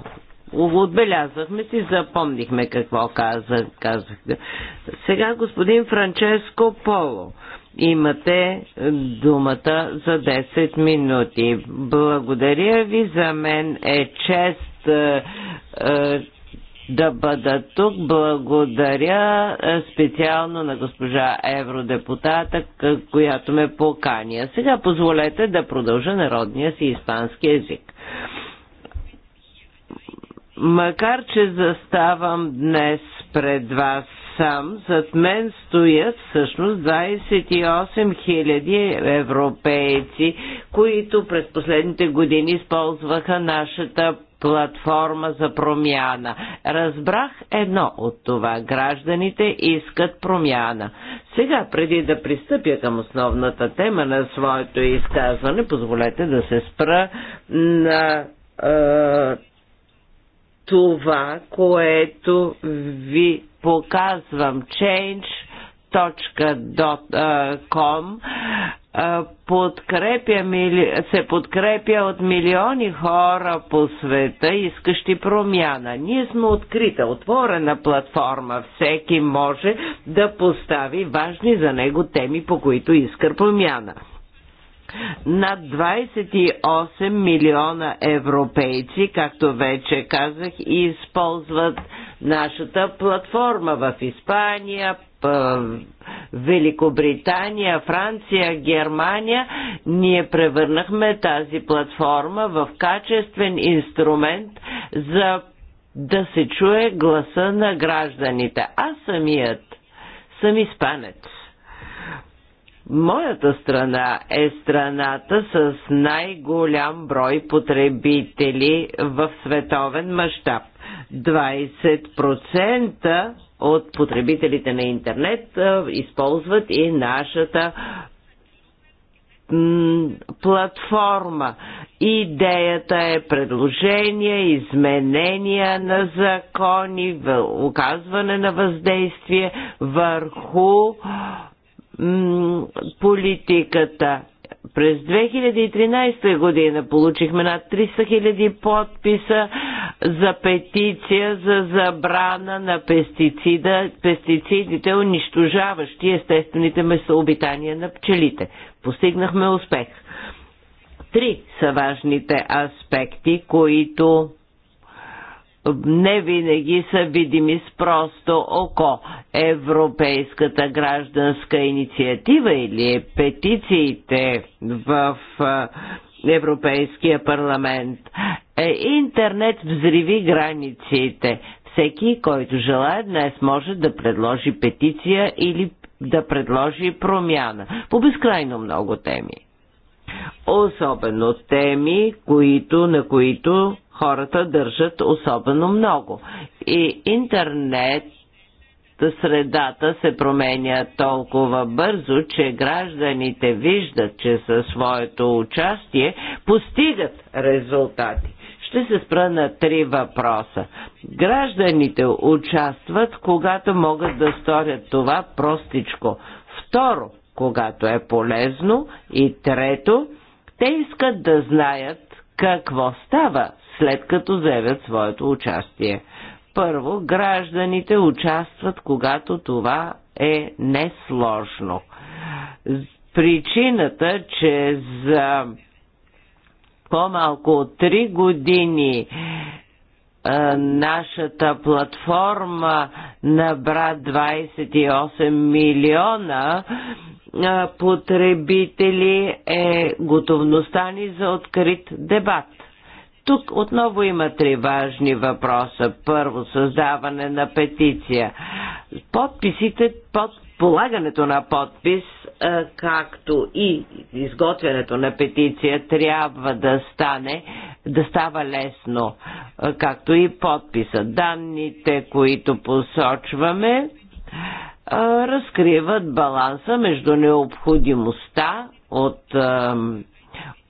отбелязахме си, запомнихме какво казах, казахте. Сега господин Франческо Поло. Имате думата за 10 минути. Благодаря ви. За мен е чест е, да бъда тук. Благодаря е, специално на госпожа евродепутата, която ме покани. сега позволете да продължа народния си испански език. Макар, че заставам днес пред вас там, зад мен стоят всъщност 28 000 европейци, които през последните години използваха нашата платформа за промяна. Разбрах едно от това. Гражданите искат промяна. Сега, преди да пристъпя към основната тема на своето изказване, позволете да се спра на е, това, което ви показвам change.com подкрепя, се подкрепя от милиони хора по света, искащи промяна. Ние сме открита, отворена платформа. Всеки може да постави важни за него теми, по които иска промяна над 28 милиона европейци, както вече казах, използват нашата платформа в Испания, Великобритания, Франция, Германия, ние превърнахме тази платформа в качествен инструмент за да се чуе гласа на гражданите. Аз самият съм испанец. Моята страна е страната с най-голям брой потребители в световен мащаб. 20% от потребителите на интернет използват и нашата платформа. Идеята е предложения, изменения на закони, оказване на въздействие върху политиката. През 2013 година получихме над 300 000 подписа за петиция за забрана на пестицида, пестицидите, унищожаващи естествените месообитания на пчелите. Постигнахме успех. Три са важните аспекти, които не винаги са видими с просто око. Европейската гражданска инициатива или петициите в Европейския парламент. Е, интернет взриви границите. Всеки, който желая днес, може да предложи петиция или да предложи промяна по безкрайно много теми. Особено теми, които, на които хората държат особено много. И интернет средата се променя толкова бързо, че гражданите виждат, че със своето участие постигат резултати. Ще се спра на три въпроса. Гражданите участват, когато могат да сторят това простичко. Второ, когато е полезно. И трето, те искат да знаят какво става след като заявят своето участие. Първо, гражданите участват, когато това е несложно. Причината, че за по-малко от 3 години нашата платформа набра 28 милиона потребители е готовността ни за открит дебат. Тук отново има три важни въпроса. Първо, създаване на петиция. Подписите под полагането на подпис, както и изготвянето на петиция, трябва да стане, да става лесно, както и подписа. Данните, които посочваме, разкриват баланса между необходимостта от,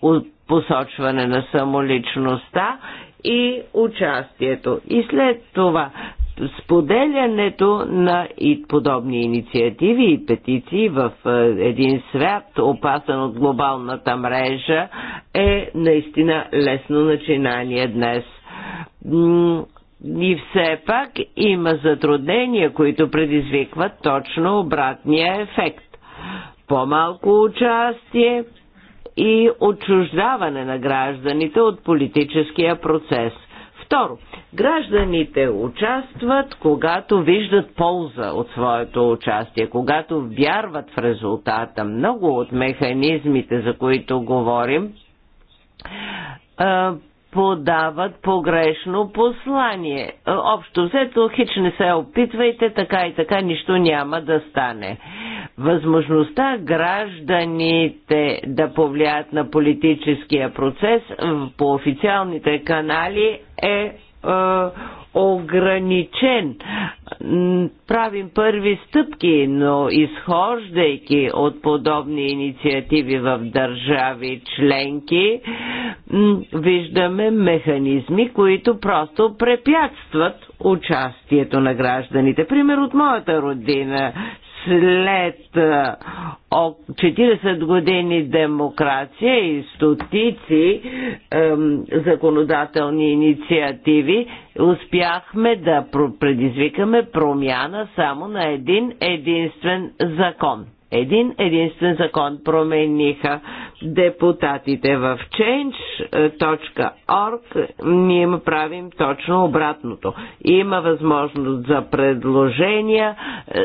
от посочване на самоличността и участието. И след това споделянето на и подобни инициативи и петиции в е, един свят, опасен от глобалната мрежа, е наистина лесно начинание днес. И все пак има затруднения, които предизвикват точно обратния ефект. По-малко участие, и отчуждаване на гражданите от политическия процес. Второ, гражданите участват, когато виждат полза от своето участие, когато вярват в резултата. Много от механизмите, за които говорим, подават погрешно послание. Е, общо взето, хич не се опитвайте, така и така нищо няма да стане. Възможността гражданите да повлият на политическия процес по официалните канали е, е ограничен. Правим първи стъпки, но изхождайки от подобни инициативи в държави членки, виждаме механизми, които просто препятстват участието на гражданите. Пример от моята родина след 40 години демокрация и стотици ем, законодателни инициативи успяхме да предизвикаме промяна само на един единствен закон. Един единствен закон промениха депутатите в change.org. Ние им правим точно обратното. Има възможност за предложения е,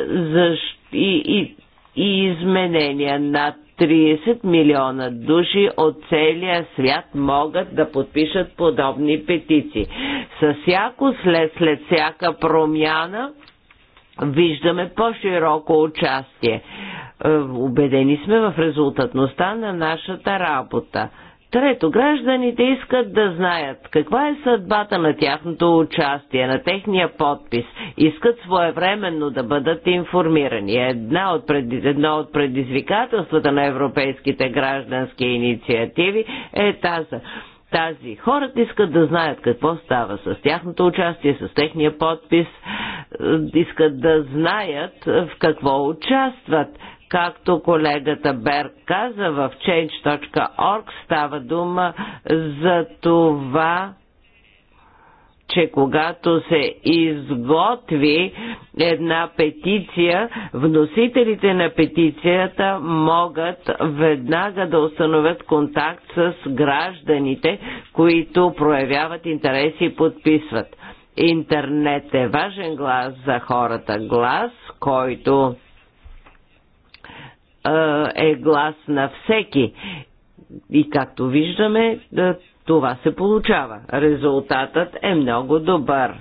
за и, и, и изменения на 30 милиона души от целия свят могат да подпишат подобни петиции. С всяко след, след всяка промяна виждаме по-широко участие. Е, убедени сме в резултатността на нашата работа. Трето, гражданите искат да знаят каква е съдбата на тяхното участие, на техния подпис. Искат своевременно да бъдат информирани. Една от пред... Едно от предизвикателствата на европейските граждански инициативи е тази тази. Хората искат да знаят какво става с тяхното участие, с техния подпис, е, искат да знаят в какво участват. Както колегата Берг каза в change.org, става дума за това че когато се изготви една петиция, вносителите на петицията могат веднага да установят контакт с гражданите, които проявяват интерес и подписват. Интернет е важен глас за хората, глас, който е, е глас на всеки. И както виждаме, е, това се получава. Резултатът е много добър.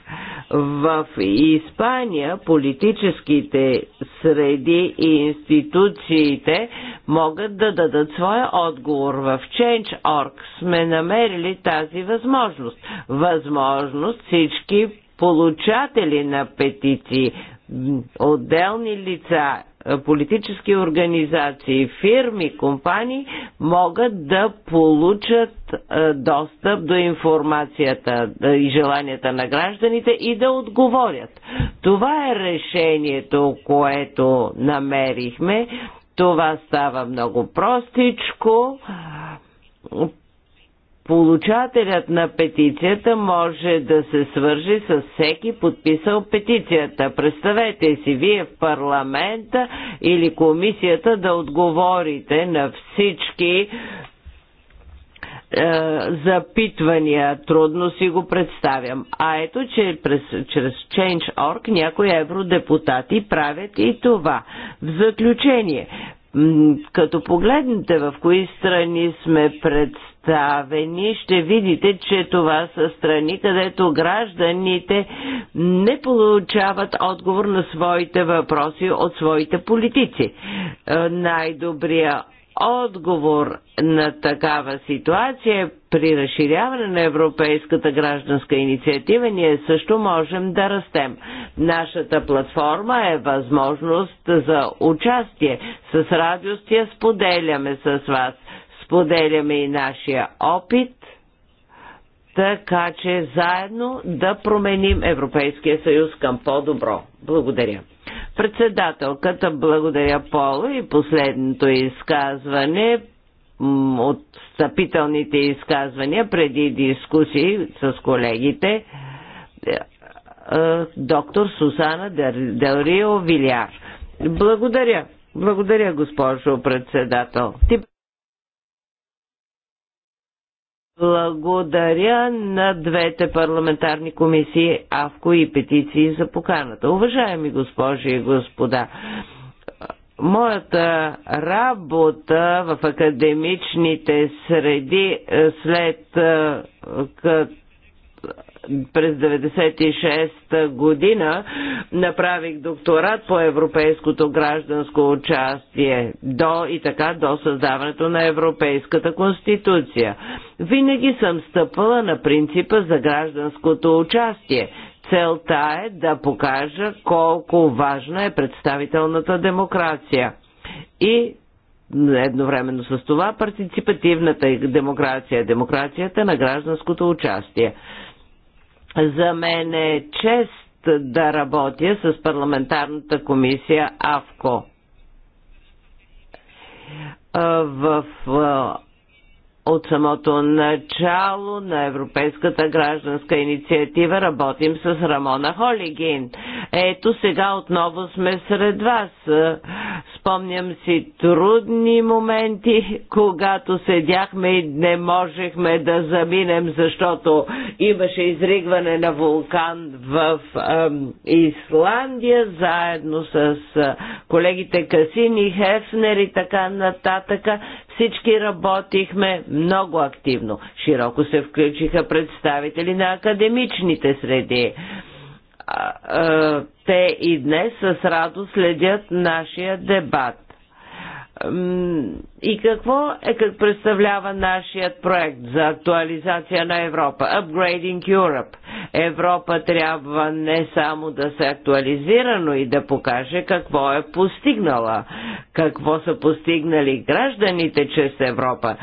В Испания политическите среди и институциите могат да дадат своя отговор. В Change.org сме намерили тази възможност. Възможност всички получатели на петиции, отделни лица политически организации, фирми, компании могат да получат е, достъп до информацията е, и желанията на гражданите и да отговорят. Това е решението, което намерихме. Това става много простичко Получателят на петицията може да се свържи с всеки подписал петицията. Представете си вие в парламента или комисията да отговорите на всички е, запитвания. Трудно си го представям. А ето, че през, чрез Change.org някои евродепутати правят и това. В заключение, като погледнете в кои страни сме представени, представени, ще видите, че това са страни, където гражданите не получават отговор на своите въпроси от своите политици. Е, най добрият отговор на такава ситуация е при разширяване на Европейската гражданска инициатива ние също можем да растем. Нашата платформа е възможност за участие. С радост я споделяме с вас. Споделяме и нашия опит, така че заедно да променим Европейския съюз към по-добро. Благодаря. Председателката благодаря Пола и последното изказване от стъпителните изказвания преди дискусии с колегите е, е, доктор Сусана Делрио Виляр. Благодаря. Благодаря, госпожо председател. Благодаря на двете парламентарни комисии АВКО и петиции за поканата. Уважаеми госпожи и господа, моята работа в академичните среди е, след е, като през 96 година направих докторат по европейското гражданско участие до и така до създаването на Европейската конституция. Винаги съм стъпала на принципа за гражданското участие. Целта е да покажа колко важна е представителната демокрация. И едновременно с това партиципативната демокрация, е демокрацията на гражданското участие. За мен е чест да работя с парламентарната комисия АВКО в от самото начало на Европейската гражданска инициатива работим с Рамона Холигин. Ето сега отново сме сред вас. Спомням си трудни моменти, когато седяхме и не можехме да заминем, защото имаше изригване на вулкан в ем, Исландия, заедно с колегите Касини, Хефнер и така нататък. Всички работихме много активно. Широко се включиха представители на академичните среди те и днес с радост следят нашия дебат. И какво е как представлява нашият проект за актуализация на Европа? Upgrading Europe. Европа трябва не само да се актуализира, но и да покаже какво е постигнала, какво са постигнали гражданите чрез Европа,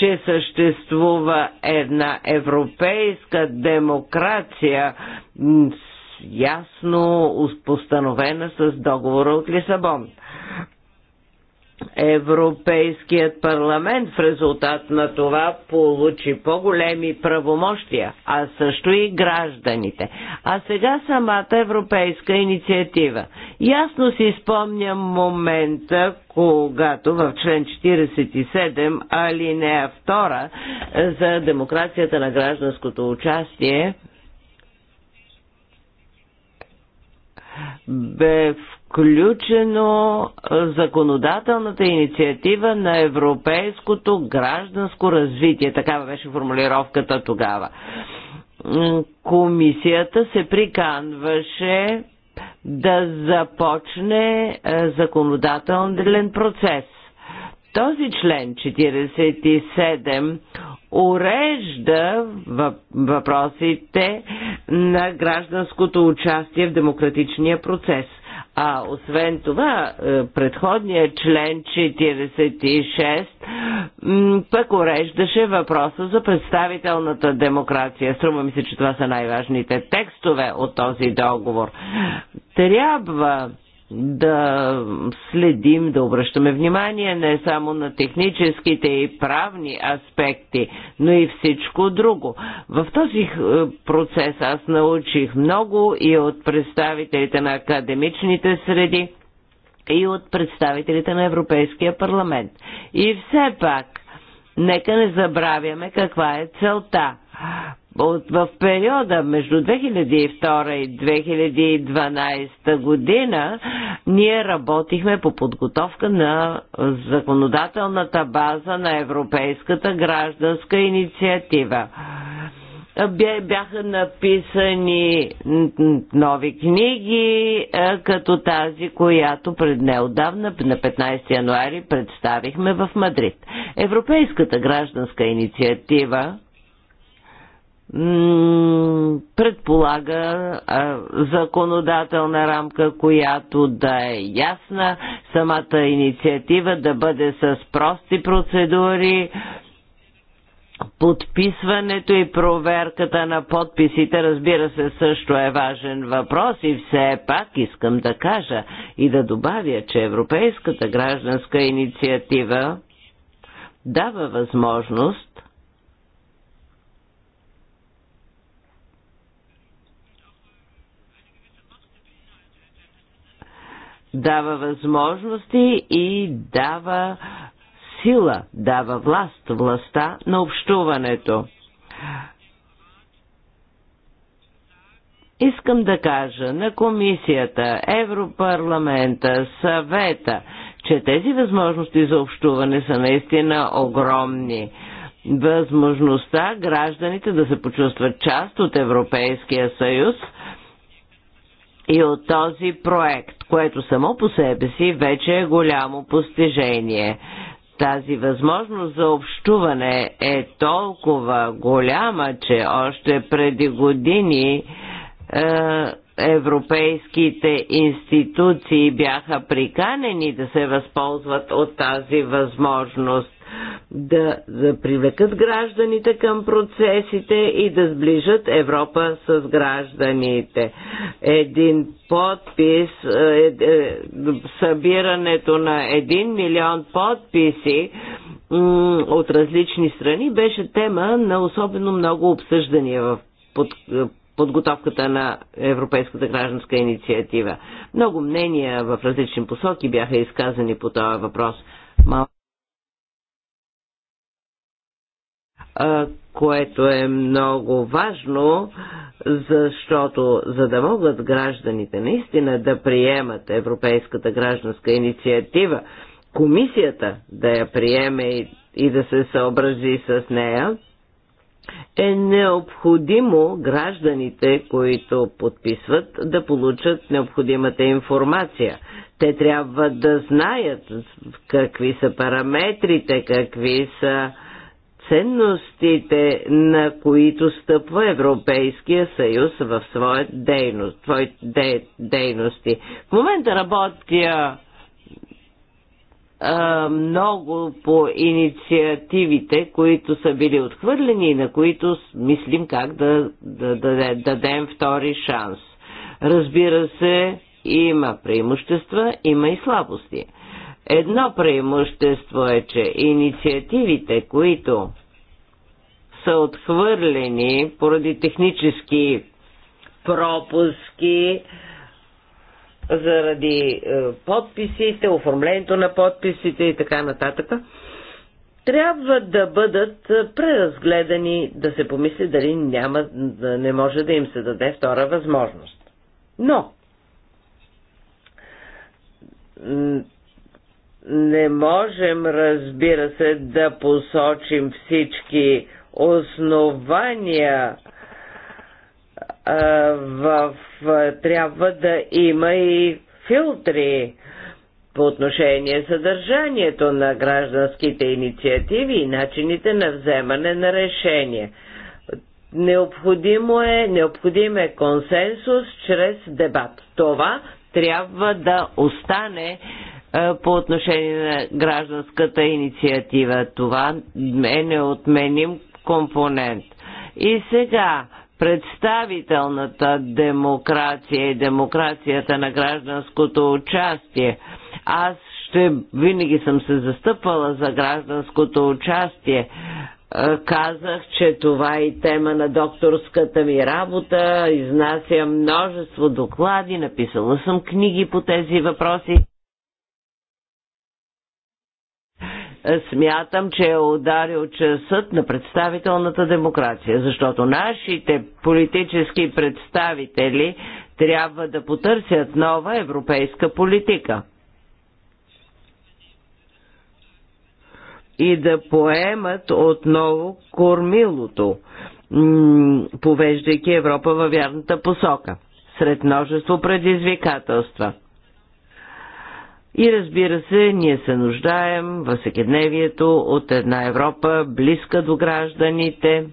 че съществува една европейска демокрация, ясно постановена с договора от Лисабон Европейският парламент в резултат на това получи по-големи правомощия, а също и гражданите. А сега самата европейска инициатива. Ясно си спомням момента, когато в член 47 алинея 2 за демокрацията на гражданското участие бе в включено законодателната инициатива на европейското гражданско развитие. Такава беше формулировката тогава. Комисията се приканваше да започне законодателен процес. Този член 47 урежда въпросите на гражданското участие в демократичния процес. А освен това, е, предходният член 46 пък уреждаше въпроса за представителната демокрация. Струва ми се, че това са най-важните текстове от този договор. Трябва да следим, да обръщаме внимание не само на техническите и правни аспекти, но и всичко друго. В този е, процес аз научих много и от представителите на академичните среди, и от представителите на Европейския парламент. И все пак, нека не забравяме каква е целта в периода между 2002 и 2012 година ние работихме по подготовка на законодателната база на Европейската гражданска инициатива бяха написани нови книги, е, като тази, която пред неодавна, на 15 януари, представихме в Мадрид. Европейската гражданска инициатива предполага законодателна рамка, която да е ясна, самата инициатива да бъде с прости процедури, Подписването и проверката на подписите, разбира се, също е важен въпрос и все пак искам да кажа и да добавя, че Европейската гражданска инициатива дава възможност дава възможности и дава сила, дава власт, властта на общуването. Искам да кажа на комисията, Европарламента, съвета, че тези възможности за общуване са наистина огромни. Възможността гражданите да се почувстват част от Европейския съюз – и от този проект, което само по себе си вече е голямо постижение. Тази възможност за общуване е толкова голяма, че още преди години е, европейските институции бяха приканени да се възползват от тази възможност да, да привлекат гражданите към процесите и да сближат Европа с гражданите. Един подпис, е, е, събирането на един милион подписи от различни страни беше тема на особено много обсъждания в под, подготовката на Европейската гражданска инициатива. Много мнения в различни посоки бяха изказани по този въпрос. Малко което е много важно, защото за да могат гражданите наистина да приемат Европейската гражданска инициатива, комисията да я приеме и, и да се съобрази с нея, е необходимо гражданите, които подписват, да получат необходимата информация. Те трябва да знаят какви са параметрите, какви са ценностите, на които стъпва Европейския съюз в своят дейност, своите де, дейности. В момента работя а, много по инициативите, които са били отхвърлени и на които мислим как да, да, да, да дадем втори шанс. Разбира се, има преимущества, има и слабости. Едно преимущество е, че инициативите, които са отхвърлени поради технически пропуски, заради е, подписите, оформлението на подписите и така нататък, трябва да бъдат е, преразгледани, да се помисли дали няма, не може да им се даде втора възможност. Но, не можем, разбира се, да посочим всички основания в, трябва да има и филтри по отношение съдържанието на гражданските инициативи и начините на вземане на решение. Необходимо е, необходим е консенсус чрез дебат. Това трябва да остане е, по отношение на гражданската инициатива. Това е неотменим компонент. И сега представителната демокрация и демокрацията на гражданското участие. Аз ще винаги съм се застъпвала за гражданското участие. Е, казах, че това е и тема на докторската ми работа, изнася множество доклади, написала съм книги по тези въпроси. смятам, че е ударил часът на представителната демокрация, защото нашите политически представители трябва да потърсят нова европейска политика. и да поемат отново кормилото, повеждайки Европа във вярната посока, сред множество предизвикателства – и разбира се, ние се нуждаем в всекидневието от една Европа близка до гражданите,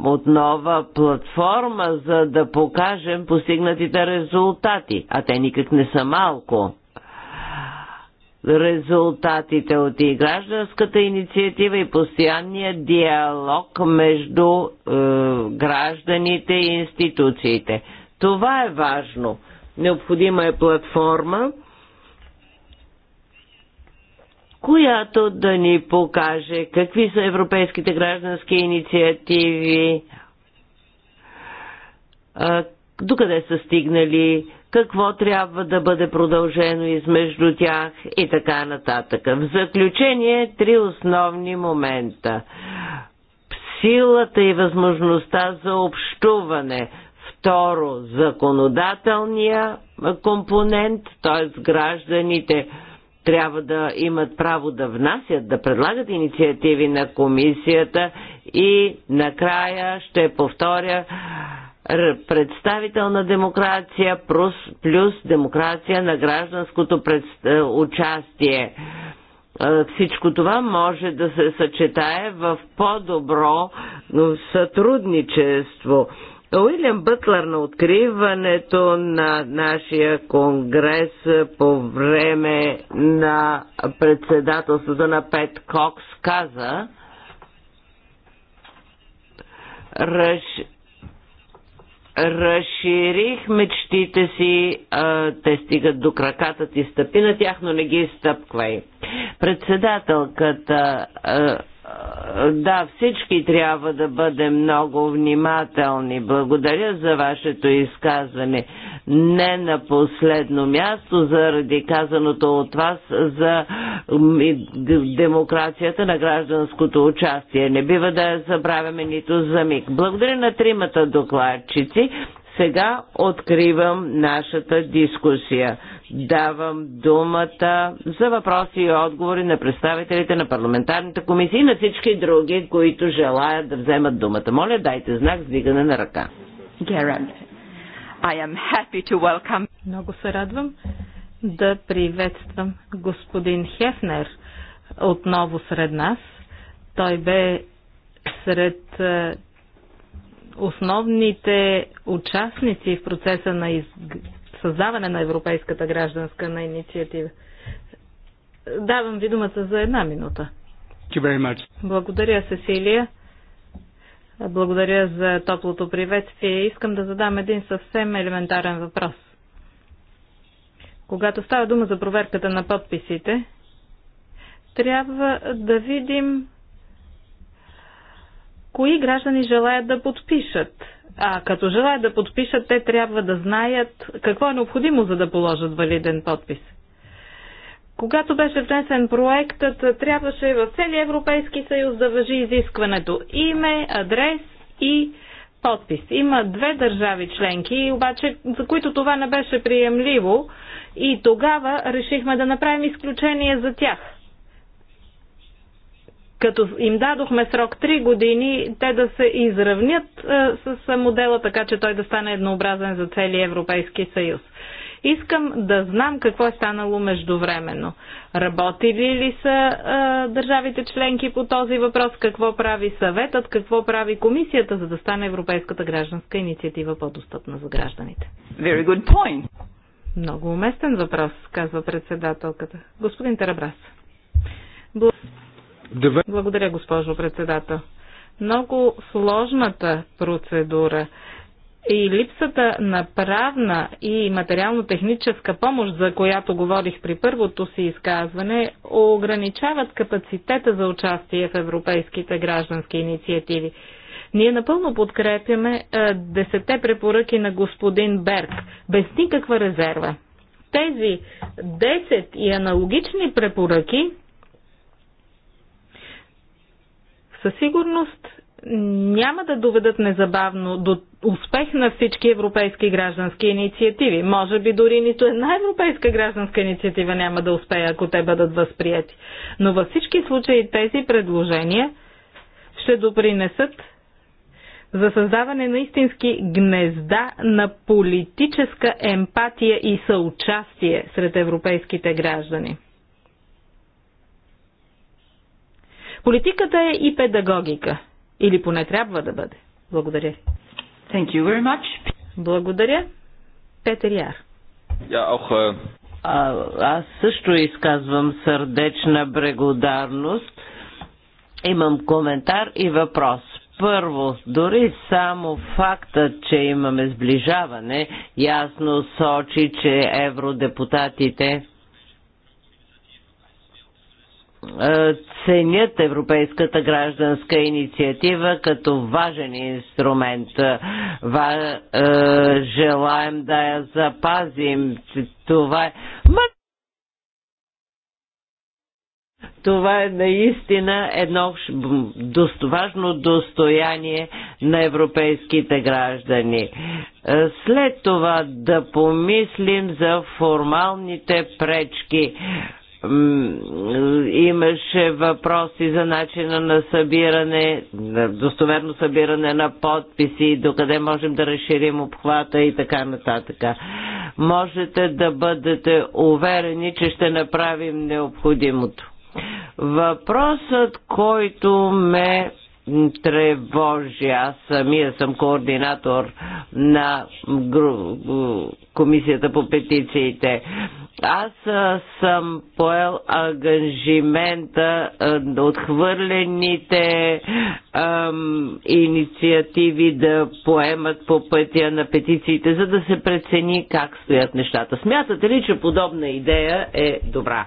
от нова платформа, за да покажем постигнатите резултати, а те никак не са малко резултатите от и гражданската инициатива и постоянния диалог между е, гражданите и институциите. Това е важно. Необходима е платформа, която да ни покаже какви са европейските граждански инициативи, докъде са стигнали, какво трябва да бъде продължено измежду тях и така нататък. В заключение три основни момента. Силата и възможността за общуване, Второ, законодателния компонент, т.е. гражданите трябва да имат право да внасят, да предлагат инициативи на комисията и накрая ще повторя представителна демокрация плюс, плюс демокрация на гражданското пред, е, участие. Е, всичко това може да се съчетае в по-добро сътрудничество Уилям Бътлер на откриването на нашия конгрес по време на председателството на Пет Кокс каза, Раш... разширих мечтите си, а, те стигат до краката ти, стъпи на тях, но не ги стъпквай. Председателката а, да, всички трябва да бъдем много внимателни. Благодаря за вашето изказване. Не на последно място, заради казаното от вас за демокрацията на гражданското участие. Не бива да я забравяме нито за миг. Благодаря на тримата докладчици. Сега откривам нашата дискусия. Давам думата за въпроси и отговори на представителите на парламентарните комисии и на всички други, които желаят да вземат думата. Моля, дайте знак с дигане на ръка. I am happy to welcome. Много се радвам да приветствам господин Хефнер отново сред нас. Той бе сред е, основните участници в процеса на изграждане създаване на Европейската гражданска на инициатива. Давам ви думата за една минута. Благодаря, Сесилия. Благодаря за топлото приветствие. Искам да задам един съвсем елементарен въпрос. Когато става дума за проверката на подписите, трябва да видим кои граждани желаят да подпишат. А като желаят да подпишат, те трябва да знаят какво е необходимо, за да положат валиден подпис. Когато беше внесен проектът, трябваше в целия Европейски съюз да въжи изискването име, адрес и подпис. Има две държави членки, обаче за които това не беше приемливо и тогава решихме да направим изключение за тях като им дадохме срок 3 години, те да се изравнят е, с е, модела, така че той да стане еднообразен за цели Европейски съюз. Искам да знам какво е станало междувременно. Работили ли са а, е, държавите членки по този въпрос? Какво прави съветът? Какво прави комисията, за да стане Европейската гражданска инициатива по-достъпна за гражданите? Very good point. Много уместен въпрос, казва председателката. Господин Тарабрас. Благодаря. Благодаря, госпожо председател. Много сложната процедура и липсата на правна и материално-техническа помощ, за която говорих при първото си изказване, ограничават капацитета за участие в европейските граждански инициативи. Ние напълно подкрепяме е, десете препоръки на господин Берг, без никаква резерва. Тези 10 и аналогични препоръки със сигурност няма да доведат незабавно до успех на всички европейски граждански инициативи. Може би дори нито една европейска гражданска инициатива няма да успее, ако те бъдат възприяти. Но във всички случаи тези предложения ще допринесат за създаване на истински гнезда на политическа емпатия и съучастие сред европейските граждани. Политиката е и педагогика. Или поне трябва да бъде. Благодаря. Thank you very much. Благодаря. Петър Яр. Ja, auch, е. а, аз също изказвам сърдечна благодарност. Имам коментар и въпрос. Първо, дори само факта, че имаме сближаване, ясно сочи, че евродепутатите е, ценят Европейската гражданска инициатива като важен инструмент. Ва, е, желаем да я запазим. Това е... Това е наистина едно важно достояние на европейските граждани. Е, след това да помислим за формалните пречки имаше въпроси за начина на събиране, достоверно събиране на подписи, докъде можем да разширим обхвата и така нататък. Можете да бъдете уверени, че ще направим необходимото. Въпросът, който ме тревожи. Аз самия съм координатор на Комисията по петициите. Аз съм поел ангажимента отхвърлените инициативи да поемат по пътя на петициите, за да се прецени как стоят нещата. Смятате ли, че подобна идея е добра?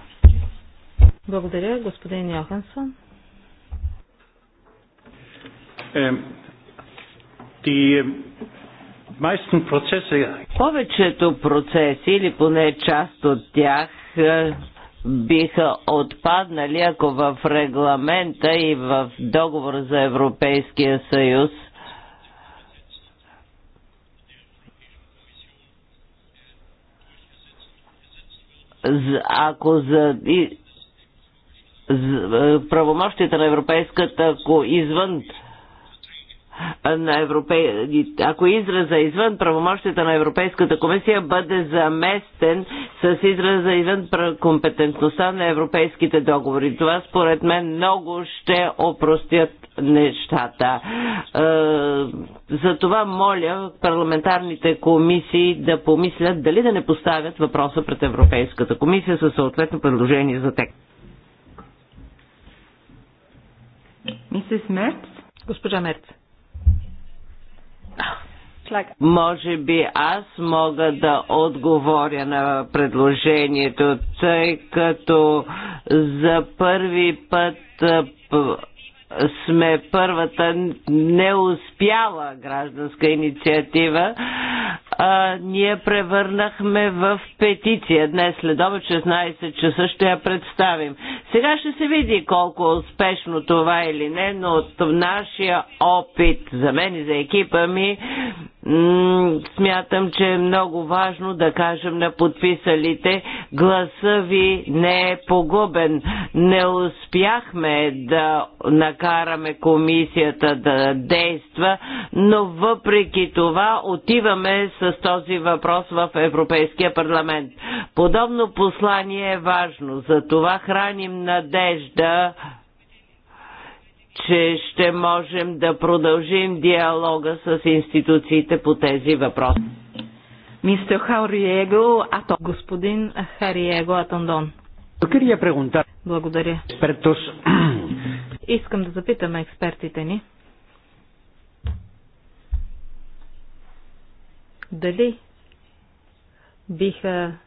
Благодаря, господин Йохансон. Е, е, е. повечето процеси или поне част от тях биха отпаднали, ако в регламента и в договор за Европейския съюз ако за, правомощите на Европейската, ако извън на Европе... ако израза извън правомощията на Европейската комисия бъде заместен с израза извън компетентността на европейските договори. Това според мен много ще опростят нещата. Е, за това моля парламентарните комисии да помислят дали да не поставят въпроса пред Европейската комисия със съответно предложение за текст. Мисис Мерц. Госпожа Мерц. Може би аз мога да отговоря на предложението, тъй като за първи път сме първата неуспяла гражданска инициатива а, ние превърнахме в петиция. Днес след обед 16 часа ще я представим. Сега ще се види колко успешно това или не, но от нашия опит за мен и за екипа ми смятам, че е много важно да кажем на подписалите гласа ви не е погубен. Не успяхме да накараме комисията да действа, но въпреки това отиваме с този въпрос в Европейския парламент. Подобно послание е важно, за това храним надежда че ще можем да продължим диалога с институциите по тези въпроси. Мистер Хариего, Атон. господин Хариего Атондон. Благодаря. Искам да запитам експертите ни. дали биха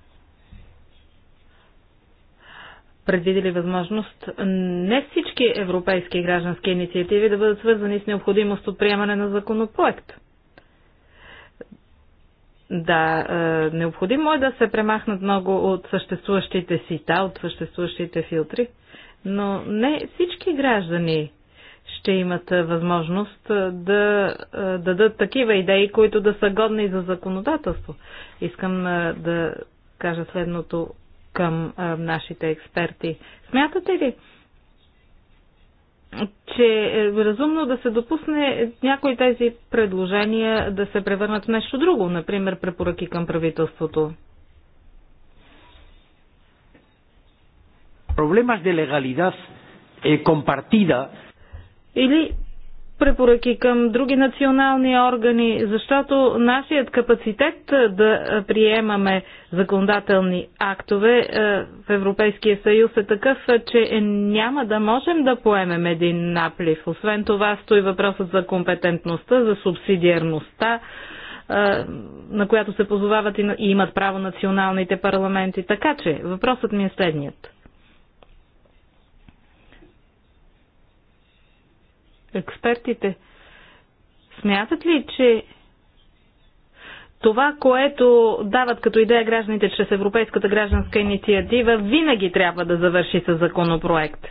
предвидели възможност не всички европейски граждански инициативи да бъдат свързани с необходимост от приемане на законопроект. Да, е, необходимо е да се премахнат много от съществуващите сита, от съществуващите филтри, но не всички граждани ще имат е, възможност е, да е, дадат такива идеи, които да са годни за законодателство. Искам да кажа следното към нашите експерти. Смятате ли, че е разумно да се допусне някои тези предложения да се превърнат в нещо друго, например препоръки към правителството? Проблемът de legalidad е компартида или препоръки към други национални органи, защото нашият капацитет да приемаме законодателни актове в Европейския съюз е такъв, че е, няма да можем да поемем един наплив. Освен това стои въпросът за компетентността, за субсидиарността, на която се позовават и имат право националните парламенти. Така че въпросът ми е следният. експертите, смятат ли, че това, което дават като идея гражданите чрез Европейската гражданска инициатива, винаги трябва да завърши с законопроект?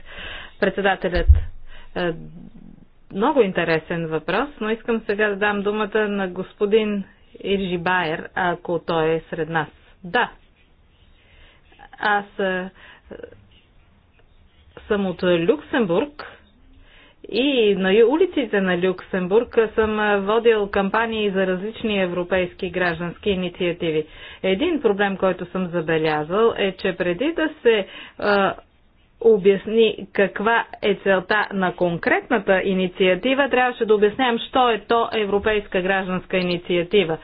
Председателят е, много интересен въпрос, но искам сега да дам думата на господин Иржи Байер, ако той е сред нас. Да. Аз е, съм от Люксембург и на улиците на Люксембург съм водил кампании за различни европейски граждански инициативи. Един проблем, който съм забелязал е, че преди да се а, обясни каква е целта на конкретната инициатива, трябваше да обяснявам, що е то Европейска гражданска инициатива.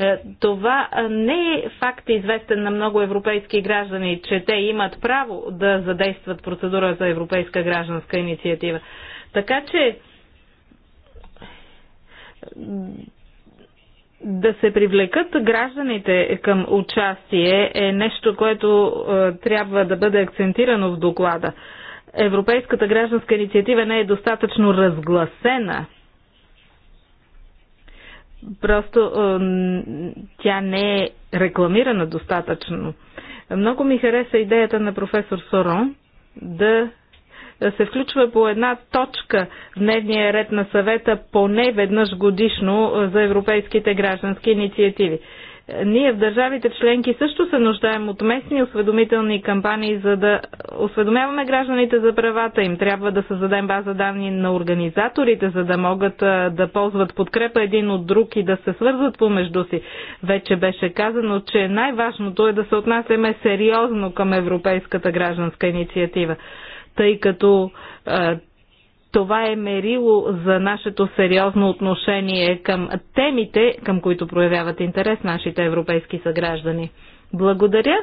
Е, това не е факт известен на много европейски граждани, че те имат право да задействат процедура за Европейска гражданска инициатива. Така че да се привлекат гражданите към участие е нещо, което е, трябва да бъде акцентирано в доклада. Европейската гражданска инициатива не е достатъчно разгласена. Просто е, тя не е рекламирана достатъчно. Много ми хареса идеята на професор Сорон да се включва по една точка в дневния ред на съвета поне веднъж годишно за европейските граждански инициативи. Ние в държавите членки също се нуждаем от местни осведомителни кампании, за да осведомяваме гражданите за правата им. Трябва да създадем база данни на организаторите, за да могат да ползват подкрепа един от друг и да се свързват помежду си. Вече беше казано, че най-важното е да се отнасяме сериозно към Европейската гражданска инициатива тъй като това е мерило за нашето сериозно отношение към темите, към които проявяват интерес нашите европейски съграждани. Благодаря.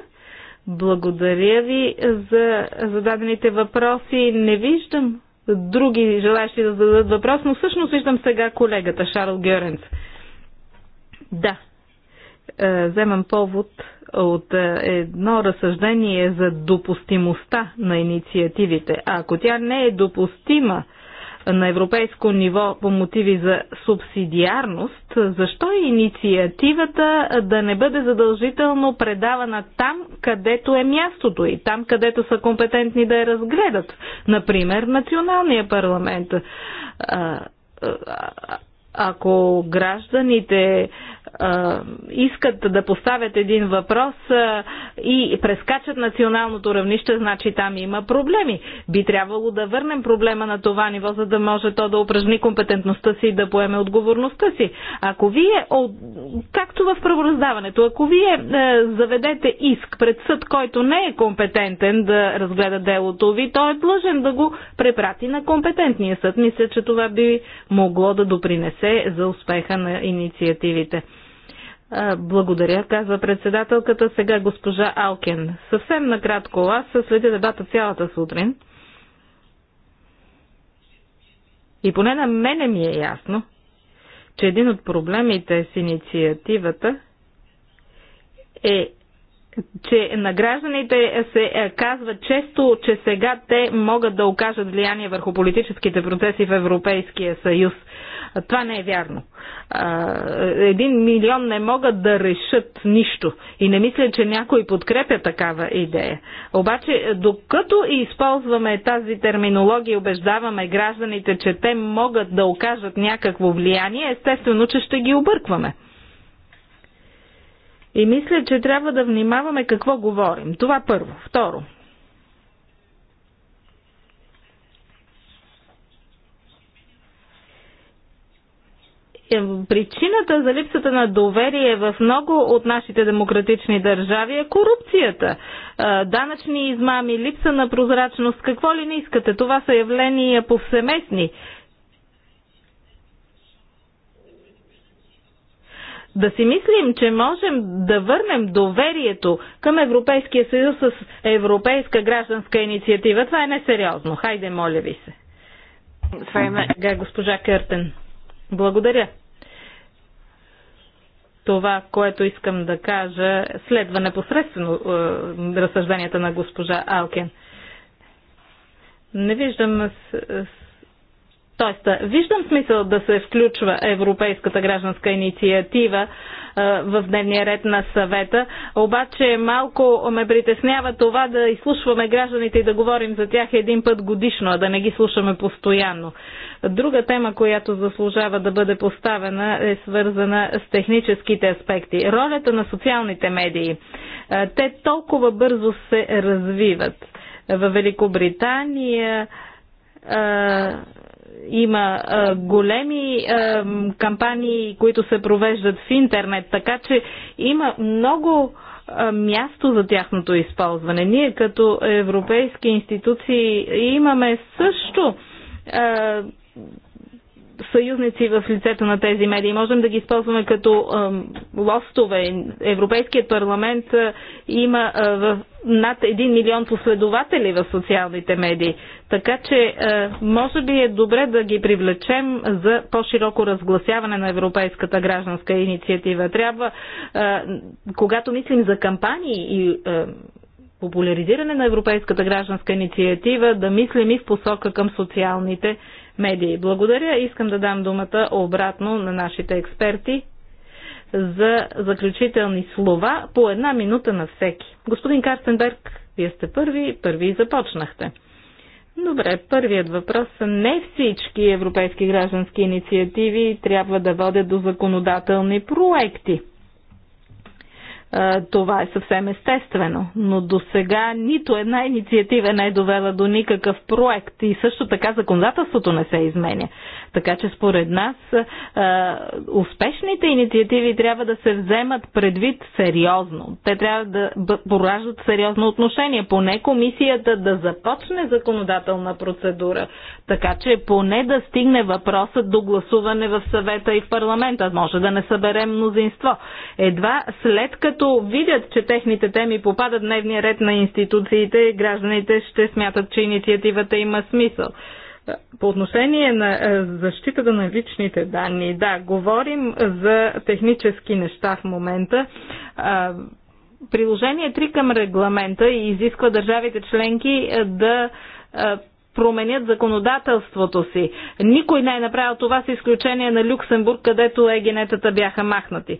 Благодаря ви за зададените въпроси. Не виждам други желащи да зададат въпрос, но всъщност виждам сега колегата Шарл Гьоренц. Да, вземам повод от е, едно разсъждение за допустимостта на инициативите. А ако тя не е допустима на европейско ниво по мотиви за субсидиарност, защо е инициативата да не бъде задължително предавана там, където е мястото и там, където са компетентни да я разгледат? Например, националния парламент ако гражданите искат да поставят един въпрос и прескачат националното равнище, значи там има проблеми. Би трябвало да върнем проблема на това ниво, за да може то да упражни компетентността си и да поеме отговорността си. Ако вие, както в правораздаването, ако вие е, заведете иск пред съд, който не е компетентен да разгледа делото ви, той е длъжен да го препрати на компетентния съд. Мисля, че това би могло да допринесе за успеха на инициативите. Благодаря, казва председателката. Сега госпожа Алкен. Съвсем накратко, аз следя дебата цялата сутрин. И поне на мене ми е ясно, че един от проблемите с инициативата е, че на гражданите се е, казва често, че сега те могат да окажат влияние върху политическите процеси в Европейския съюз. Това не е вярно. Един милион не могат да решат нищо и не мисля, че някой подкрепя такава идея. Обаче, докато използваме тази терминология и убеждаваме гражданите, че те могат да окажат някакво влияние, естествено, че ще ги объркваме. И мисля, че трябва да внимаваме какво говорим. Това първо. Второ, причината за липсата на доверие в много от нашите демократични държави е корупцията. Данъчни измами, липса на прозрачност, какво ли не искате? Това са явления повсеместни. Да си мислим, че можем да върнем доверието към Европейския съюз с Европейска гражданска инициатива, това е несериозно. Хайде, моля ви се. Това е госпожа Къртен. Благодаря. Това, което искам да кажа, следва непосредствено е, разсъжденията на госпожа Алкен. Не виждам Тоест, виждам смисъл да се включва Европейската гражданска инициатива в дневния ред на съвета, обаче малко ме притеснява това да изслушваме гражданите и да говорим за тях един път годишно, а да не ги слушаме постоянно. Друга тема, която заслужава да бъде поставена, е свързана с техническите аспекти. Ролята на социалните медии. Те толкова бързо се развиват. В Великобритания има а, големи а, кампании, които се провеждат в интернет, така че има много а, място за тяхното използване. Ние като европейски институции имаме също а, съюзници в лицето на тези медии. Можем да ги използваме като лостове. Европейският парламент има над 1 милион последователи в социалните медии. Така че може би е добре да ги привлечем за по-широко разгласяване на Европейската гражданска инициатива. Трябва, когато мислим за кампании и популяризиране на Европейската гражданска инициатива, да мислим и в посока към социалните медии. Благодаря. Искам да дам думата обратно на нашите експерти за заключителни слова по една минута на всеки. Господин Карстенберг, вие сте първи, първи и започнахте. Добре, първият въпрос. Не всички европейски граждански инициативи трябва да водят до законодателни проекти това е съвсем естествено. Но до сега нито една инициатива не е довела до никакъв проект и също така законодателството не се изменя. Така че според нас успешните инициативи трябва да се вземат предвид сериозно. Те трябва да пораждат сериозно отношение. Поне комисията да започне законодателна процедура. Така че поне да стигне въпросът до гласуване в съвета и в парламента. Може да не събере мнозинство. Едва след като видят, че техните теми попадат дневния ред на институциите, гражданите ще смятат, че инициативата има смисъл. По отношение на е, защитата на личните данни, да, говорим за технически неща в момента. Е, приложение 3 към регламента изисква държавите членки е, да променят законодателството си. Никой не е направил това с изключение на Люксембург, където егенетата бяха махнати. Е,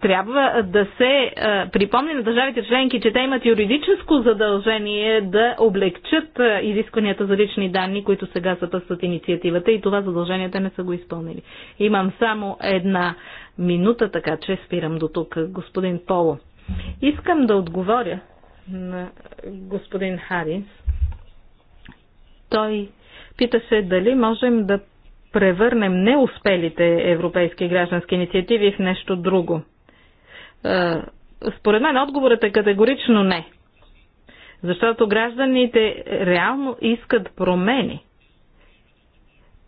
трябва да се е, припомни на държавите членки, че те имат юридическо задължение да облегчат е, изискванията за лични данни, които сега съпъстват инициативата и това задълженията не са го изпълнили. Имам само една минута, така че спирам до тук, господин Поло. Искам да отговоря на господин Харинс той питаше дали можем да превърнем неуспелите европейски граждански инициативи в нещо друго. Е, според мен отговорът е категорично не. Защото гражданите реално искат промени.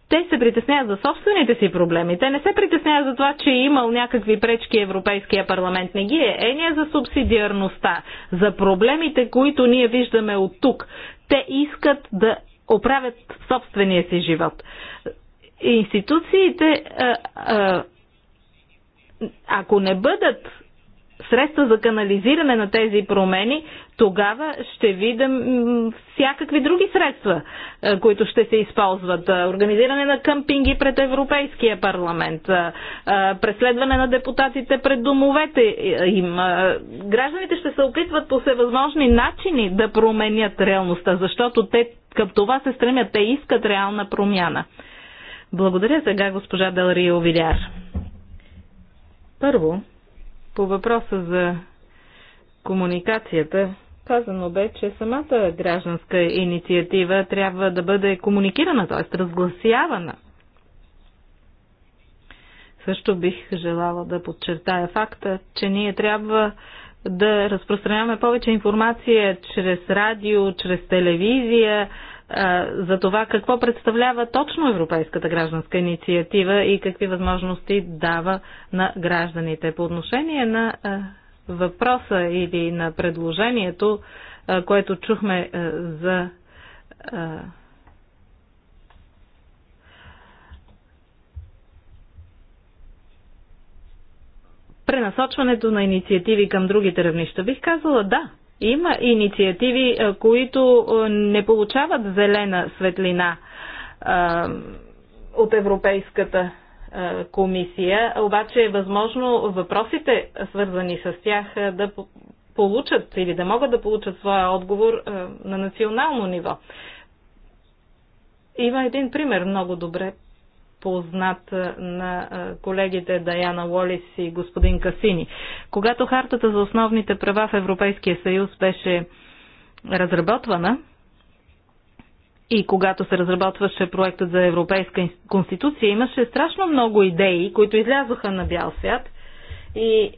Те се притесняват за собствените си проблеми. Те не се притесняват за това, че е имал някакви пречки Европейския парламент. Не ги е. Е ние е за субсидиарността, за проблемите, които ние виждаме от тук. Те искат да оправят собствения си живот. Институциите, ако не бъдат средства за канализиране на тези промени, тогава ще видим всякакви други средства, е, които ще се използват. Е, организиране на къмпинги пред Европейския парламент, е, преследване на депутатите пред домовете им. Гражданите ще се опитват по всевъзможни начини да променят реалността, защото те към това се стремят. Те искат реална промяна. Благодаря сега госпожа Делрио Виляр. Първо, по въпроса за комуникацията, казано бе, че самата гражданска инициатива трябва да бъде комуникирана, т.е. разгласявана. Също бих желала да подчертая факта, че ние трябва да разпространяваме повече информация чрез радио, чрез телевизия, за това какво представлява точно Европейската гражданска инициатива и какви възможности дава на гражданите. По отношение на въпроса или на предложението, което чухме за пренасочването на инициативи към другите равнища, бих казала да – има инициативи, които не получават зелена светлина от Европейската комисия, обаче е възможно въпросите, свързани с тях, да получат или да могат да получат своя отговор на национално ниво. Има един пример много добре познат на колегите Даяна Уолис и господин Касини. Когато Хартата за основните права в Европейския съюз беше разработвана и когато се разработваше проектът за Европейска конституция, имаше страшно много идеи, които излязоха на бял свят и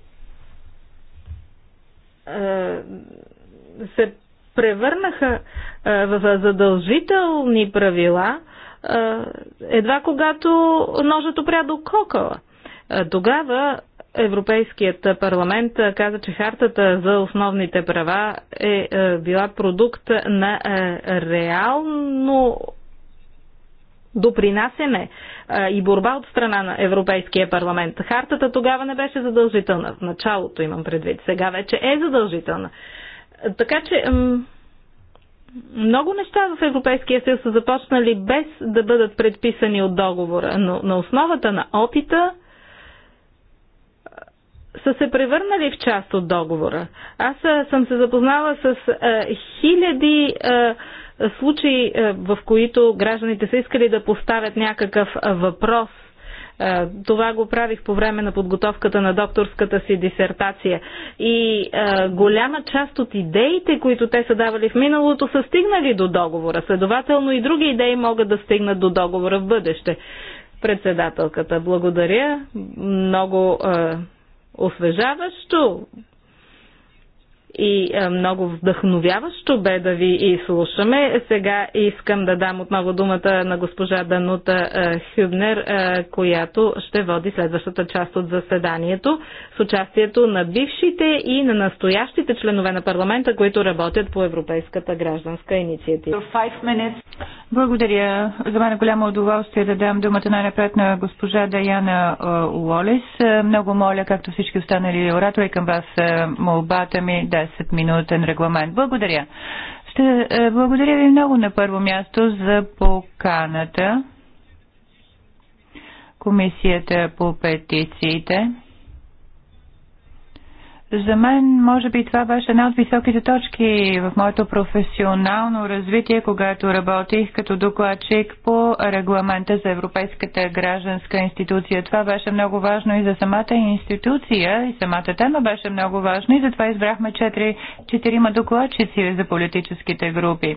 се превърнаха в задължителни правила – е, едва когато ножът опря до кокала. Е, тогава Европейският парламент каза, че хартата за основните права е, е била продукт на реално допринасене и борба от страна на Европейския парламент. Хартата тогава не беше задължителна. В началото имам предвид. Сега вече е задължителна. Така че много неща в Европейския съюз са започнали без да бъдат предписани от договора, но на основата на опита са се превърнали в част от договора. Аз съм се запознала с хиляди случаи, в които гражданите са искали да поставят някакъв въпрос е, това го правих по време на подготовката на докторската си дисертация. И е, голяма част от идеите, които те са давали в миналото, са стигнали до договора. Следователно и други идеи могат да стигнат до договора в бъдеще. Председателката, благодаря. Много е, освежаващо и е, много вдъхновяващо бе да ви и слушаме. Сега искам да дам отново думата на госпожа Данута е, Хюбнер, е, която ще води следващата част от заседанието с участието на бившите и на настоящите членове на парламента, които работят по Европейската гражданска инициатива. Благодаря. За мен е голямо удоволствие да дам думата най-напред на госпожа Даяна Уолес. Много моля, както всички останали оратори към вас, молбата ми да 10-минутен регламент. Благодаря. Ще, е, благодаря ви много на първо място за поканата. Комисията по петициите за мен, може би, това беше една от високите точки в моето професионално развитие, когато работих като докладчик по регламента за Европейската гражданска институция. Това беше много важно и за самата институция, и самата тема беше много важна, и затова избрахме четирима докладчици за политическите групи.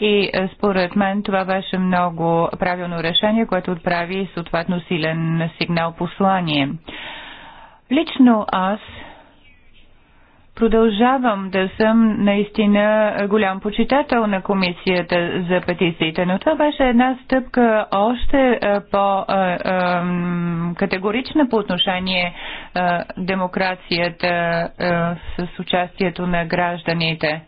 И е, според мен това беше много правилно решение, което отправи съответно силен сигнал послание. Лично аз Продължавам да съм наистина голям почитател на комисията за петициите, но това беше една стъпка още по-категорична по отношение демокрацията с участието на гражданите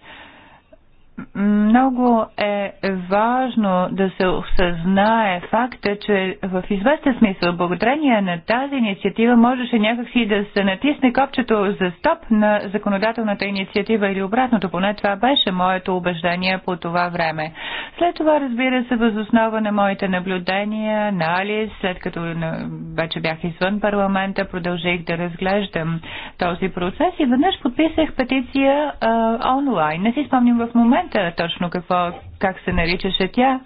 много е важно да се осъзнае факта, че в известен смисъл, благодарение на тази инициатива, можеше някакси да се натисне копчето за стоп на законодателната инициатива или обратното. Поне това беше моето убеждение по това време. След това, разбира се, възоснова на моите наблюдения, анализ, след като вече бях извън парламента, продължих да разглеждам този процес и веднъж подписах петиция а, онлайн. Не си спомням в момента момента точно какво, как се наричаше тя,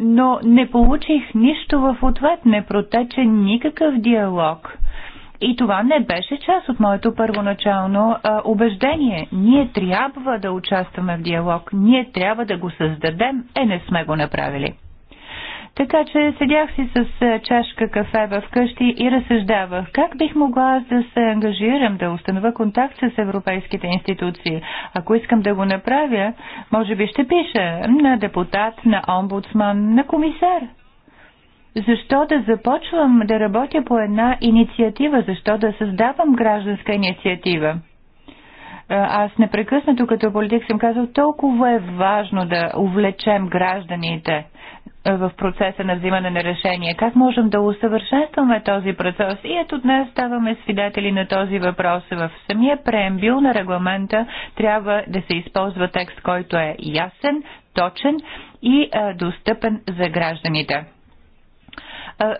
но не получих нищо в ответ, не протече никакъв диалог. И това не беше част от моето първоначално а, убеждение. Ние трябва да участваме в диалог, ние трябва да го създадем, е не сме го направили. Така че седях си с е, чашка кафе в къщи и разсъждавах как бих могла да се ангажирам, да установя контакт с европейските институции. Ако искам да го направя, може би ще пиша на депутат, на омбудсман, на комисар. Защо да започвам да работя по една инициатива? Защо да създавам гражданска инициатива? Е, аз непрекъснато като политик съм казал, толкова е важно да увлечем гражданите е, в процеса на взимане на решение. Как можем да усъвършенстваме този процес? И ето днес ставаме свидетели на този въпрос. В самия преембил на регламента трябва да се използва текст, който е ясен, точен и е, достъпен за гражданите.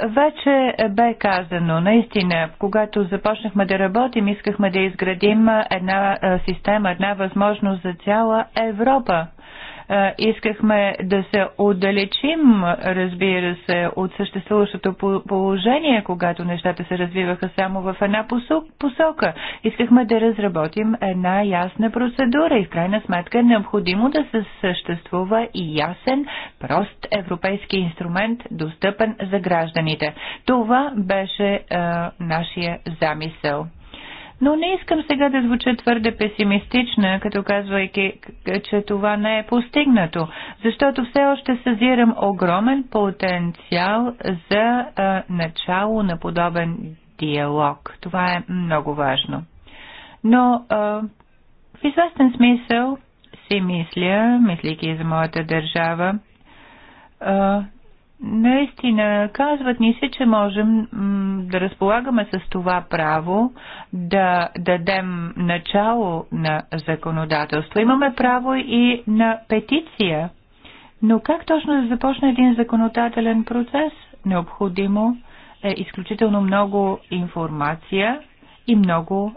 Вече бе казано, наистина, когато започнахме да работим, искахме да изградим една система, една възможност за цяла Европа искахме да се отдалечим, разбира се, от съществуващото положение, когато нещата се развиваха само в една посока. Искахме да разработим една ясна процедура и в крайна сметка е необходимо да се съществува и ясен, прост европейски инструмент, достъпен за гражданите. Това беше е, нашия замисъл. Но не искам сега да звуча твърде песимистична, като казвайки, че това не е постигнато, защото все още съзирам огромен потенциал за а, начало на подобен диалог. Това е много важно. Но а, в известен смисъл си мисля, мислики за моята държава, а, наистина казват ни се, че можем да разполагаме с това право да дадем начало на законодателство. Имаме право и на петиция. Но как точно да започне един законодателен процес? Необходимо е изключително много информация и много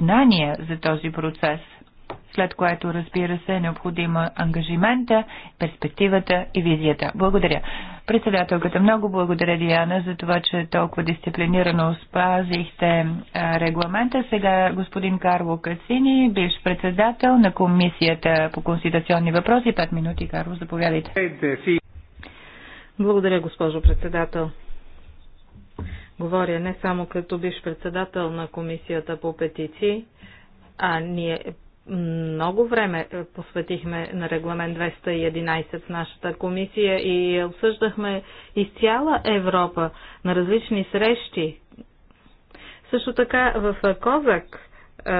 знания за този процес – след което, разбира се, е необходима ангажимента, перспективата и визията. Благодаря. Председателката, много благодаря, Диана, за това, че толкова дисциплинирано спазихте регламента. Сега господин Карло Касини, бивш председател на Комисията по конституционни въпроси. Пет минути, Карло, заповядайте. Благодаря, госпожо председател. Говоря не само като бивш председател на Комисията по петиции, а ние много време е, посветихме на регламент 211 в нашата комисия и обсъждахме из цяла Европа на различни срещи. Също така в Козак, е,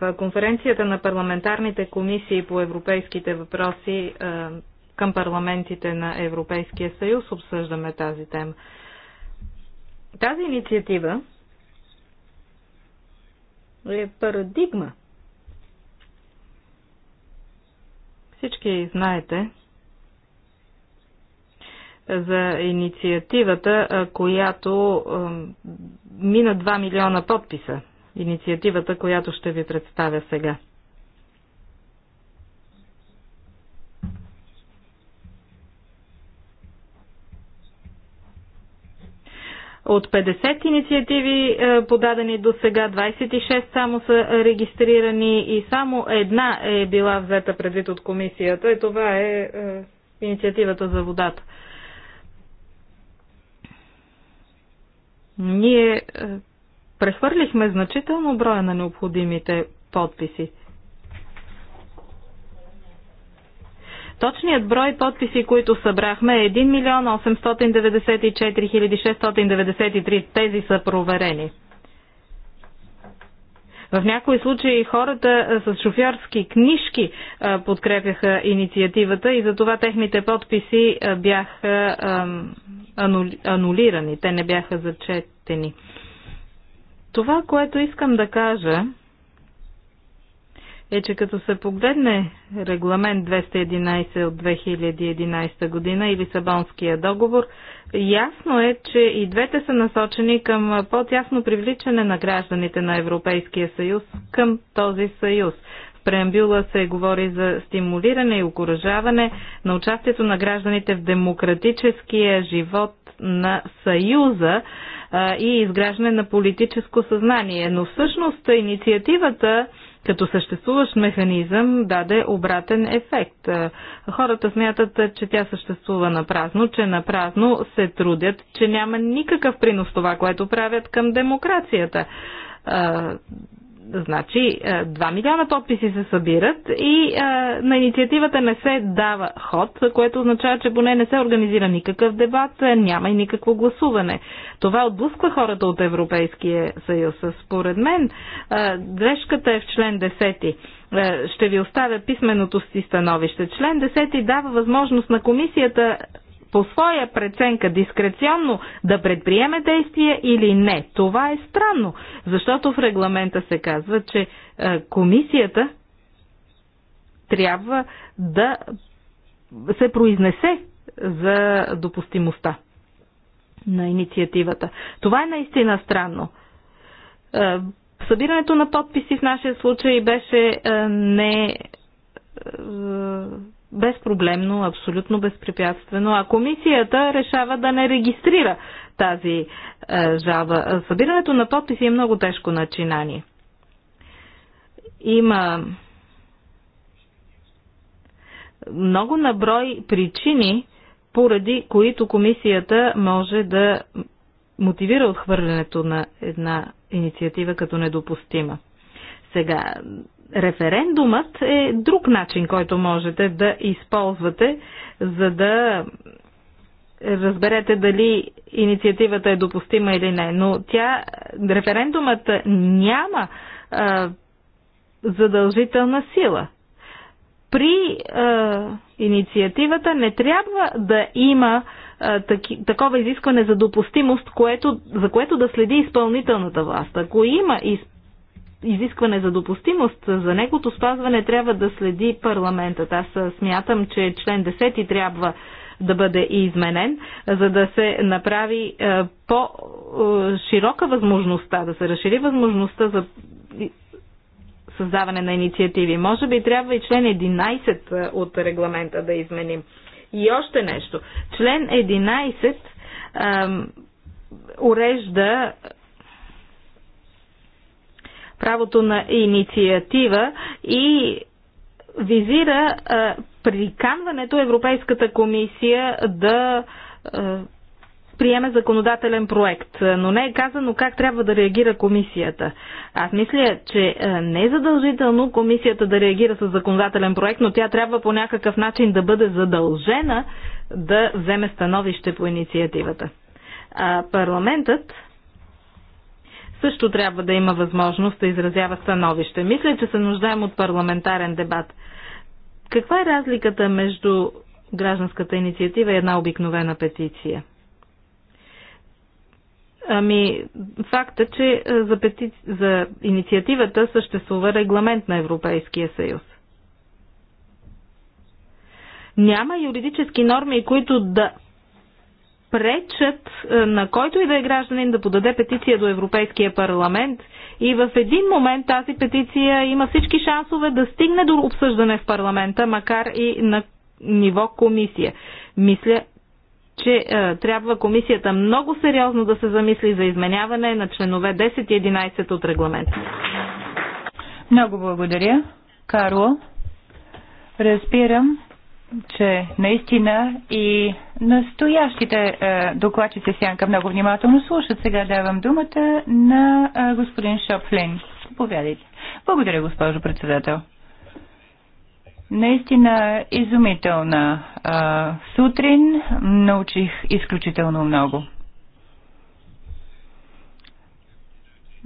в конференцията на парламентарните комисии по европейските въпроси е, към парламентите на Европейския съюз обсъждаме тази тема. Тази инициатива е парадигма – Всички знаете за инициативата, която мина 2 милиона подписа. Инициативата, която ще ви представя сега. От 50 инициативи е, подадени до сега, 26 само са регистрирани и само една е била взета предвид от комисията и това е, е инициативата за водата. Ние е, прехвърлихме значително броя на необходимите подписи – Точният брой подписи, които събрахме е 1 милион 894 693. Тези са проверени. В някои случаи хората с шофьорски книжки подкрепяха инициативата и затова техните подписи бяха анулирани. Те не бяха зачетени. Това, което искам да кажа, е, че като се погледне регламент 211 от 2011 година и Лисабонския договор, ясно е, че и двете са насочени към по-тясно привличане на гражданите на Европейския съюз към този съюз. В преамбюла се говори за стимулиране и окоръжаване на участието на гражданите в демократическия живот на Съюза и изграждане на политическо съзнание. Но всъщност инициативата като съществуващ механизъм даде обратен ефект. Е, хората смятат, че тя съществува на празно, че на празно се трудят, че няма никакъв принос това, което правят към демокрацията е, Значи 2 е, милиона подписи се събират и а, е, на инициативата не се дава ход, което означава, че поне не се организира никакъв дебат, е, няма и никакво гласуване. Това отблъсква хората от Европейския съюз. Според мен а, грешката е в член 10 ще ви оставя писменото си становище. Член 10 дава възможност на комисията по своя преценка дискреционно да предприеме действия или не. Това е странно, защото в регламента се казва, че е, комисията трябва да се произнесе за допустимостта на инициативата. Това е наистина странно. Е, събирането на подписи в нашия случай беше е, не безпроблемно, абсолютно безпрепятствено, а комисията решава да не регистрира тази е, жалба. Събирането на подписи е много тежко начинание. Има много наброй причини, поради които комисията може да мотивира отхвърлянето на една инициатива като недопустима. Сега, Референдумът е друг начин, който можете да използвате, за да разберете дали инициативата е допустима или не. Но тя, референдумът няма а, задължителна сила. При а, инициативата не трябва да има такова изискване за допустимост, което, за което да следи изпълнителната власт. Ако има из, изискване за допустимост, за негото спазване трябва да следи парламентът. Аз смятам, че член 10 трябва да бъде изменен, за да се направи по-широка възможността, да се разшири възможността за създаване на инициативи. Може би трябва и член 11 от регламента да изменим. И още нещо. Член 11 урежда правото на инициатива и визира приканването Европейската комисия да приеме законодателен проект, но не е казано как трябва да реагира комисията. Аз мисля, че не е задължително комисията да реагира с законодателен проект, но тя трябва по някакъв начин да бъде задължена да вземе становище по инициативата. А парламентът също трябва да има възможност да изразява становище. Мисля, че се нуждаем от парламентарен дебат. Каква е разликата между гражданската инициатива и една обикновена петиция? Ами, факта, че е, за, пети... за инициативата съществува регламент на Европейския съюз. Няма юридически норми, които да пречат е, на който и да е гражданин да подаде петиция до Европейския парламент и в един момент тази петиция има всички шансове да стигне до обсъждане в парламента, макар и на ниво комисия. Мисля, че е, трябва комисията много сериозно да се замисли за изменяване на членове 10 и 11 от регламента. Много благодаря, Карло. Разбирам, че наистина и настоящите е, докладчици Сянка много внимателно слушат. Сега давам думата на е, господин Шоплин. Повядайте. Благодаря, госпожо председател. Наистина изумителна е, сутрин. Научих изключително много.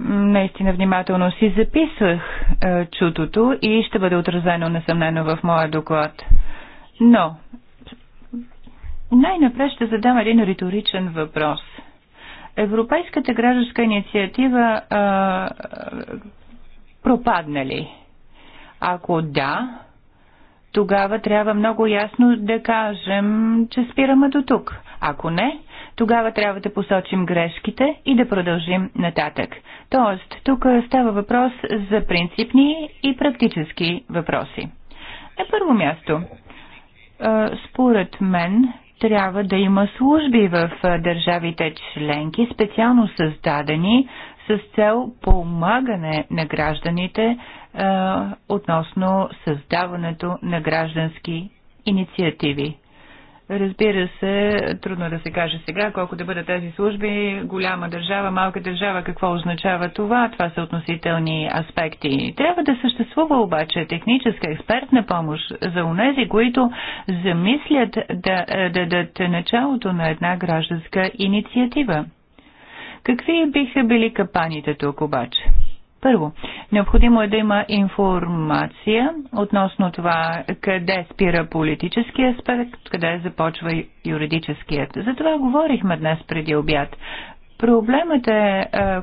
Наистина внимателно си записвах е, чутото и ще бъде отразено несъмнено в моя доклад. Но най-напред ще задам един риторичен въпрос. Европейската гражданска инициатива а, а, пропадна ли? Ако да, тогава трябва много ясно да кажем, че спираме до тук. Ако не, тогава трябва да посочим грешките и да продължим нататък. Тоест, тук става въпрос за принципни и практически въпроси. На първо място, според мен трябва да има служби в държавите членки, специално създадени с цел помагане на гражданите относно създаването на граждански инициативи. Разбира се, трудно е да се каже сега колко да бъдат тези служби. Голяма държава, малка държава, какво означава това? Това са относителни аспекти. Трябва да съществува обаче техническа експертна помощ за унези, които замислят е, да, дадат началото на една гражданска инициатива. Какви биха били капаните тук обаче? Първо, необходимо е да има информация относно това къде спира политически аспект, къде започва юридическият. За това говорихме днес преди обяд. Проблемът е, е, е,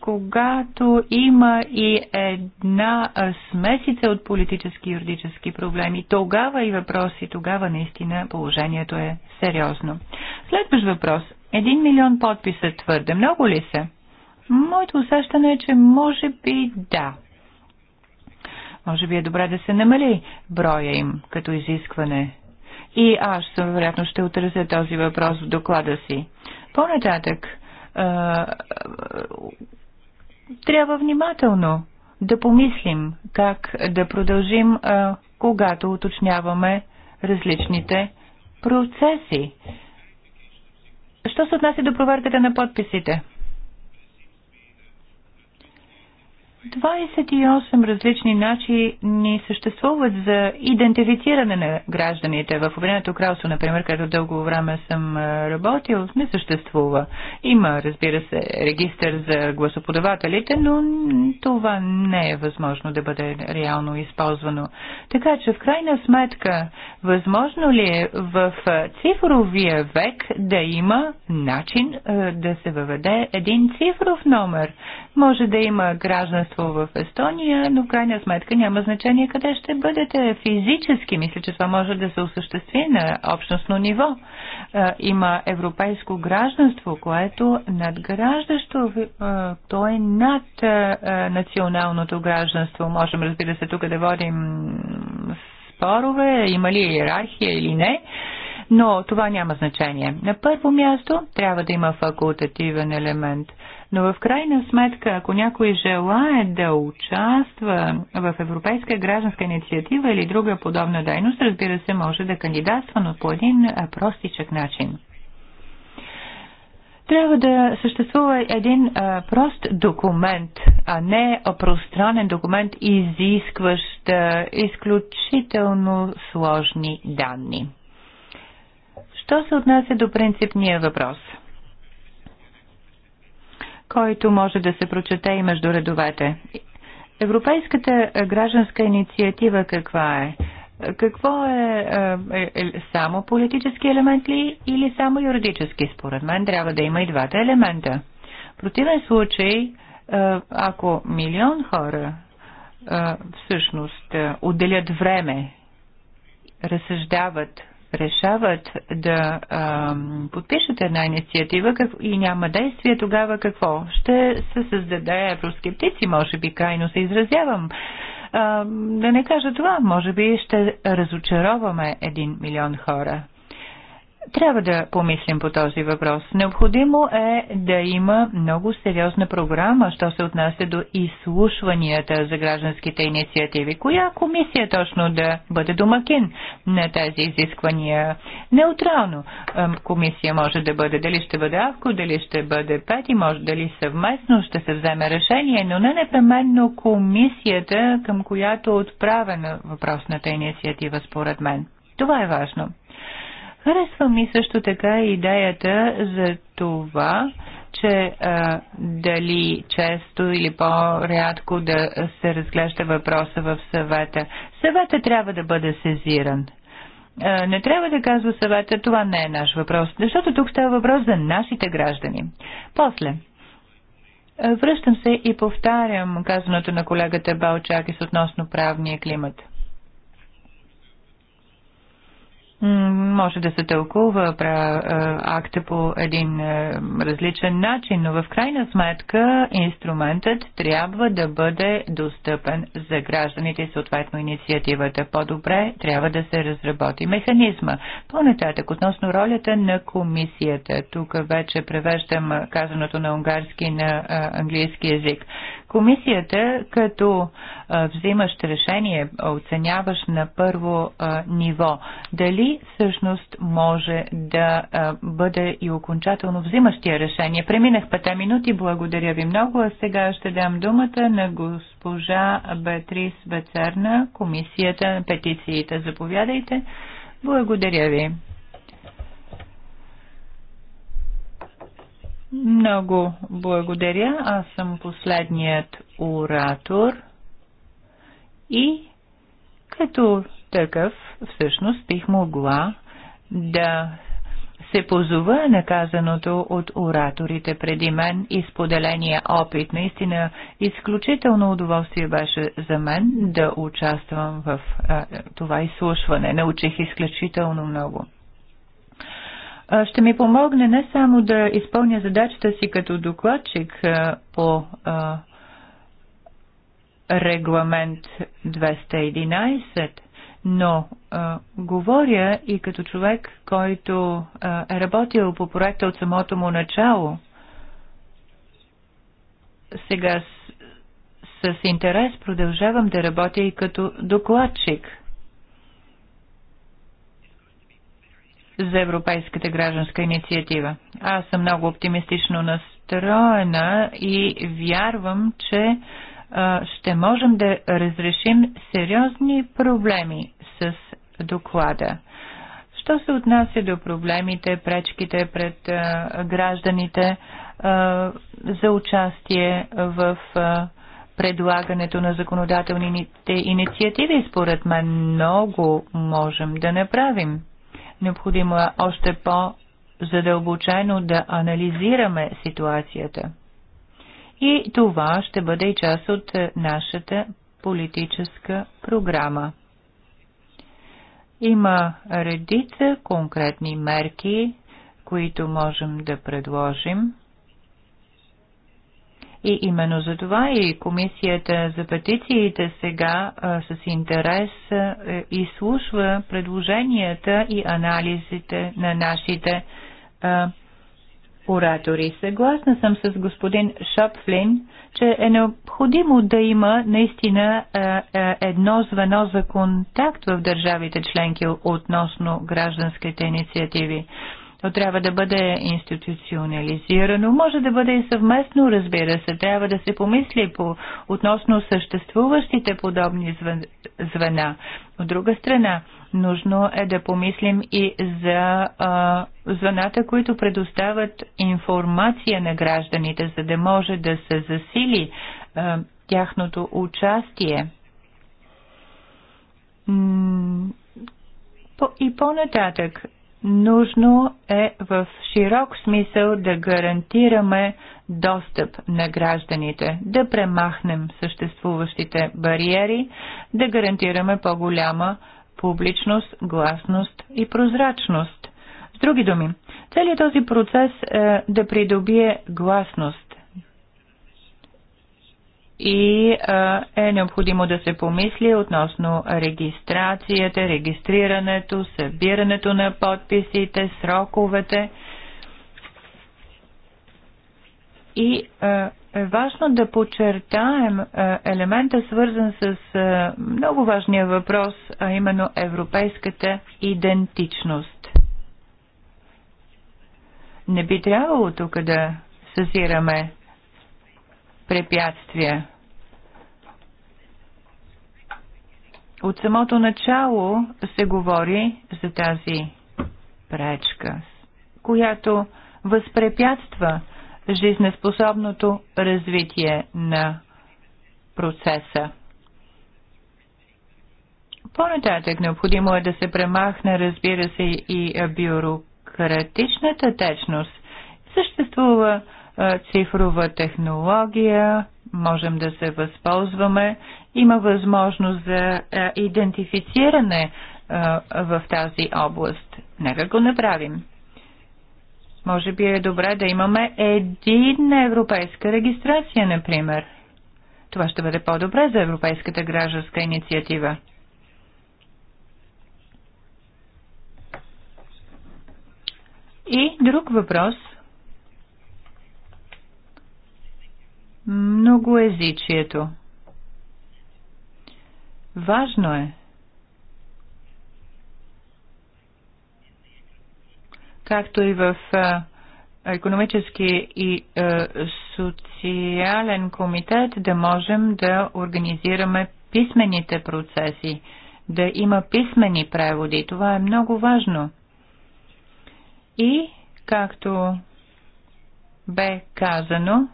когато има и една смесица от политически и юридически проблеми, тогава и въпроси, тогава наистина положението е сериозно. Следващ въпрос. Един милион подписа твърде много ли са? Моето усещане е, че може би да. Може би е добре да се намали броя им като изискване. И аз съм вероятно ще отразя този въпрос в доклада си. По-нататък, трябва внимателно да помислим как да продължим, когато уточняваме различните процеси. Що се отнася до проверката на подписите? 28 различни начини съществуват за идентифициране на гражданите. В Обединеното кралство, например, където дълго време съм работил, не съществува. Има, разбира се, регистър за гласоподавателите, но това не е възможно да бъде реално използвано. Така че, в крайна сметка, възможно ли е в цифровия век да има начин да се въведе един цифров номер? Може да има гражданство посолство в Естония, но в крайна сметка няма значение къде ще бъдете физически. Мисля, че това може да се осъществи на общностно ниво. Има европейско гражданство, което надграждащо, то е над националното гражданство. Можем, разбира се, тук да водим спорове, има ли иерархия или не но това няма значение. На първо място трябва да има факултативен елемент. Но в крайна сметка, ако някой желае да участва в Европейска гражданска инициатива или друга подобна дейност, разбира се, може да кандидатства, но по един простичък начин трябва да съществува един а, прост документ, а не пространен документ, изискващ а, изключително сложни данни. Що се отнася до принципния въпрос – който може да се прочете и между редовете. Европейската гражданска инициатива каква е? Какво е, е, е, е само политически елемент ли или само юридически? Според мен трябва да има и двата елемента. В противен случай, е, ако милион хора е, всъщност отделят време, разсъждават решават да а, подпишат една инициатива как, и няма действие, тогава какво? Ще се създаде евроскептици, може би крайно се изразявам. А, да не кажа това, може би ще разочароваме един милион хора. Трябва да помислим по този въпрос. Необходимо е да има много сериозна програма, що се отнася до изслушванията за гражданските инициативи. Коя комисия точно да бъде домакин на тези изисквания? Неутрално комисия може да бъде. Дали ще бъде АВКО, дали ще бъде ПЕТИ, може дали съвместно ще се вземе решение, но не непременно комисията, към която е отправена въпросната инициатива, според мен. Това е важно. Харесва ми също така идеята за това, че а, дали често или по-рядко да се разглежда въпроса в съвета. Съвета трябва да бъде сезиран. А, не трябва да казва съвета, това не е наш въпрос, защото тук става въпрос за нашите граждани. После, връщам се и повтарям казаното на колегата Балчакис относно правния климат – може да се тълкува е, акта по един е, различен начин, но в крайна сметка инструментът трябва да бъде достъпен за гражданите и съответно инициативата. По-добре трябва да се разработи механизма. По-нататък, относно ролята на комисията, тук вече превеждам е, казаното на унгарски на английски язик. Комисията, като взимаш решение, оценяваш на първо ниво, дали всъщност може да бъде и окончателно взимащия решение. Преминах пета минути, благодаря ви много, а сега ще дам думата на госпожа Бетрис Бецерна, Комисията на петициите. Заповядайте. Благодаря ви. Много благодаря. Аз съм последният оратор и като такъв всъщност бих могла да се позова на казаното от ораторите преди мен и споделения опит. Наистина, изключително удоволствие беше за мен да участвам в а, това изслушване. Научих изключително много ще ми помогне не само да изпълня задачата си като докладчик по регламент 211, но говоря и като човек, който е работил по проекта от самото му начало. Сега с интерес продължавам да работя и като докладчик – за Европейската гражданска инициатива. Аз съм много оптимистично настроена и вярвам, че а, ще можем да разрешим сериозни проблеми с доклада. Що се отнася до проблемите, пречките пред а, гражданите а, за участие в а, предлагането на законодателните инициативи, според мен много можем да направим. Необходимо е още по-задълбочено да анализираме ситуацията. И това ще бъде и част от е, нашата политическа програма. Има редица конкретни мерки, които можем да предложим и именно за това и комисията за петициите сега а, с интерес а, е, изслушва предложенията и анализите на нашите а, оратори. Съгласна съм с господин Шопфлин, че е необходимо да има наистина едно звено за контакт в държавите членки относно гражданските инициативи то трябва да бъде институционализирано. Може да бъде и съвместно, разбира се. Трябва да се помисли по, относно съществуващите подобни звена. От друга страна, нужно е да помислим и за а, звената, които предоставят информация на гражданите, за да може да се засили а, тяхното участие. и по-нататък нужно е в широк смисъл да гарантираме достъп на гражданите, да премахнем съществуващите бариери, да гарантираме по-голяма публичност, гласност и прозрачност. С други думи, целият този процес е да придобие гласност и а, е необходимо да се помисли относно регистрацията, регистрирането, събирането на подписите, сроковете. И а, е важно да подчертаем а, елемента, свързан с а, много важния въпрос, а именно европейската идентичност. Не би трябвало тук да съзираме препятствия. От самото начало се говори за тази пречка, която възпрепятства жизнеспособното развитие на процеса. По-нататък необходимо е да се премахне, разбира се, и бюрократичната течност. Съществува цифрова технология, можем да се възползваме има възможност за идентифициране в тази област. Нека го направим. Може би е добре да имаме един европейска регистрация, например. Това ще бъде по-добре за Европейската гражданска инициатива. И друг въпрос. Многоезичието. Важно е както и в економически и а, социален комитет да можем да организираме писмените процеси, да има писмени преводи. Това е много важно. И, както бе казано,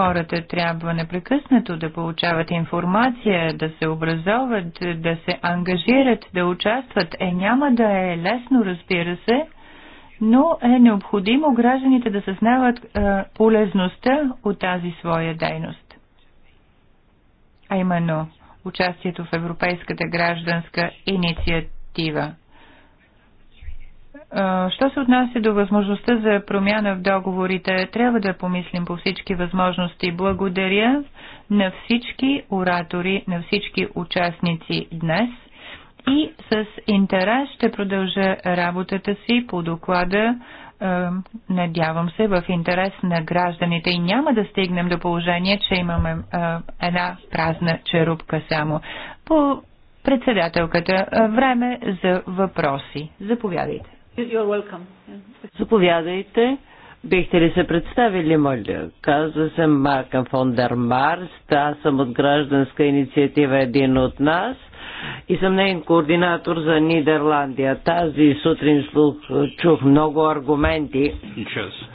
Хората трябва непрекъснато да получават информация, да се образоват, да се ангажират, да участват. Е, няма да е лесно, разбира се, но е необходимо гражданите да съзнават е, полезността от тази своя дейност. А именно участието в Европейската гражданска инициатива. Що се отнася до възможността за промяна в договорите, трябва да помислим по всички възможности. Благодаря на всички оратори, на всички участници днес и с интерес ще продължа работата си по доклада, надявам се, в интерес на гражданите и няма да стигнем до положение, че имаме една празна черупка само. По председателката, време за въпроси. Заповядайте. Заповядайте. Бихте ли се представили, моля? Казва се Маркан фон дер Марс. Аз съм от гражданска инициатива един от нас и съм нейн координатор за Нидерландия. Тази сутрин слух чух много аргументи. Just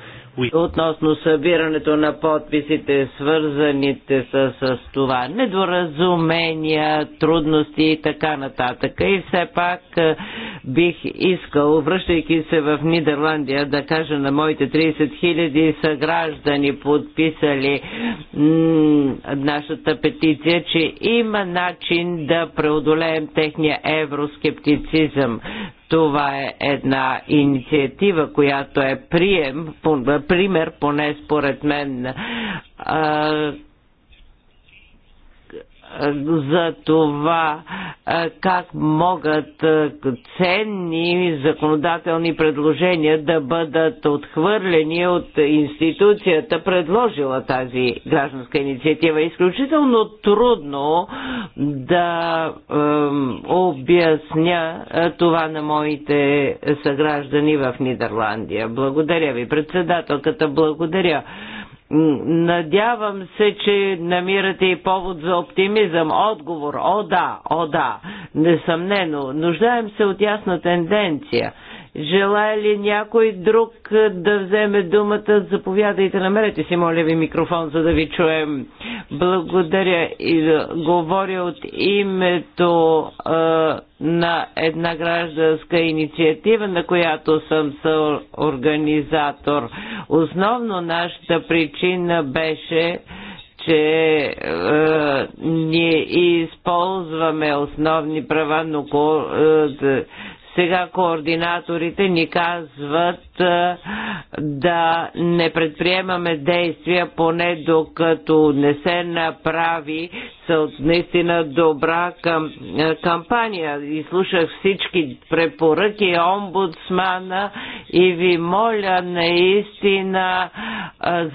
относно събирането на подписите, свързаните с, с това недоразумения, трудности и така нататък. И все пак е, бих искал, връщайки се в Нидерландия, да кажа на моите 30 хиляди съграждани, подписали нашата петиция, че има начин да преодолеем техния евроскептицизъм това е една инициатива, която е прием, пример, поне според мен, за това как могат ценни законодателни предложения да бъдат отхвърлени от институцията, предложила тази гражданска инициатива. Изключително трудно да обясня това на моите съграждани в Нидерландия. Благодаря ви, председателката, благодаря Надявам се, че намирате и повод за оптимизъм. Отговор. О да, о да. Несъмнено. Нуждаем се от ясна тенденция – Желая ли някой друг е, да вземе думата? Заповядайте, намерете си, моля ви, микрофон, за да ви чуем. Благодаря и да е, говоря от името е, на една гражданска инициатива, на която съм съорганизатор. Основно нашата причина беше че е, ние използваме основни права, но е, сега координаторите ни казват да не предприемаме действия, поне докато не се направи наистина добра към, кампания. И слушах всички препоръки, омбудсмана и ви моля наистина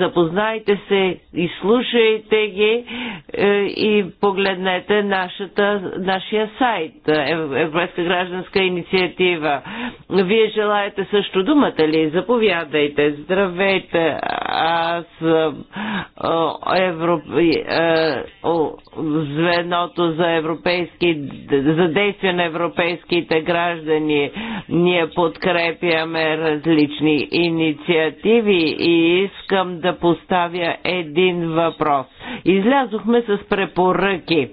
запознайте се, изслушайте ги е, и погледнете нашата, нашия сайт Европейска гражданска инициатива. Вие желаете също думата Нали, Заповядайте, здравейте. Аз евро, звеното за европейски, за действие на европейските граждани. Ние подкрепяме различни инициативи и искам да поставя един въпрос. Излязохме с препоръки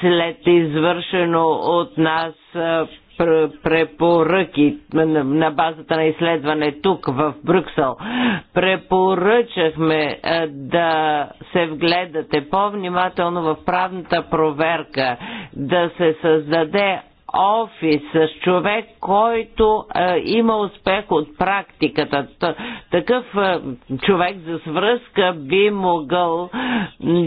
след извършено от нас препоръки на базата на изследване тук в Брюксел. Препоръчахме е, да се вгледате по-внимателно в правната проверка, да се създаде офис с човек, който е, има успех от практиката. Такъв е, човек за свръзка би могъл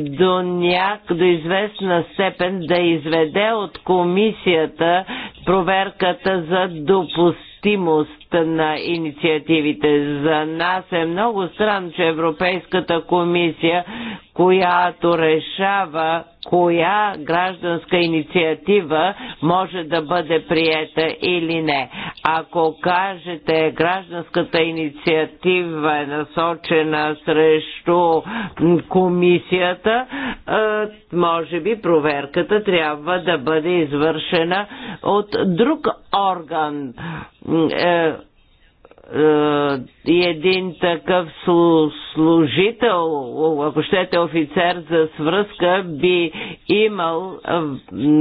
до, няк, до известна степен да изведе от комисията проверката за допустимост допустимост на инициативите. За нас е много странно, че Европейската комисия, която решава коя гражданска инициатива може да бъде приета или не. Ако кажете гражданската инициатива е насочена срещу комисията, може би проверката трябва да бъде извършена от друг орган е, е един такъв служител, ако щете офицер за свръзка, би имал е,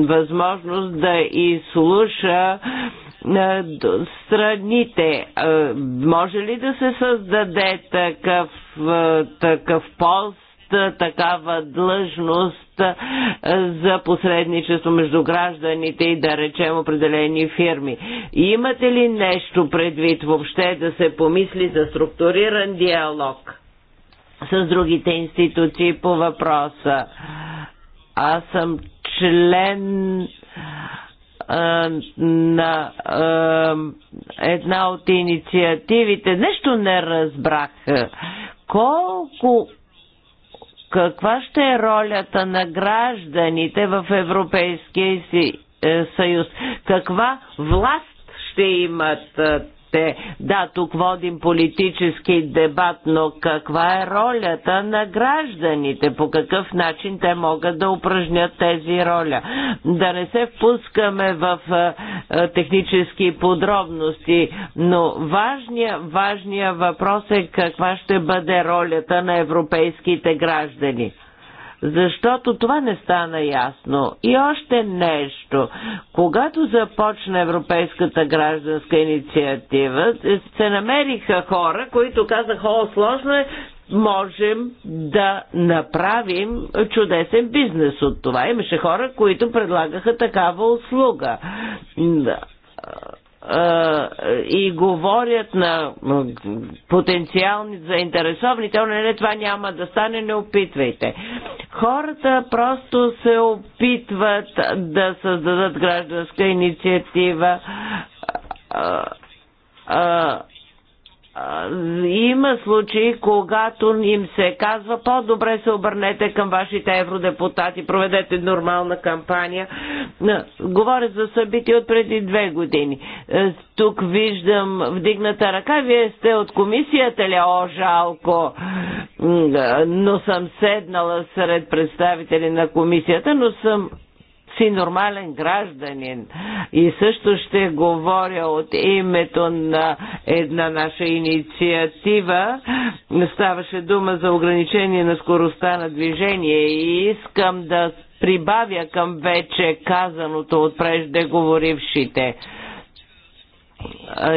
възможност да изслуша е, страните. Може ли да се създаде такъв, такъв полз такава длъжност за посредничество между гражданите и да речем определени фирми. Имате ли нещо предвид въобще да се помисли за структуриран диалог с другите институции по въпроса? Аз съм член на е, една от инициативите. Нещо не разбрах. Колко, каква ще е ролята на гражданите в Европейския е, съюз? Каква власт ще имат е, те. Да, тук водим политически дебат, но каква е ролята на гражданите? По какъв начин те могат да упражнят тези роля? Да не се впускаме в е, е, технически подробности, но важният важния въпрос е каква ще бъде ролята на европейските граждани. Защото това не стана ясно. И още нещо. Когато започна Европейската гражданска инициатива, се намериха хора, които казаха, о, сложно е, можем да направим чудесен бизнес от това. Имаше хора, които предлагаха такава услуга и говорят на потенциални заинтересовани, то не, не, това няма да стане, не опитвайте. Хората просто се опитват да създадат гражданска инициатива. А, а, има случаи, когато им се казва по-добре се обърнете към вашите евродепутати, проведете нормална кампания. Говоря за събития от преди две години. Тук виждам вдигната ръка. Вие сте от комисията ли? О, жалко! Но съм седнала сред представители на комисията, но съм си нормален гражданин. И също ще говоря от името на една наша инициатива. Ставаше дума за ограничение на скоростта на движение и искам да прибавя към вече казаното от преждеговорившите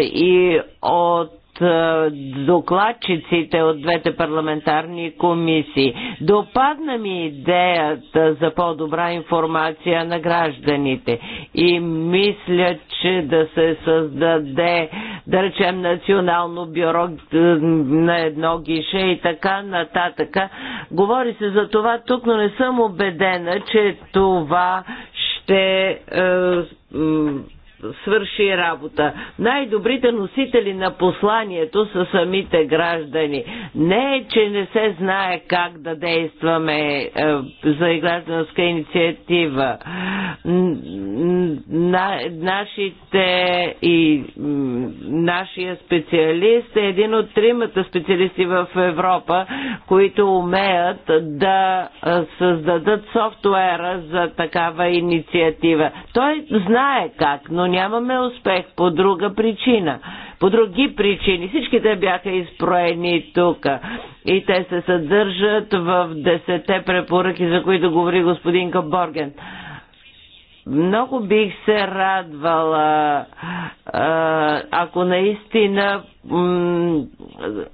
и от докладчиците от двете парламентарни комисии. Допадна ми идеята за по-добра информация на гражданите и мисля, че да се създаде, да речем, национално бюро е, на едно гише и така нататък. Говори се за това тук, но не съм убедена, че това ще е, свърши работа. Най-добрите носители на посланието са самите граждани. Не е, че не се знае как да действаме е, за гражданска инициатива. На, нашите и нашия специалист е един от тримата специалисти в Европа, които умеят да създадат софтуера за такава инициатива. Той знае как, но нямаме успех по друга причина, по други причини. Всички те бяха изброени тук и те се съдържат в десете препоръки, за които говори господин Каборген. Много бих се радвала, ако наистина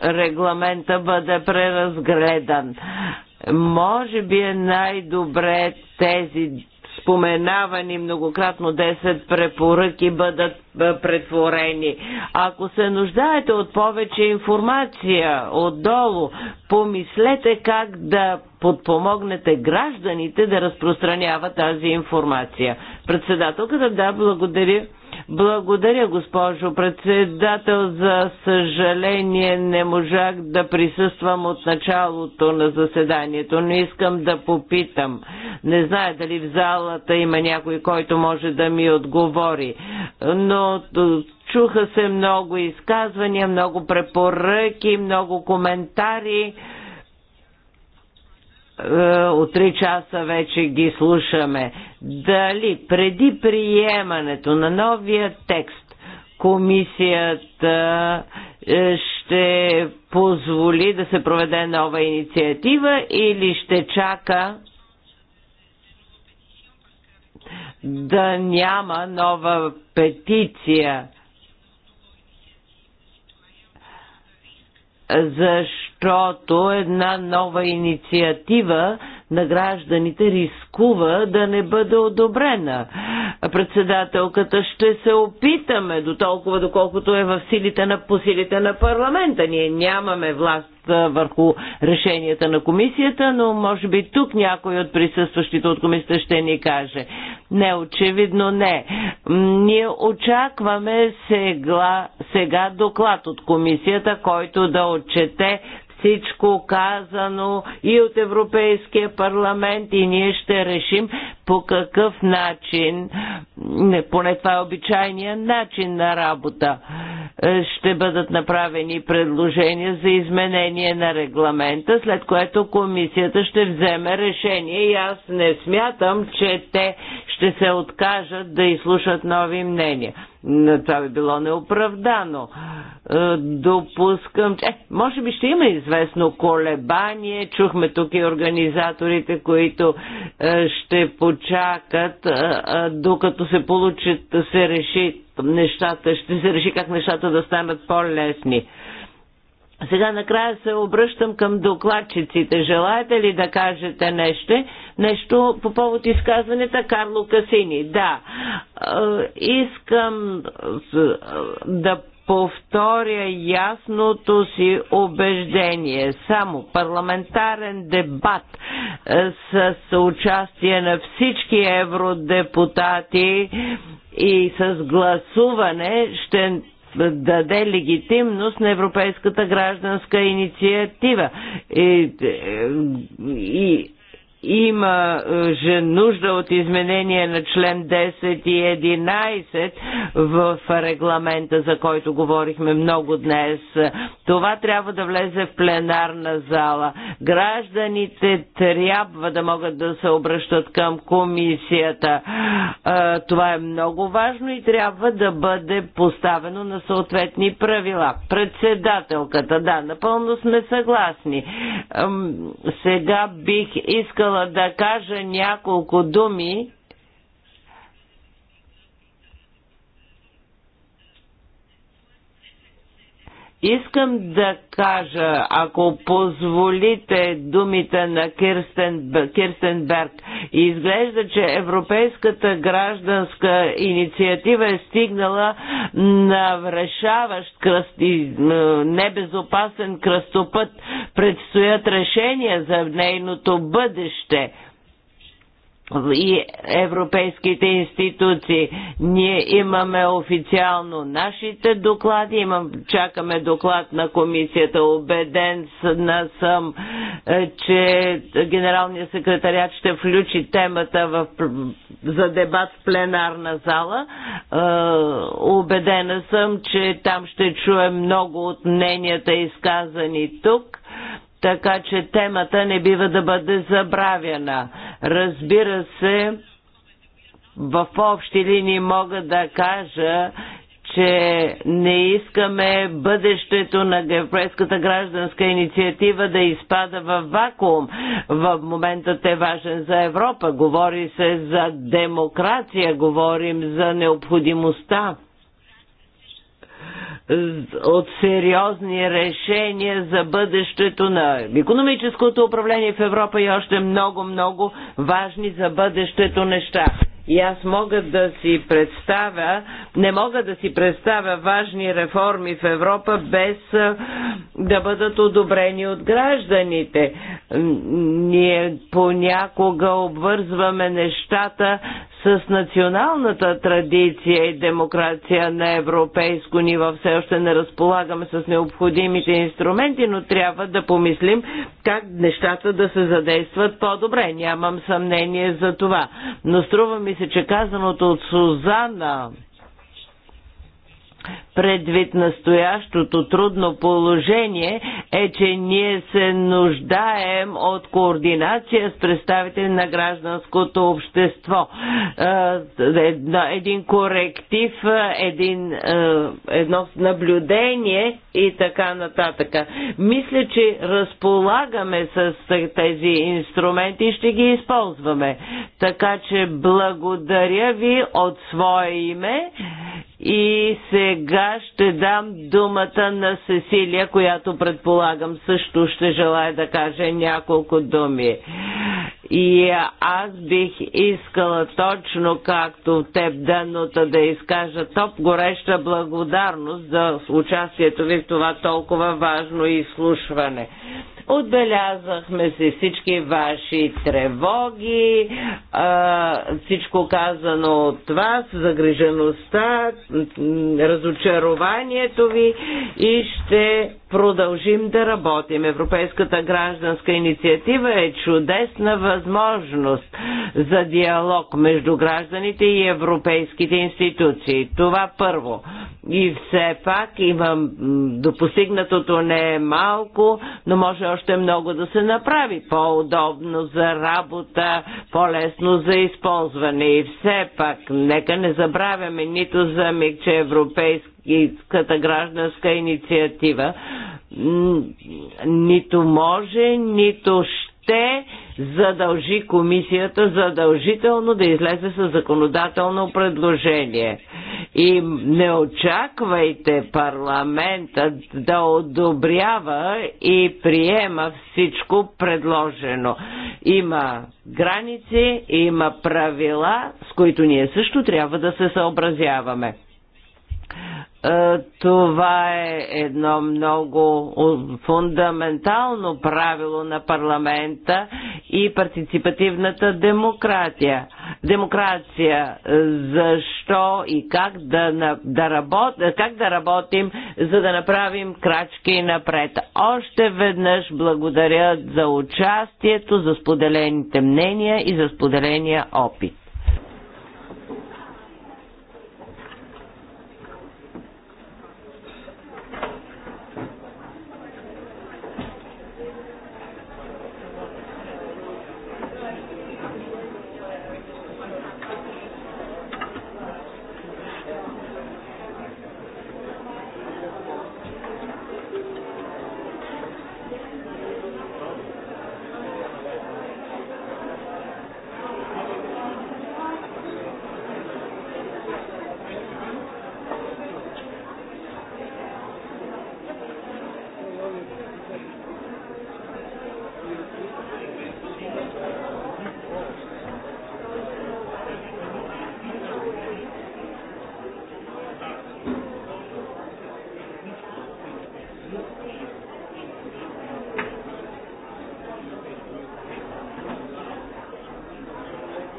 регламента бъде преразгледан. Може би е най-добре тези споменавани многократно 10 препоръки бъдат претворени. Ако се нуждаете от повече информация отдолу, помислете как да подпомогнете гражданите да разпространяват тази информация. Председателката, да, благодаря. Благодаря, госпожо председател. За съжаление не можах да присъствам от началото на заседанието, но искам да попитам. Не знае дали в залата има някой, който може да ми отговори, но чуха се много изказвания, много препоръки, много коментари е, от 3 часа вече ги слушаме. Дали преди приемането на новия текст комисията е, ще позволи да се проведе нова инициатива или ще чака да няма нова петиция? защото една нова инициатива на гражданите рискува да не бъде одобрена. Председателката ще се опитаме до толкова, доколкото е в силите на, по силите на парламента. Ние нямаме власт върху решенията на комисията, но може би тук някой от присъстващите от комисията ще ни каже. Не, очевидно не. Ние очакваме сега, сега доклад от комисията, който да отчете всичко казано и от Европейския парламент и ние ще решим по какъв начин, поне това е обичайния начин на работа, е, ще бъдат направени предложения за изменение на регламента, след което комисията ще вземе решение и аз не смятам, че те ще се откажат да изслушат нови мнения. Това би било неоправдано. Е, допускам, че е, може би ще има известно колебание. Чухме тук и организаторите, които ще почувстват чакат, докато се получат, се реши нещата, ще се реши как нещата да станат по-лесни. Сега накрая се обръщам към докладчиците. Желаете ли да кажете нещо? Нещо по повод изказването Карло Касини. Да, искам да повторя ясното си убеждение. Само парламентарен дебат е, с участие на всички евродепутати и с гласуване ще даде легитимност на Европейската гражданска инициатива. И, е, и е, же нужда от изменение на член 10 и 11 в регламента, за който говорихме много днес. Това трябва да влезе в пленарна зала. Гражданите трябва да могат да се обръщат към комисията. Е, това е много важно и трябва да бъде поставено на съответни правила. Председателката, да, напълно сме съгласни. Сега бих искала искала да кажа няколко думи Искам да кажа, ако позволите думите на Кирстен, Кирстенберг, изглежда, че Европейската гражданска инициатива е стигнала на решаващ кръст и небезопасен кръстопът. Предстоят решения за нейното бъдеще и европейските институции. Ние имаме официално нашите доклади, имам, чакаме доклад на комисията. Обеден на съм, е, че генералният секретарят ще включи темата в, за дебат в пленарна зала. Обедена е, съм, че там ще чуем много от мненията изказани тук така че темата не бива да бъде забравяна. Разбира се, в общи линии мога да кажа, че не искаме бъдещето на Европейската гражданска инициатива да изпада в вакуум. В момента е важен за Европа. Говори се за демокрация, говорим за необходимостта от сериозни решения за бъдещето на економическото управление в Европа и още много-много важни за бъдещето неща. И аз мога да си представя, не мога да си представя важни реформи в Европа без да бъдат одобрени от гражданите. Ние понякога обвързваме нещата с националната традиция и демокрация на европейско ниво все още не разполагаме с необходимите инструменти, но трябва да помислим как нещата да се задействат по-добре. Нямам съмнение за това. Но струва ми се, че казаното от Сузана Предвид настоящото трудно положение е, че ние се нуждаем от координация с представители на гражданското общество. Е, един коректив, е, един, е, едно наблюдение и така нататък. Мисля, че разполагаме с тези инструменти и ще ги използваме. Така че благодаря ви от свое име и сега ще дам думата на Сесилия, която предполагам също ще желая да каже няколко думи. И аз бих искала точно както теб, дъното да изкажа топ гореща благодарност за участието ви в това толкова важно изслушване. Отбелязахме се всички ваши тревоги, всичко казано от вас, загрижеността, разочарованието ви и ще продължим да работим. Европейската гражданска инициатива е чудесна възможност за диалог между гражданите и европейските институции. Това първо. И все пак имам, допостигнатото не е малко, но може още много да се направи. По-удобно за работа, по-лесно за използване. И все пак, нека не забравяме нито за миг, че Европейската гражданска инициатива нито може, нито ще ще задължи комисията задължително да излезе с законодателно предложение. И не очаквайте парламента да одобрява и приема всичко предложено. Има граници, има правила, с които ние също трябва да се съобразяваме. Е, това е едно много фундаментално правило на парламента и партиципативната демократия. Демокрация. Защо и как да, да, работ, как да работим, за да направим крачки напред. Още веднъж благодаря за участието, за споделените мнения и за споделения опит.